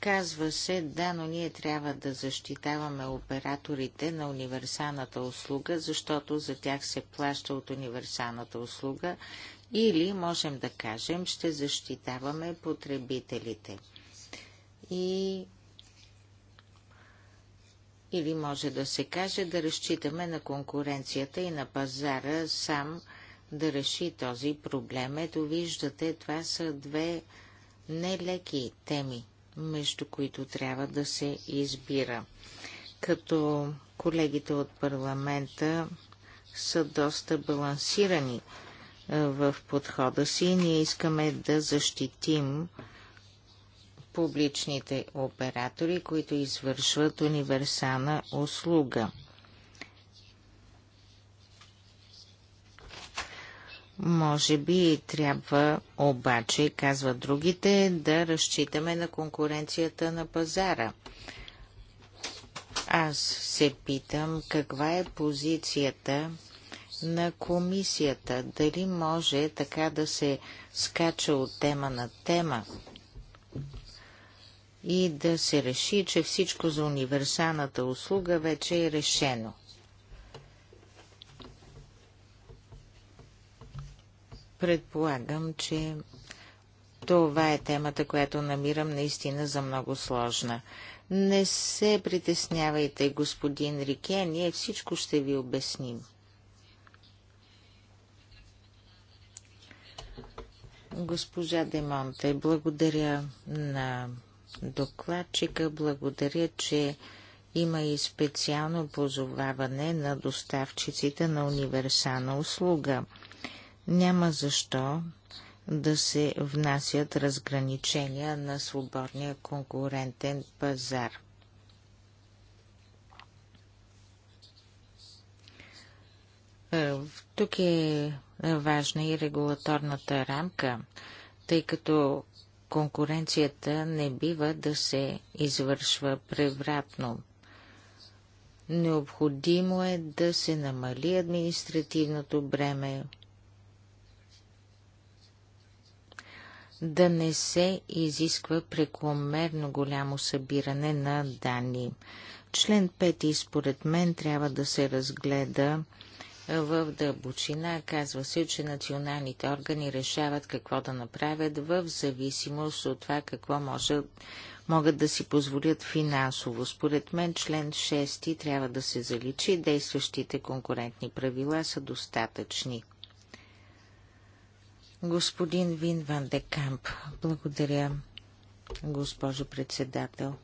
Казва се, да, но ние трябва да защитаваме операторите на универсалната услуга, защото за тях се плаща от универсалната услуга или, можем да кажем, ще защитаваме потребителите. И или може да се каже да разчитаме на конкуренцията и на пазара сам да реши този проблем. Ето виждате, това са две нелеки теми, между които трябва да се избира. Като колегите от парламента са доста балансирани е, в подхода си, ние искаме да защитим публичните оператори, които извършват универсална услуга – Може би трябва обаче, казват другите, да разчитаме на конкуренцията на пазара. Аз се питам каква е позицията на комисията. Дали може така да се скача от тема на тема и да се реши, че всичко за универсалната услуга вече е решено. Предполагам, че това е темата, която намирам наистина за много сложна. Не се притеснявайте, господин Рике, ние всичко ще ви обясним. Госпожа Демонте, благодаря на докладчика, благодаря, че има и специално позоваване на доставчиците на универсална услуга – няма защо да се внасят разграничения на свободния конкурентен пазар. Е, тук е важна и регулаторната рамка, тъй като конкуренцията не бива да се извършва превратно. Необходимо е да се намали административното бреме, да не се изисква прекомерно голямо събиране на данни. Член 5 според мен трябва да се разгледа в дълбочина. Казва се, че националните органи решават какво да направят в зависимост от това какво може, могат да си позволят финансово. Според мен член 6 трябва да се заличи. Действащите конкурентни правила са достатъчни. Господин Вин Ван де Камп, благодаря, госпожо председател.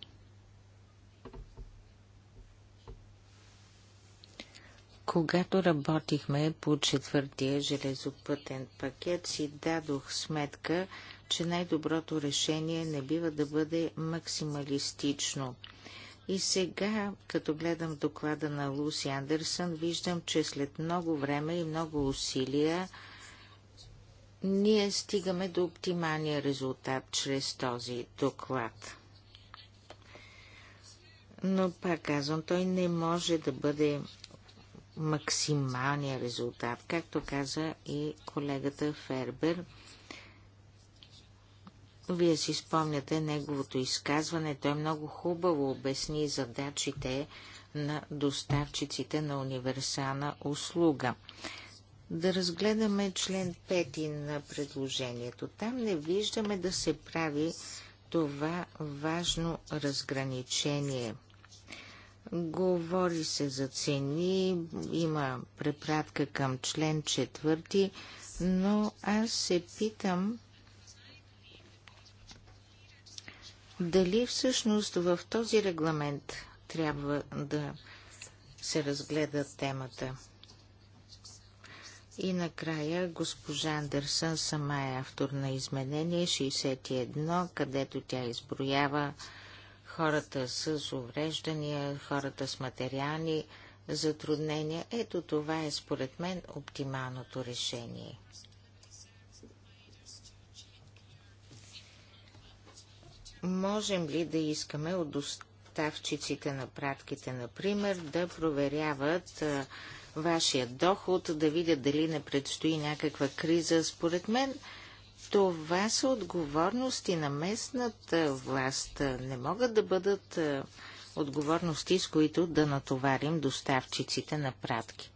Когато работихме по четвъртия железопътен пакет, си дадох сметка, че най-доброто решение не бива да бъде максималистично. И сега, като гледам доклада на Луси Андерсън, виждам, че след много време и много усилия ние стигаме до оптималния резултат чрез този доклад. Но пак казвам, той не може да бъде максималния резултат, както каза и колегата Фербер. Вие си спомняте неговото изказване. Той много хубаво обясни задачите на доставчиците на универсална услуга да разгледаме член 5 на предложението. Там не виждаме да се прави това важно разграничение. Говори се за цени, има препратка към член 4, но аз се питам дали всъщност в този регламент трябва да се разгледа темата. И накрая госпожа Андерсън сама е автор на изменение 61, където тя изброява хората с увреждания, хората с материални затруднения. Ето това е според мен оптималното решение. Можем ли да искаме от доставчиците на пратките, например, да проверяват вашия доход, да видят дали не предстои някаква криза. Според мен това са отговорности на местната власт. Не могат да бъдат е, отговорности, с които да натоварим доставчиците на пратки.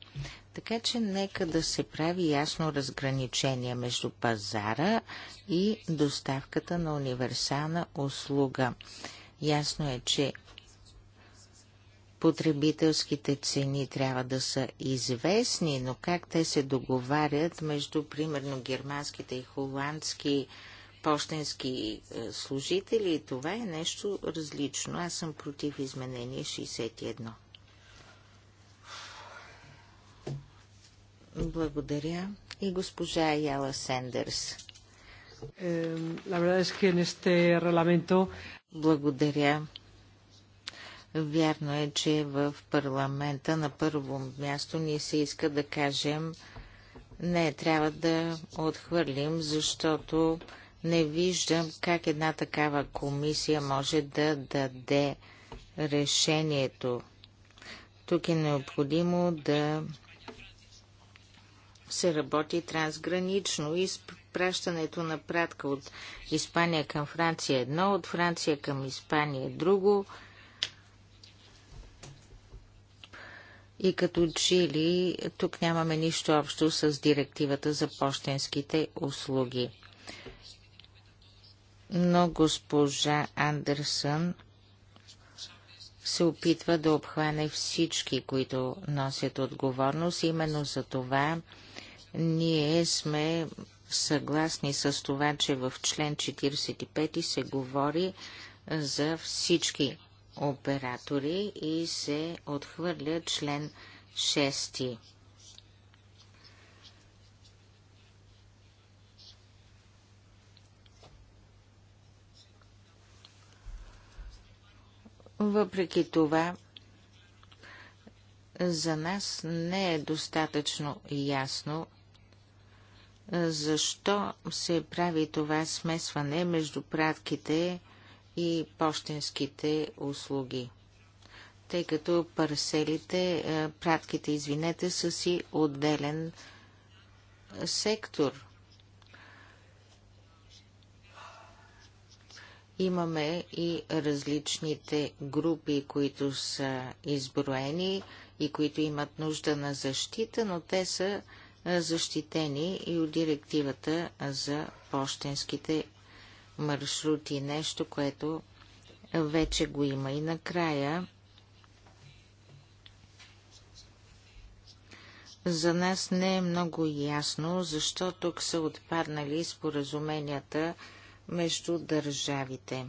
Така че нека да се прави ясно разграничение между пазара и доставката на универсална услуга. Ясно е, че потребителските цени трябва да са известни, но как те се договарят между, примерно, германските и холандски почтенски е, служители, това е нещо различно. Аз съм против изменение 61. Благодаря. И госпожа Яла Сендерс. Е, Благодаря. Вярно е, че в парламента на първо място ни се иска да кажем не, трябва да отхвърлим, защото не виждам как една такава комисия може да даде решението. Тук е необходимо да се работи трансгранично. Изпращането на пратка от Испания към Франция е едно, от Франция към Испания е друго. и като чили тук нямаме нищо общо с директивата за почтенските услуги. Но госпожа Андерсън се опитва да обхване всички, които носят отговорност. Именно за това ние сме съгласни с това, че в член 45 се говори за всички оператори и се отхвърля член 6. Въпреки това, за нас не е достатъчно ясно, защо се прави това смесване между пратките и почтенските услуги. Тъй като парселите, е, пратките, извинете, са си отделен сектор. Имаме и различните групи, които са изброени и които имат нужда на защита, но те са е, защитени и от директивата за почтенските маршрути, нещо, което вече го има. И накрая За нас не е много ясно, защо тук са отпаднали споразуменията между държавите.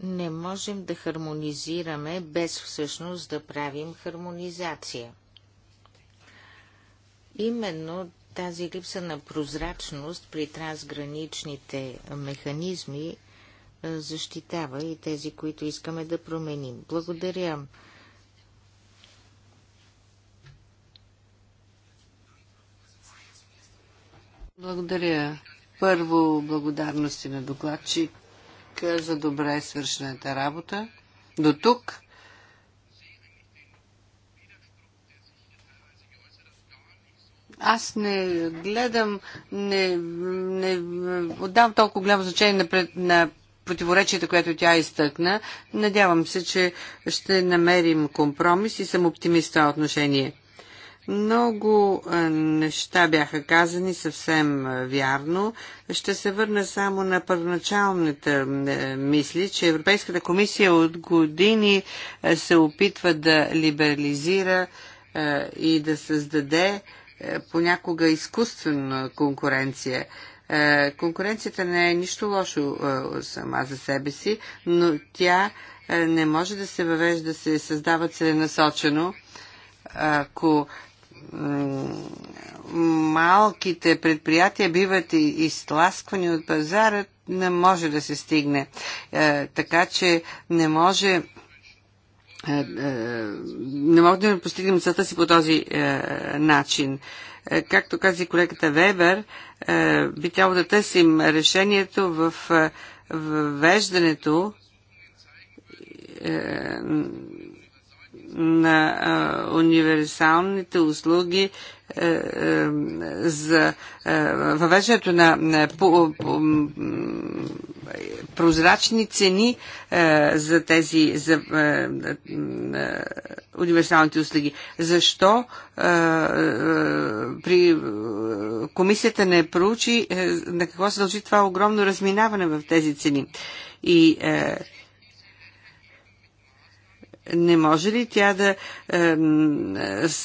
Не можем да хармонизираме без всъщност да правим хармонизация. Именно тази липса на прозрачност при трансграничните механизми е, защитава и тези, които искаме да променим. Благодаря. Благодаря. Първо, благодарности на докладчик за добре свършената работа. До тук аз не гледам, не, не отдавам толкова голямо значение на, пред, на противоречията, което тя изтъкна. Надявам се, че ще намерим компромис и съм оптимист в това отношение. Много е, неща бяха казани съвсем е, вярно. Ще се върна само на първоначалната е, мисли, че Европейската комисия от години се опитва да либерализира и да създаде е, понякога изкуствена конкуренция. Е, конкуренцията не е нищо лошо е, сама за себе си, но тя не може да се въвежда, да се създава целенасочено. Ако малките предприятия биват изтласквани от пазара, не може да се стигне. Така че не може е, е, не можем да постигнем целта си по този е, начин. Е, както каза колегата Вебер, е, би трябвало да търсим решението в е, е на универсалните услуги е, е, за е, въвеждането на, прозрачни цени за тези за универсалните услуги. Защо при комисията не проучи на какво се дължи това огромно разминаване в тези цени? И не може ли тя да,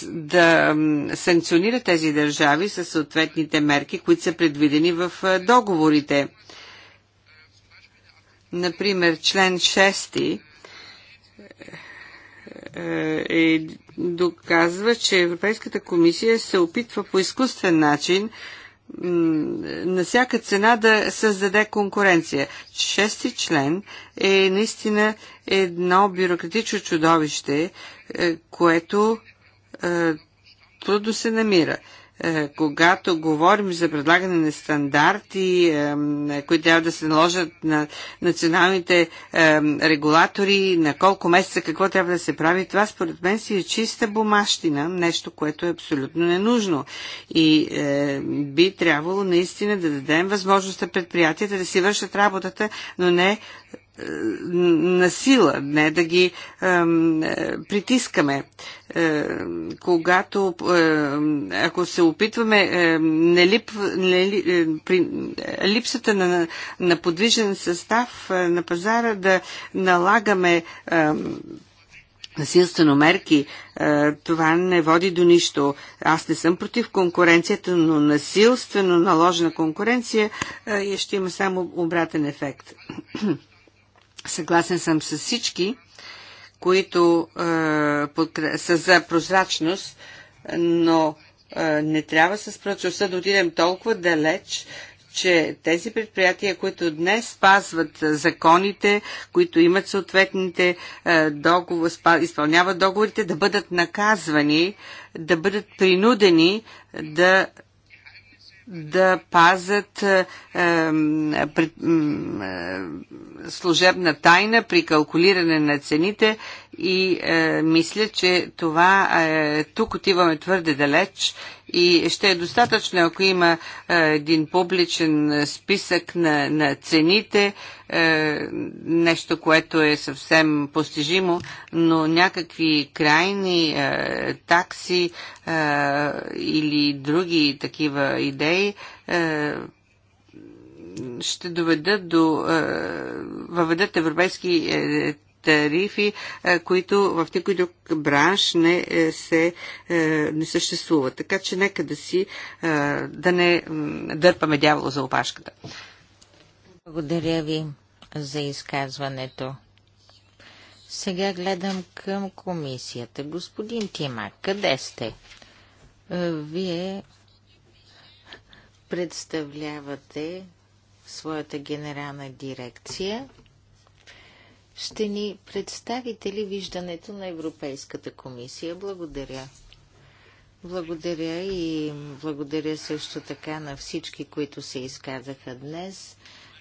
да санкционира тези държави с съответните мерки, които са предвидени в е, договорите? Например, член 6 е, е, е, доказва, че Европейската комисия се опитва по изкуствен начин на всяка цена да създаде конкуренция. Шести член е наистина едно бюрократично чудовище, е, което е, трудно се намира. Е, когато говорим за предлагане на стандарти, е, които трябва да се наложат на националните е, регулатори, на колко месеца какво трябва да се прави, това според мен си е чиста бумащина, нещо, което е абсолютно ненужно. И би трябвало наистина да дадем възможност на предприятията да си вършат работата, но не на сила, не да ги е, притискаме. Е, когато, е, ако се опитваме, е, не ли, е, при, е, липсата на, на подвижен състав е, на пазара да налагаме е, насилствено мерки, е, това не води до нищо. Аз не съм против конкуренцията, но насилствено наложена конкуренция е, ще има само обратен ефект. Съгласен съм с всички, които е, подкр... са за прозрачност, но е, не трябва с прозрачността да отидем толкова далеч, че тези предприятия, които днес спазват законите, които имат съответните е, договори, изпълняват договорите, да бъдат наказвани, да бъдат принудени да да пазят е, е при, е, служебна тайна при калкулиране на цените и е, мисля, че това е, тук отиваме твърде далеч и ще е достатъчно, ако има е, един публичен списък на, на цените, е, нещо, което е съвсем постижимо, но някакви крайни е, такси е, или други такива идеи е, ще доведат до, е, въведат европейски е, тарифи, е, които в никой друг бранш не, е, се, е, не съществуват. Така че нека да си да не дърпаме дявола за опашката. Благодаря ви за изказването. Сега гледам към комисията. Господин Тима, къде сте? Вие представлявате своята генерална дирекция. Ще ни представите ли виждането на Европейската комисия? Благодаря. Благодаря и благодаря също така на всички, които се изказаха днес.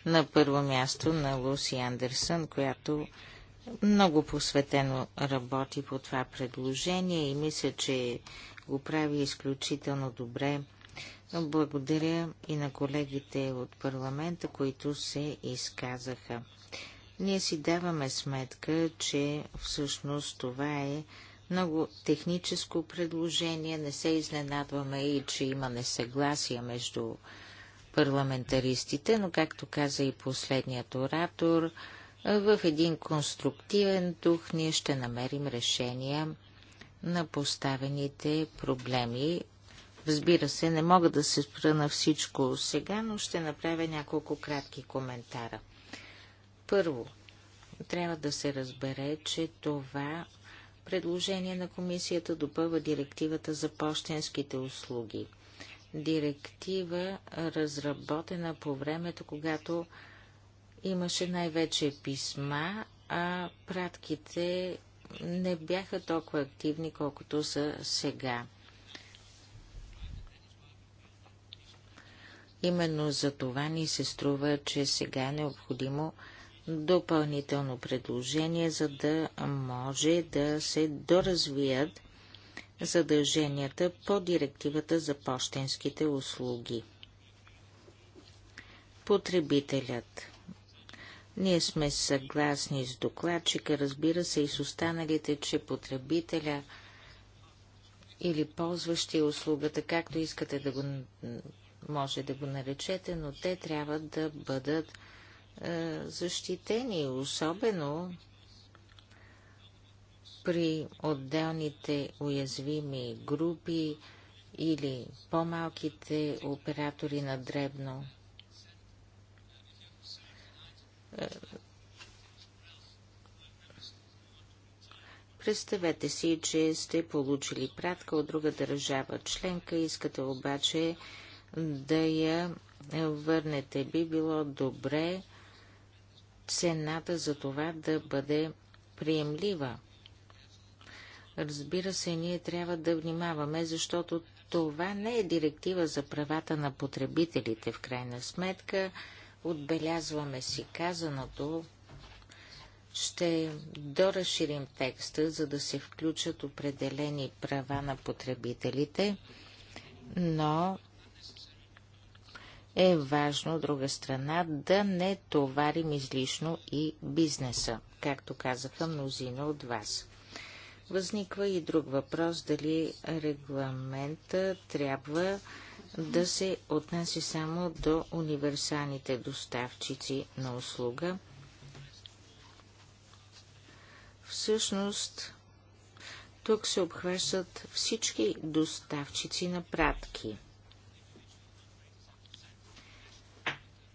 На първо място на Луси Андерсън, която много посветено работи по това предложение и мисля, че го прави изключително добре. Благодаря и на колегите от парламента, които се изказаха. Ние си даваме сметка, че всъщност това е много техническо предложение. Не се изненадваме и, че има несъгласие между парламентаристите, но както каза и последният оратор, в един конструктивен дух ние ще намерим решения на поставените проблеми. Разбира се, не мога да се спра на всичко сега, но ще направя няколко кратки коментара. Първо, трябва да се разбере, че това предложение на комисията допълва директивата за почтенските услуги. Директива, разработена по времето, когато имаше най-вече писма, а пратките не бяха толкова активни, колкото са сега. Именно за това ни се струва, че сега е необходимо допълнително предложение, за да може да се доразвият задълженията по директивата за почтенските услуги. Потребителят. Ние сме съгласни с докладчика, разбира се и с останалите, че потребителя или ползващи услугата, както искате да го може да го наречете, но те трябва да бъдат е, защитени, особено при отделните уязвими групи или по-малките оператори на дребно. Е, представете си, че сте получили пратка от друга държава членка, искате обаче да я върнете. Би било добре цената за това да бъде приемлива. Разбира се, ние трябва да внимаваме, защото това не е директива за правата на потребителите. В крайна сметка, отбелязваме си казаното, ще доразширим текста, за да се включат определени права на потребителите, но е важно, от друга страна, да не товарим излишно и бизнеса, както казаха мнозина от вас. Възниква и друг въпрос, дали регламента трябва да се отнася само до универсалните доставчици на услуга. Всъщност, тук се обхващат всички доставчици на пратки –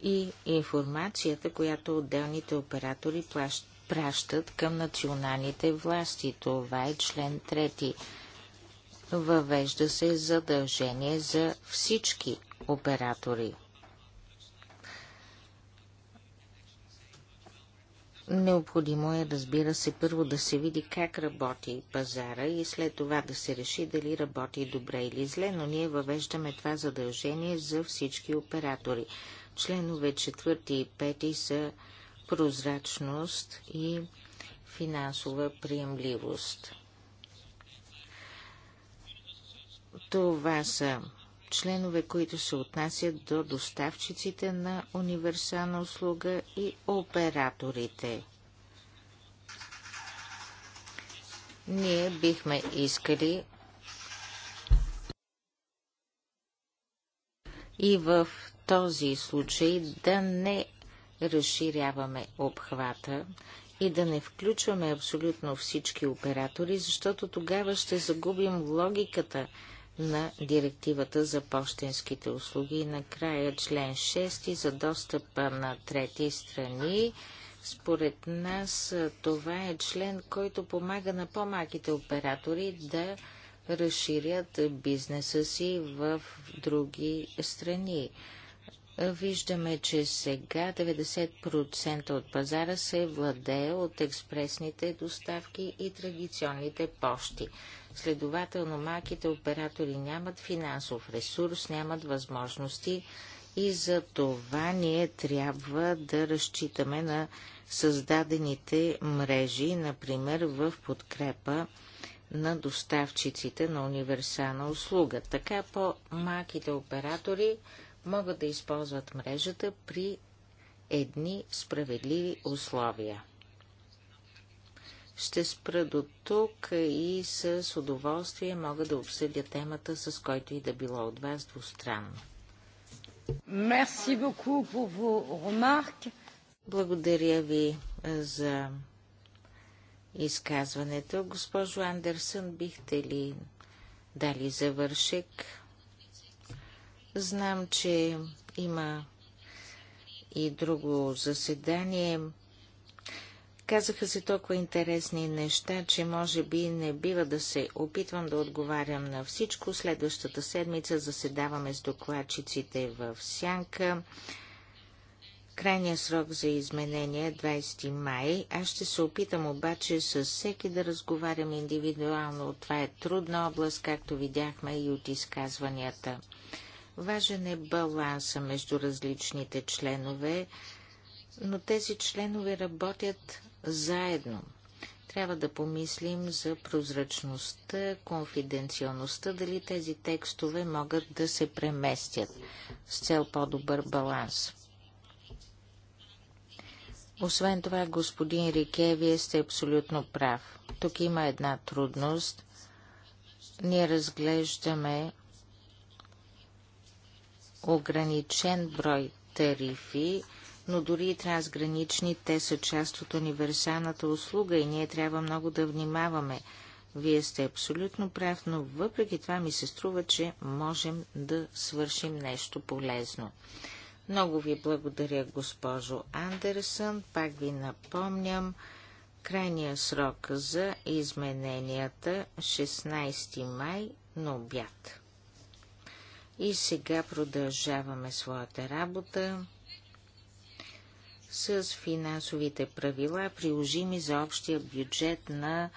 и информацията, която отделните оператори пращат към националните власти. Това е член 3. Въвежда се задължение за всички оператори. Необходимо е, разбира се, първо да се види как работи пазара и след това да се реши дали работи добре или зле, но ние въвеждаме това задължение за всички оператори. Членове 4 и 5 са прозрачност и финансова приемливост. Това са членове, които се отнасят до доставчиците на универсална услуга и операторите. Ние бихме искали и в този случай да не разширяваме обхвата и да не включваме абсолютно всички оператори, защото тогава ще загубим логиката на директивата за почтенските услуги. И накрая член 6 за достъпа на трети страни. Според нас това е член, който помага на по-малките оператори да разширят бизнеса си в други страни. Виждаме, че сега 90% от пазара се владее от експресните доставки и традиционните пощи. Следователно, малките оператори нямат финансов ресурс, нямат възможности и за това ние трябва да разчитаме на създадените мрежи, например в подкрепа на доставчиците на универсална услуга. Така по-малките оператори могат да използват мрежата при едни справедливи условия. Ще спра до тук и с удоволствие мога да обсъдя темата с който и да било от вас двустранно. Благодаря ви за изказването. Госпожо Андерсън, бихте ли дали завършек? Знам, че има и друго заседание. Казаха се толкова интересни неща, че може би не бива да се опитвам да отговарям на всичко. Следващата седмица заседаваме с докладчиците в Сянка. Крайният срок за изменение е 20 май. Аз ще се опитам обаче с всеки да разговарям индивидуално. Това е трудна област, както видяхме и от изказванията. Важен е баланса между различните членове, но тези членове работят заедно. Трябва да помислим за прозрачността, конфиденциалността, дали тези текстове могат да се преместят с цел по-добър баланс. Освен това, господин Рике, вие сте абсолютно прав. Тук има една трудност. Ние разглеждаме ограничен брой тарифи, но дори и трансгранични, те са част от универсалната услуга и ние трябва много да внимаваме. Вие сте абсолютно прав, но въпреки това ми се струва, че можем да свършим нещо полезно. Много ви благодаря, госпожо Андерсън. Пак ви напомням, крайния срок за измененията 16 май на обяд. И сега продължаваме своята работа с финансовите правила, приложими за общия бюджет на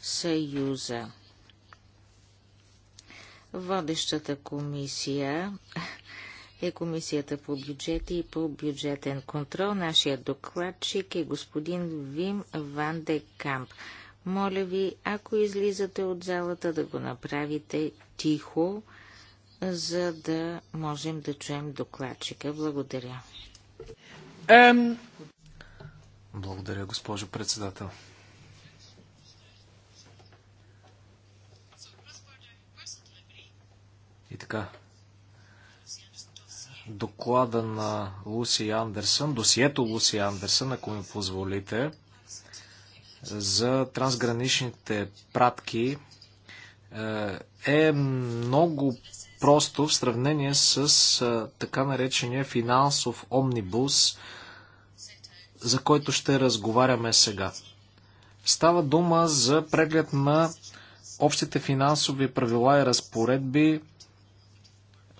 Съюза. Водещата комисия е Комисията по бюджети и по бюджетен контрол. Нашия докладчик е господин Вим Ван де Камп. Моля ви, ако излизате от залата, да го направите тихо, за да можем да чуем докладчика. Благодаря. Ем... Благодаря, госпожо председател. И така. Доклада на Луси Андерсън, досието Луси Андерсън, ако ми позволите, за трансграничните пратки е, е много просто в сравнение с така наречения финансов омнибус, за който ще разговаряме сега. Става дума за преглед на общите финансови правила и разпоредби,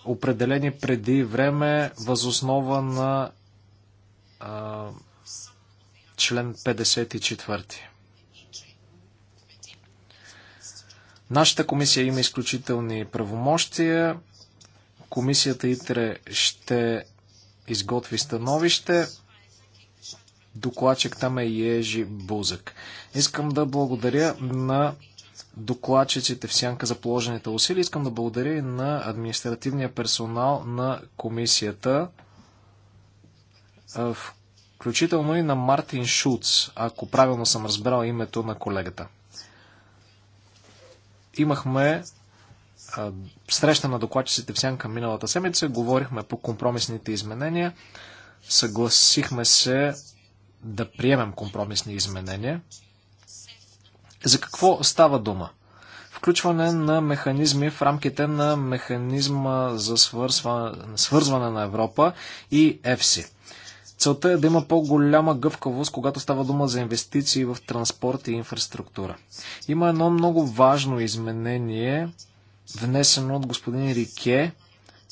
определени преди време, възоснова на а, член 54. Нашата комисия има изключителни правомощия. Комисията ИТРЕ ще изготви становище. Докладчик там е Ежи Бузък. Искам да благодаря на докладчиците в сянка за положените усилия. Искам да благодаря и на административния персонал на комисията, включително и на Мартин Шуц, ако правилно съм разбрал името на колегата. Имахме среща на докладчиците в Сянка миналата седмица, говорихме по компромисните изменения, съгласихме се да приемем компромисни изменения. За какво става дума? Включване на механизми в рамките на механизма за свързване, свързване на Европа и ЕФСИ. Целта е да има по-голяма гъвкавост, когато става дума за инвестиции в транспорт и инфраструктура. Има едно много важно изменение, внесено от господин Рике.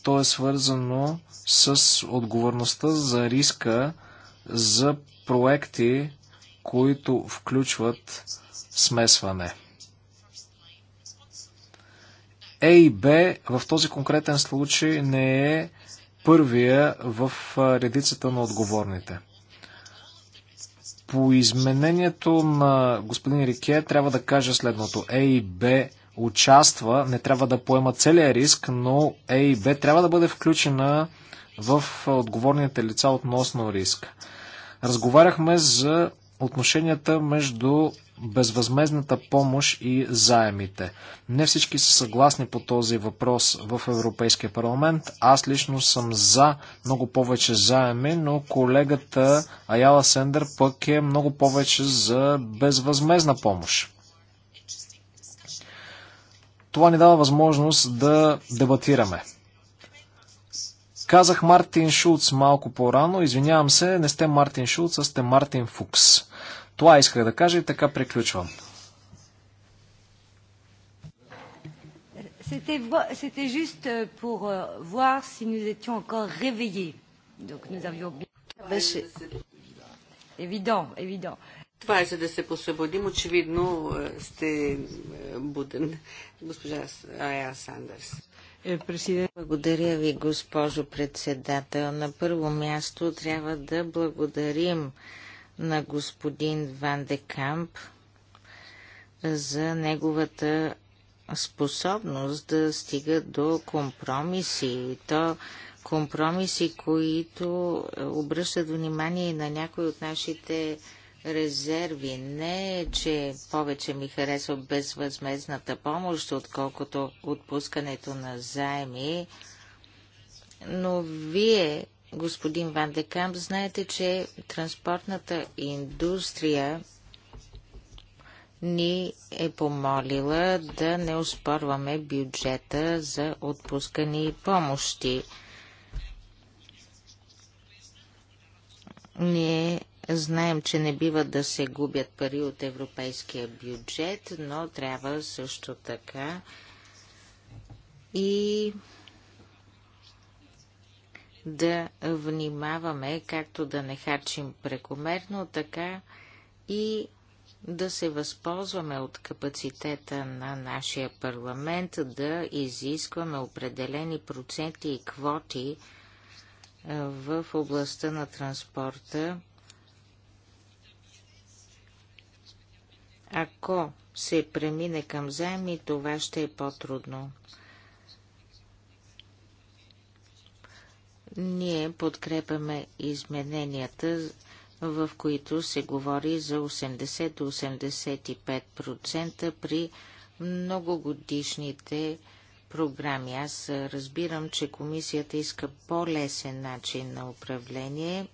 То е свързано с отговорността за риска за проекти, които включват смесване. Е и Б в този конкретен случай не е първия в редицата на отговорните. По изменението на господин Рике трябва да кажа следното. Е и Б участва, не трябва да поема целия риск, но Е и Б трябва да бъде включена в отговорните лица относно риск. Разговаряхме за отношенията между безвъзмезната помощ и заемите. Не всички са съгласни по този въпрос в Европейския парламент. Аз лично съм за много повече заеми, но колегата Аяла Сендер пък е много повече за безвъзмезна помощ. Това ни дава възможност да дебатираме. Казах Мартин Шулц малко по-рано. Извинявам се, не сте Мартин Шулц, а сте Мартин Фукс. Това исках да кажа и така приключвам. Това е за да се посвободим. Очевидно е, сте е, буден. Госпожа Ая Сандърс. Е, Благодаря ви, госпожо председател. На първо място трябва да благодарим на господин Ван де Камп за неговата способност да стига до компромиси. И то компромиси, които обръщат внимание на някои от нашите резерви. Не, е, че повече ми харесва безвъзмезната помощ, отколкото отпускането на заеми, но вие господин Ван Декамп, знаете, че транспортната индустрия ни е помолила да не успорваме бюджета за отпускани помощи. Ние знаем, че не бива да се губят пари от европейския бюджет, но трябва също така и да внимаваме както да не харчим прекомерно, така и да се възползваме от капацитета на нашия парламент да изискваме определени проценти и квоти е, в областта на транспорта. Ако се премине към заеми, това ще е по-трудно. Ние подкрепяме измененията, в които се говори за 80-85% при многогодишните програми. Аз разбирам, че комисията иска по-лесен начин на управление,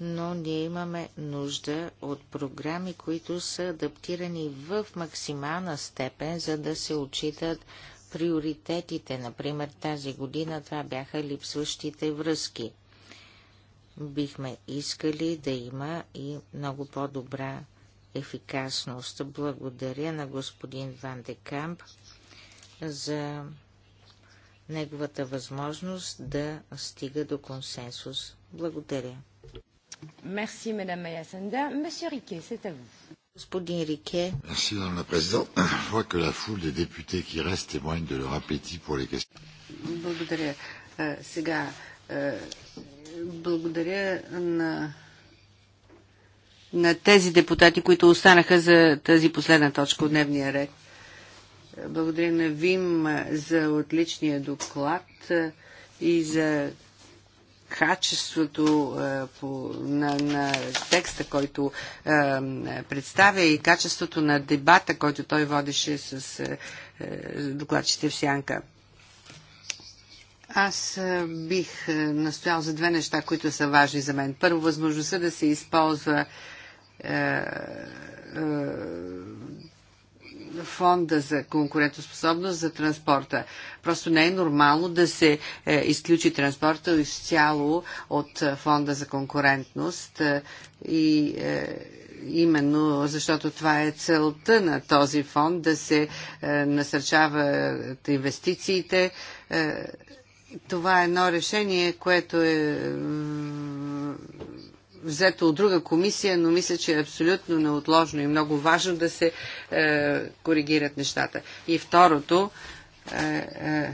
но ние имаме нужда от програми, които са адаптирани в максимална степен, за да се отчитат приоритетите. Например, тази година това бяха липсващите връзки. Бихме искали да има и много по-добра ефикасност. Благодаря на господин Ван де Камп за неговата възможност да стига до консенсус. Благодаря. Мерси, мадам Mayasanda. Monsieur Riquet, сета Господин Рике. Merci, madame la présidente. Je vois que la foule des députés qui restent témoigne de leur appétit pour les questions. Благодаря. Сега, благодаря на на тези депутати, които останаха за тази последна точка от дневния ред. Благодаря на Вим за отличния доклад и за качеството е, на, на текста, който е, представя и качеството на дебата, който той водеше с е, докладчите в Сянка. Аз бих настоял за две неща, които са важни за мен. Първо, възможността да се използва фонда за конкурентоспособност за транспорта. Просто не е нормално да се е, изключи транспорта изцяло от е, фонда за конкурентност е, и именно защото това е целта на този фонд да се насърчават инвестициите. Това е едно решение, което е взето от друга комисия, но мисля, че е абсолютно неотложно и много важно да се е, коригират нещата. И второто, е, е,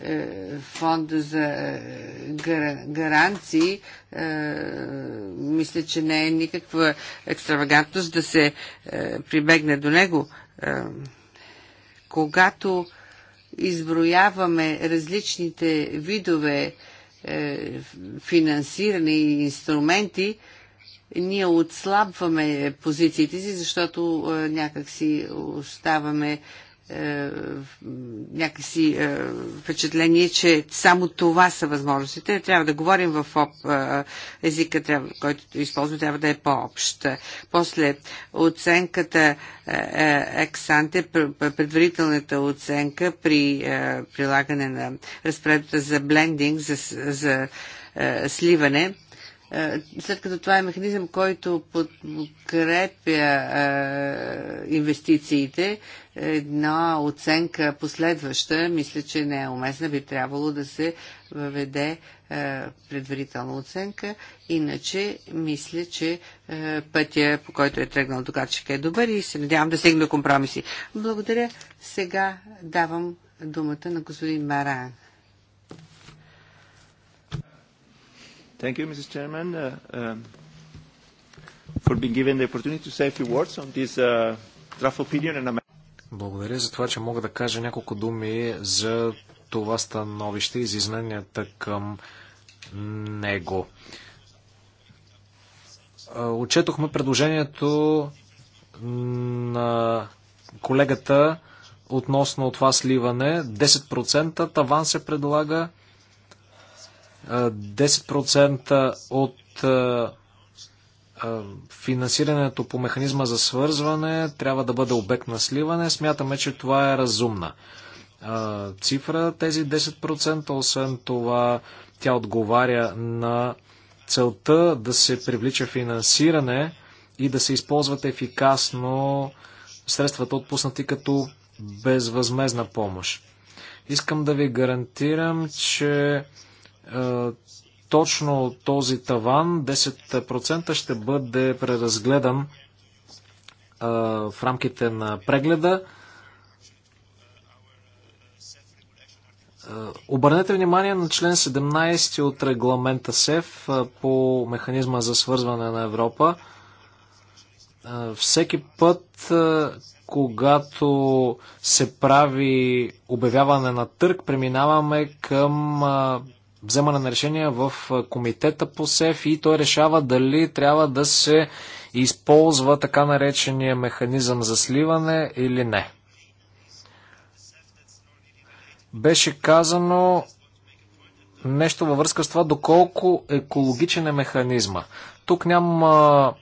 е фонда за е, гаранции, е, мисля, че не е никаква екстравагантност да се прибегне до него. Когато изброяваме различните видове е, финансиране и инструменти, ние отслабваме позициите си, защото е, някак си оставаме е, някакси е, впечатление, че само това са възможностите. Трябва да говорим в об, е, езика, трябва, който използва, трябва да е по-общ. После оценката е, е, ексанте, предварителната оценка при е, прилагане на разпредата за блендинг, за, за сливане, е, след като това е механизъм, който подкрепя е, инвестициите, една оценка последваща, мисля, че не е уместна, би трябвало да се въведе е, предварителна оценка. Иначе, мисля, че пътя, по който е тръгнал докладчика е добър и се надявам да стигна компромиси. Благодаря. Сега давам думата на господин Маран. Thank you, Mrs. Chairman, uh, um, for being given the opportunity to say a few words on this uh, draft opinion and amendment. Благодаря за това, че мога да кажа няколко думи за това становище и за измененията към него. Отчетохме предложението на колегата относно това сливане. 10% таван се предлага 10% от финансирането по механизма за свързване трябва да бъде обект на сливане. Смятаме, че това е разумна цифра, тези 10%. Освен това, тя отговаря на целта да се привлича финансиране и да се използват ефикасно средствата отпуснати като безвъзмезна помощ. Искам да ви гарантирам, че е, точно този таван 10% ще бъде преразгледан е, в рамките на прегледа. Е, обърнете внимание на член 17 от регламента СЕФ по механизма за свързване на Европа. Всеки път, когато се прави обявяване на търг, преминаваме към вземане на решения в комитета по СЕФ и той решава дали трябва да се използва така наречения механизъм за сливане или не. Беше казано нещо във връзка с това доколко екологичен е механизма. Тук няма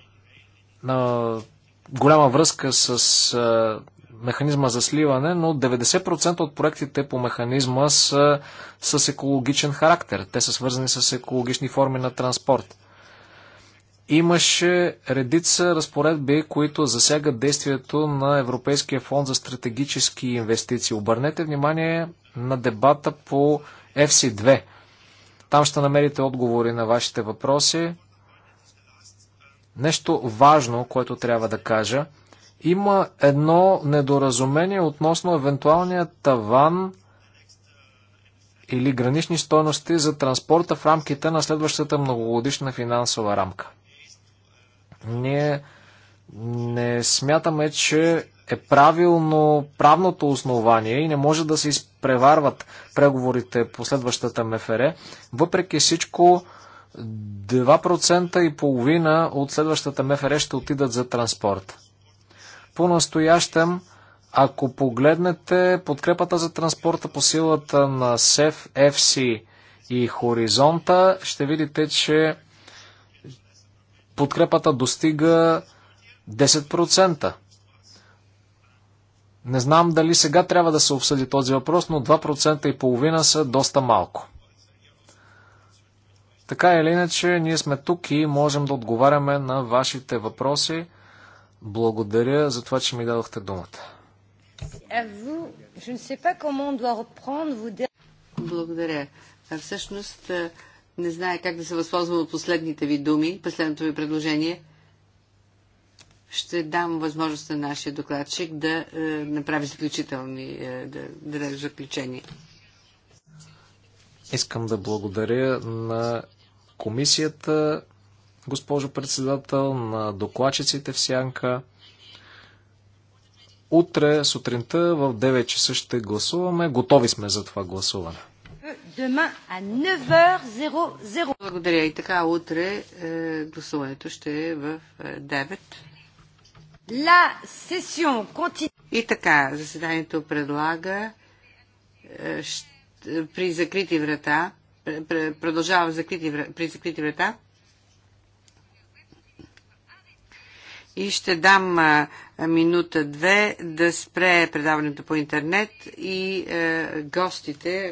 а, голяма връзка с а, механизма за сливане, но 90% от проектите по механизма са с екологичен характер. Те са свързани с екологични форми на транспорт. Имаше редица разпоредби, които засягат действието на Европейския фонд за стратегически инвестиции. Обърнете внимание на дебата по FC2. Там ще намерите отговори на вашите въпроси. Нещо важно, което трябва да кажа – има едно недоразумение относно евентуалния таван или гранични стойности за транспорта в рамките на следващата многогодишна финансова рамка. Ние не смятаме, че е правилно правното основание и не може да се изпреварват преговорите по следващата МФР. Въпреки всичко, 2% и половина от следващата МФР ще отидат за транспорта. По-настоящем, ако погледнете подкрепата за транспорта по силата на СЕФ, FC и Хоризонта, ще видите, че подкрепата достига 10%. Не знам дали сега трябва да се обсъди този въпрос, но 2% и половина са доста малко. Така или иначе, ние сме тук и можем да отговаряме на вашите въпроси. Благодаря за това, че ми дадохте думата. Благодаря. Всъщност, не знае как да се възползвам от последните ви думи, последното ви предложение. Ще дам възможност на нашия докладчик да е, направи заключителни, е, да, да даде заключение. Искам да благодаря на комисията, госпожо председател, на докладчиците в Сянка. Утре сутринта в 9 часа ще гласуваме. Готови сме за това гласуване. Благодаря и така утре е, гласуването ще е в 9. Е, и така, заседанието предлага е, при закрити врата, продължава при закрити врата. и ще дам минута-две да спре предаването по интернет и е, гостите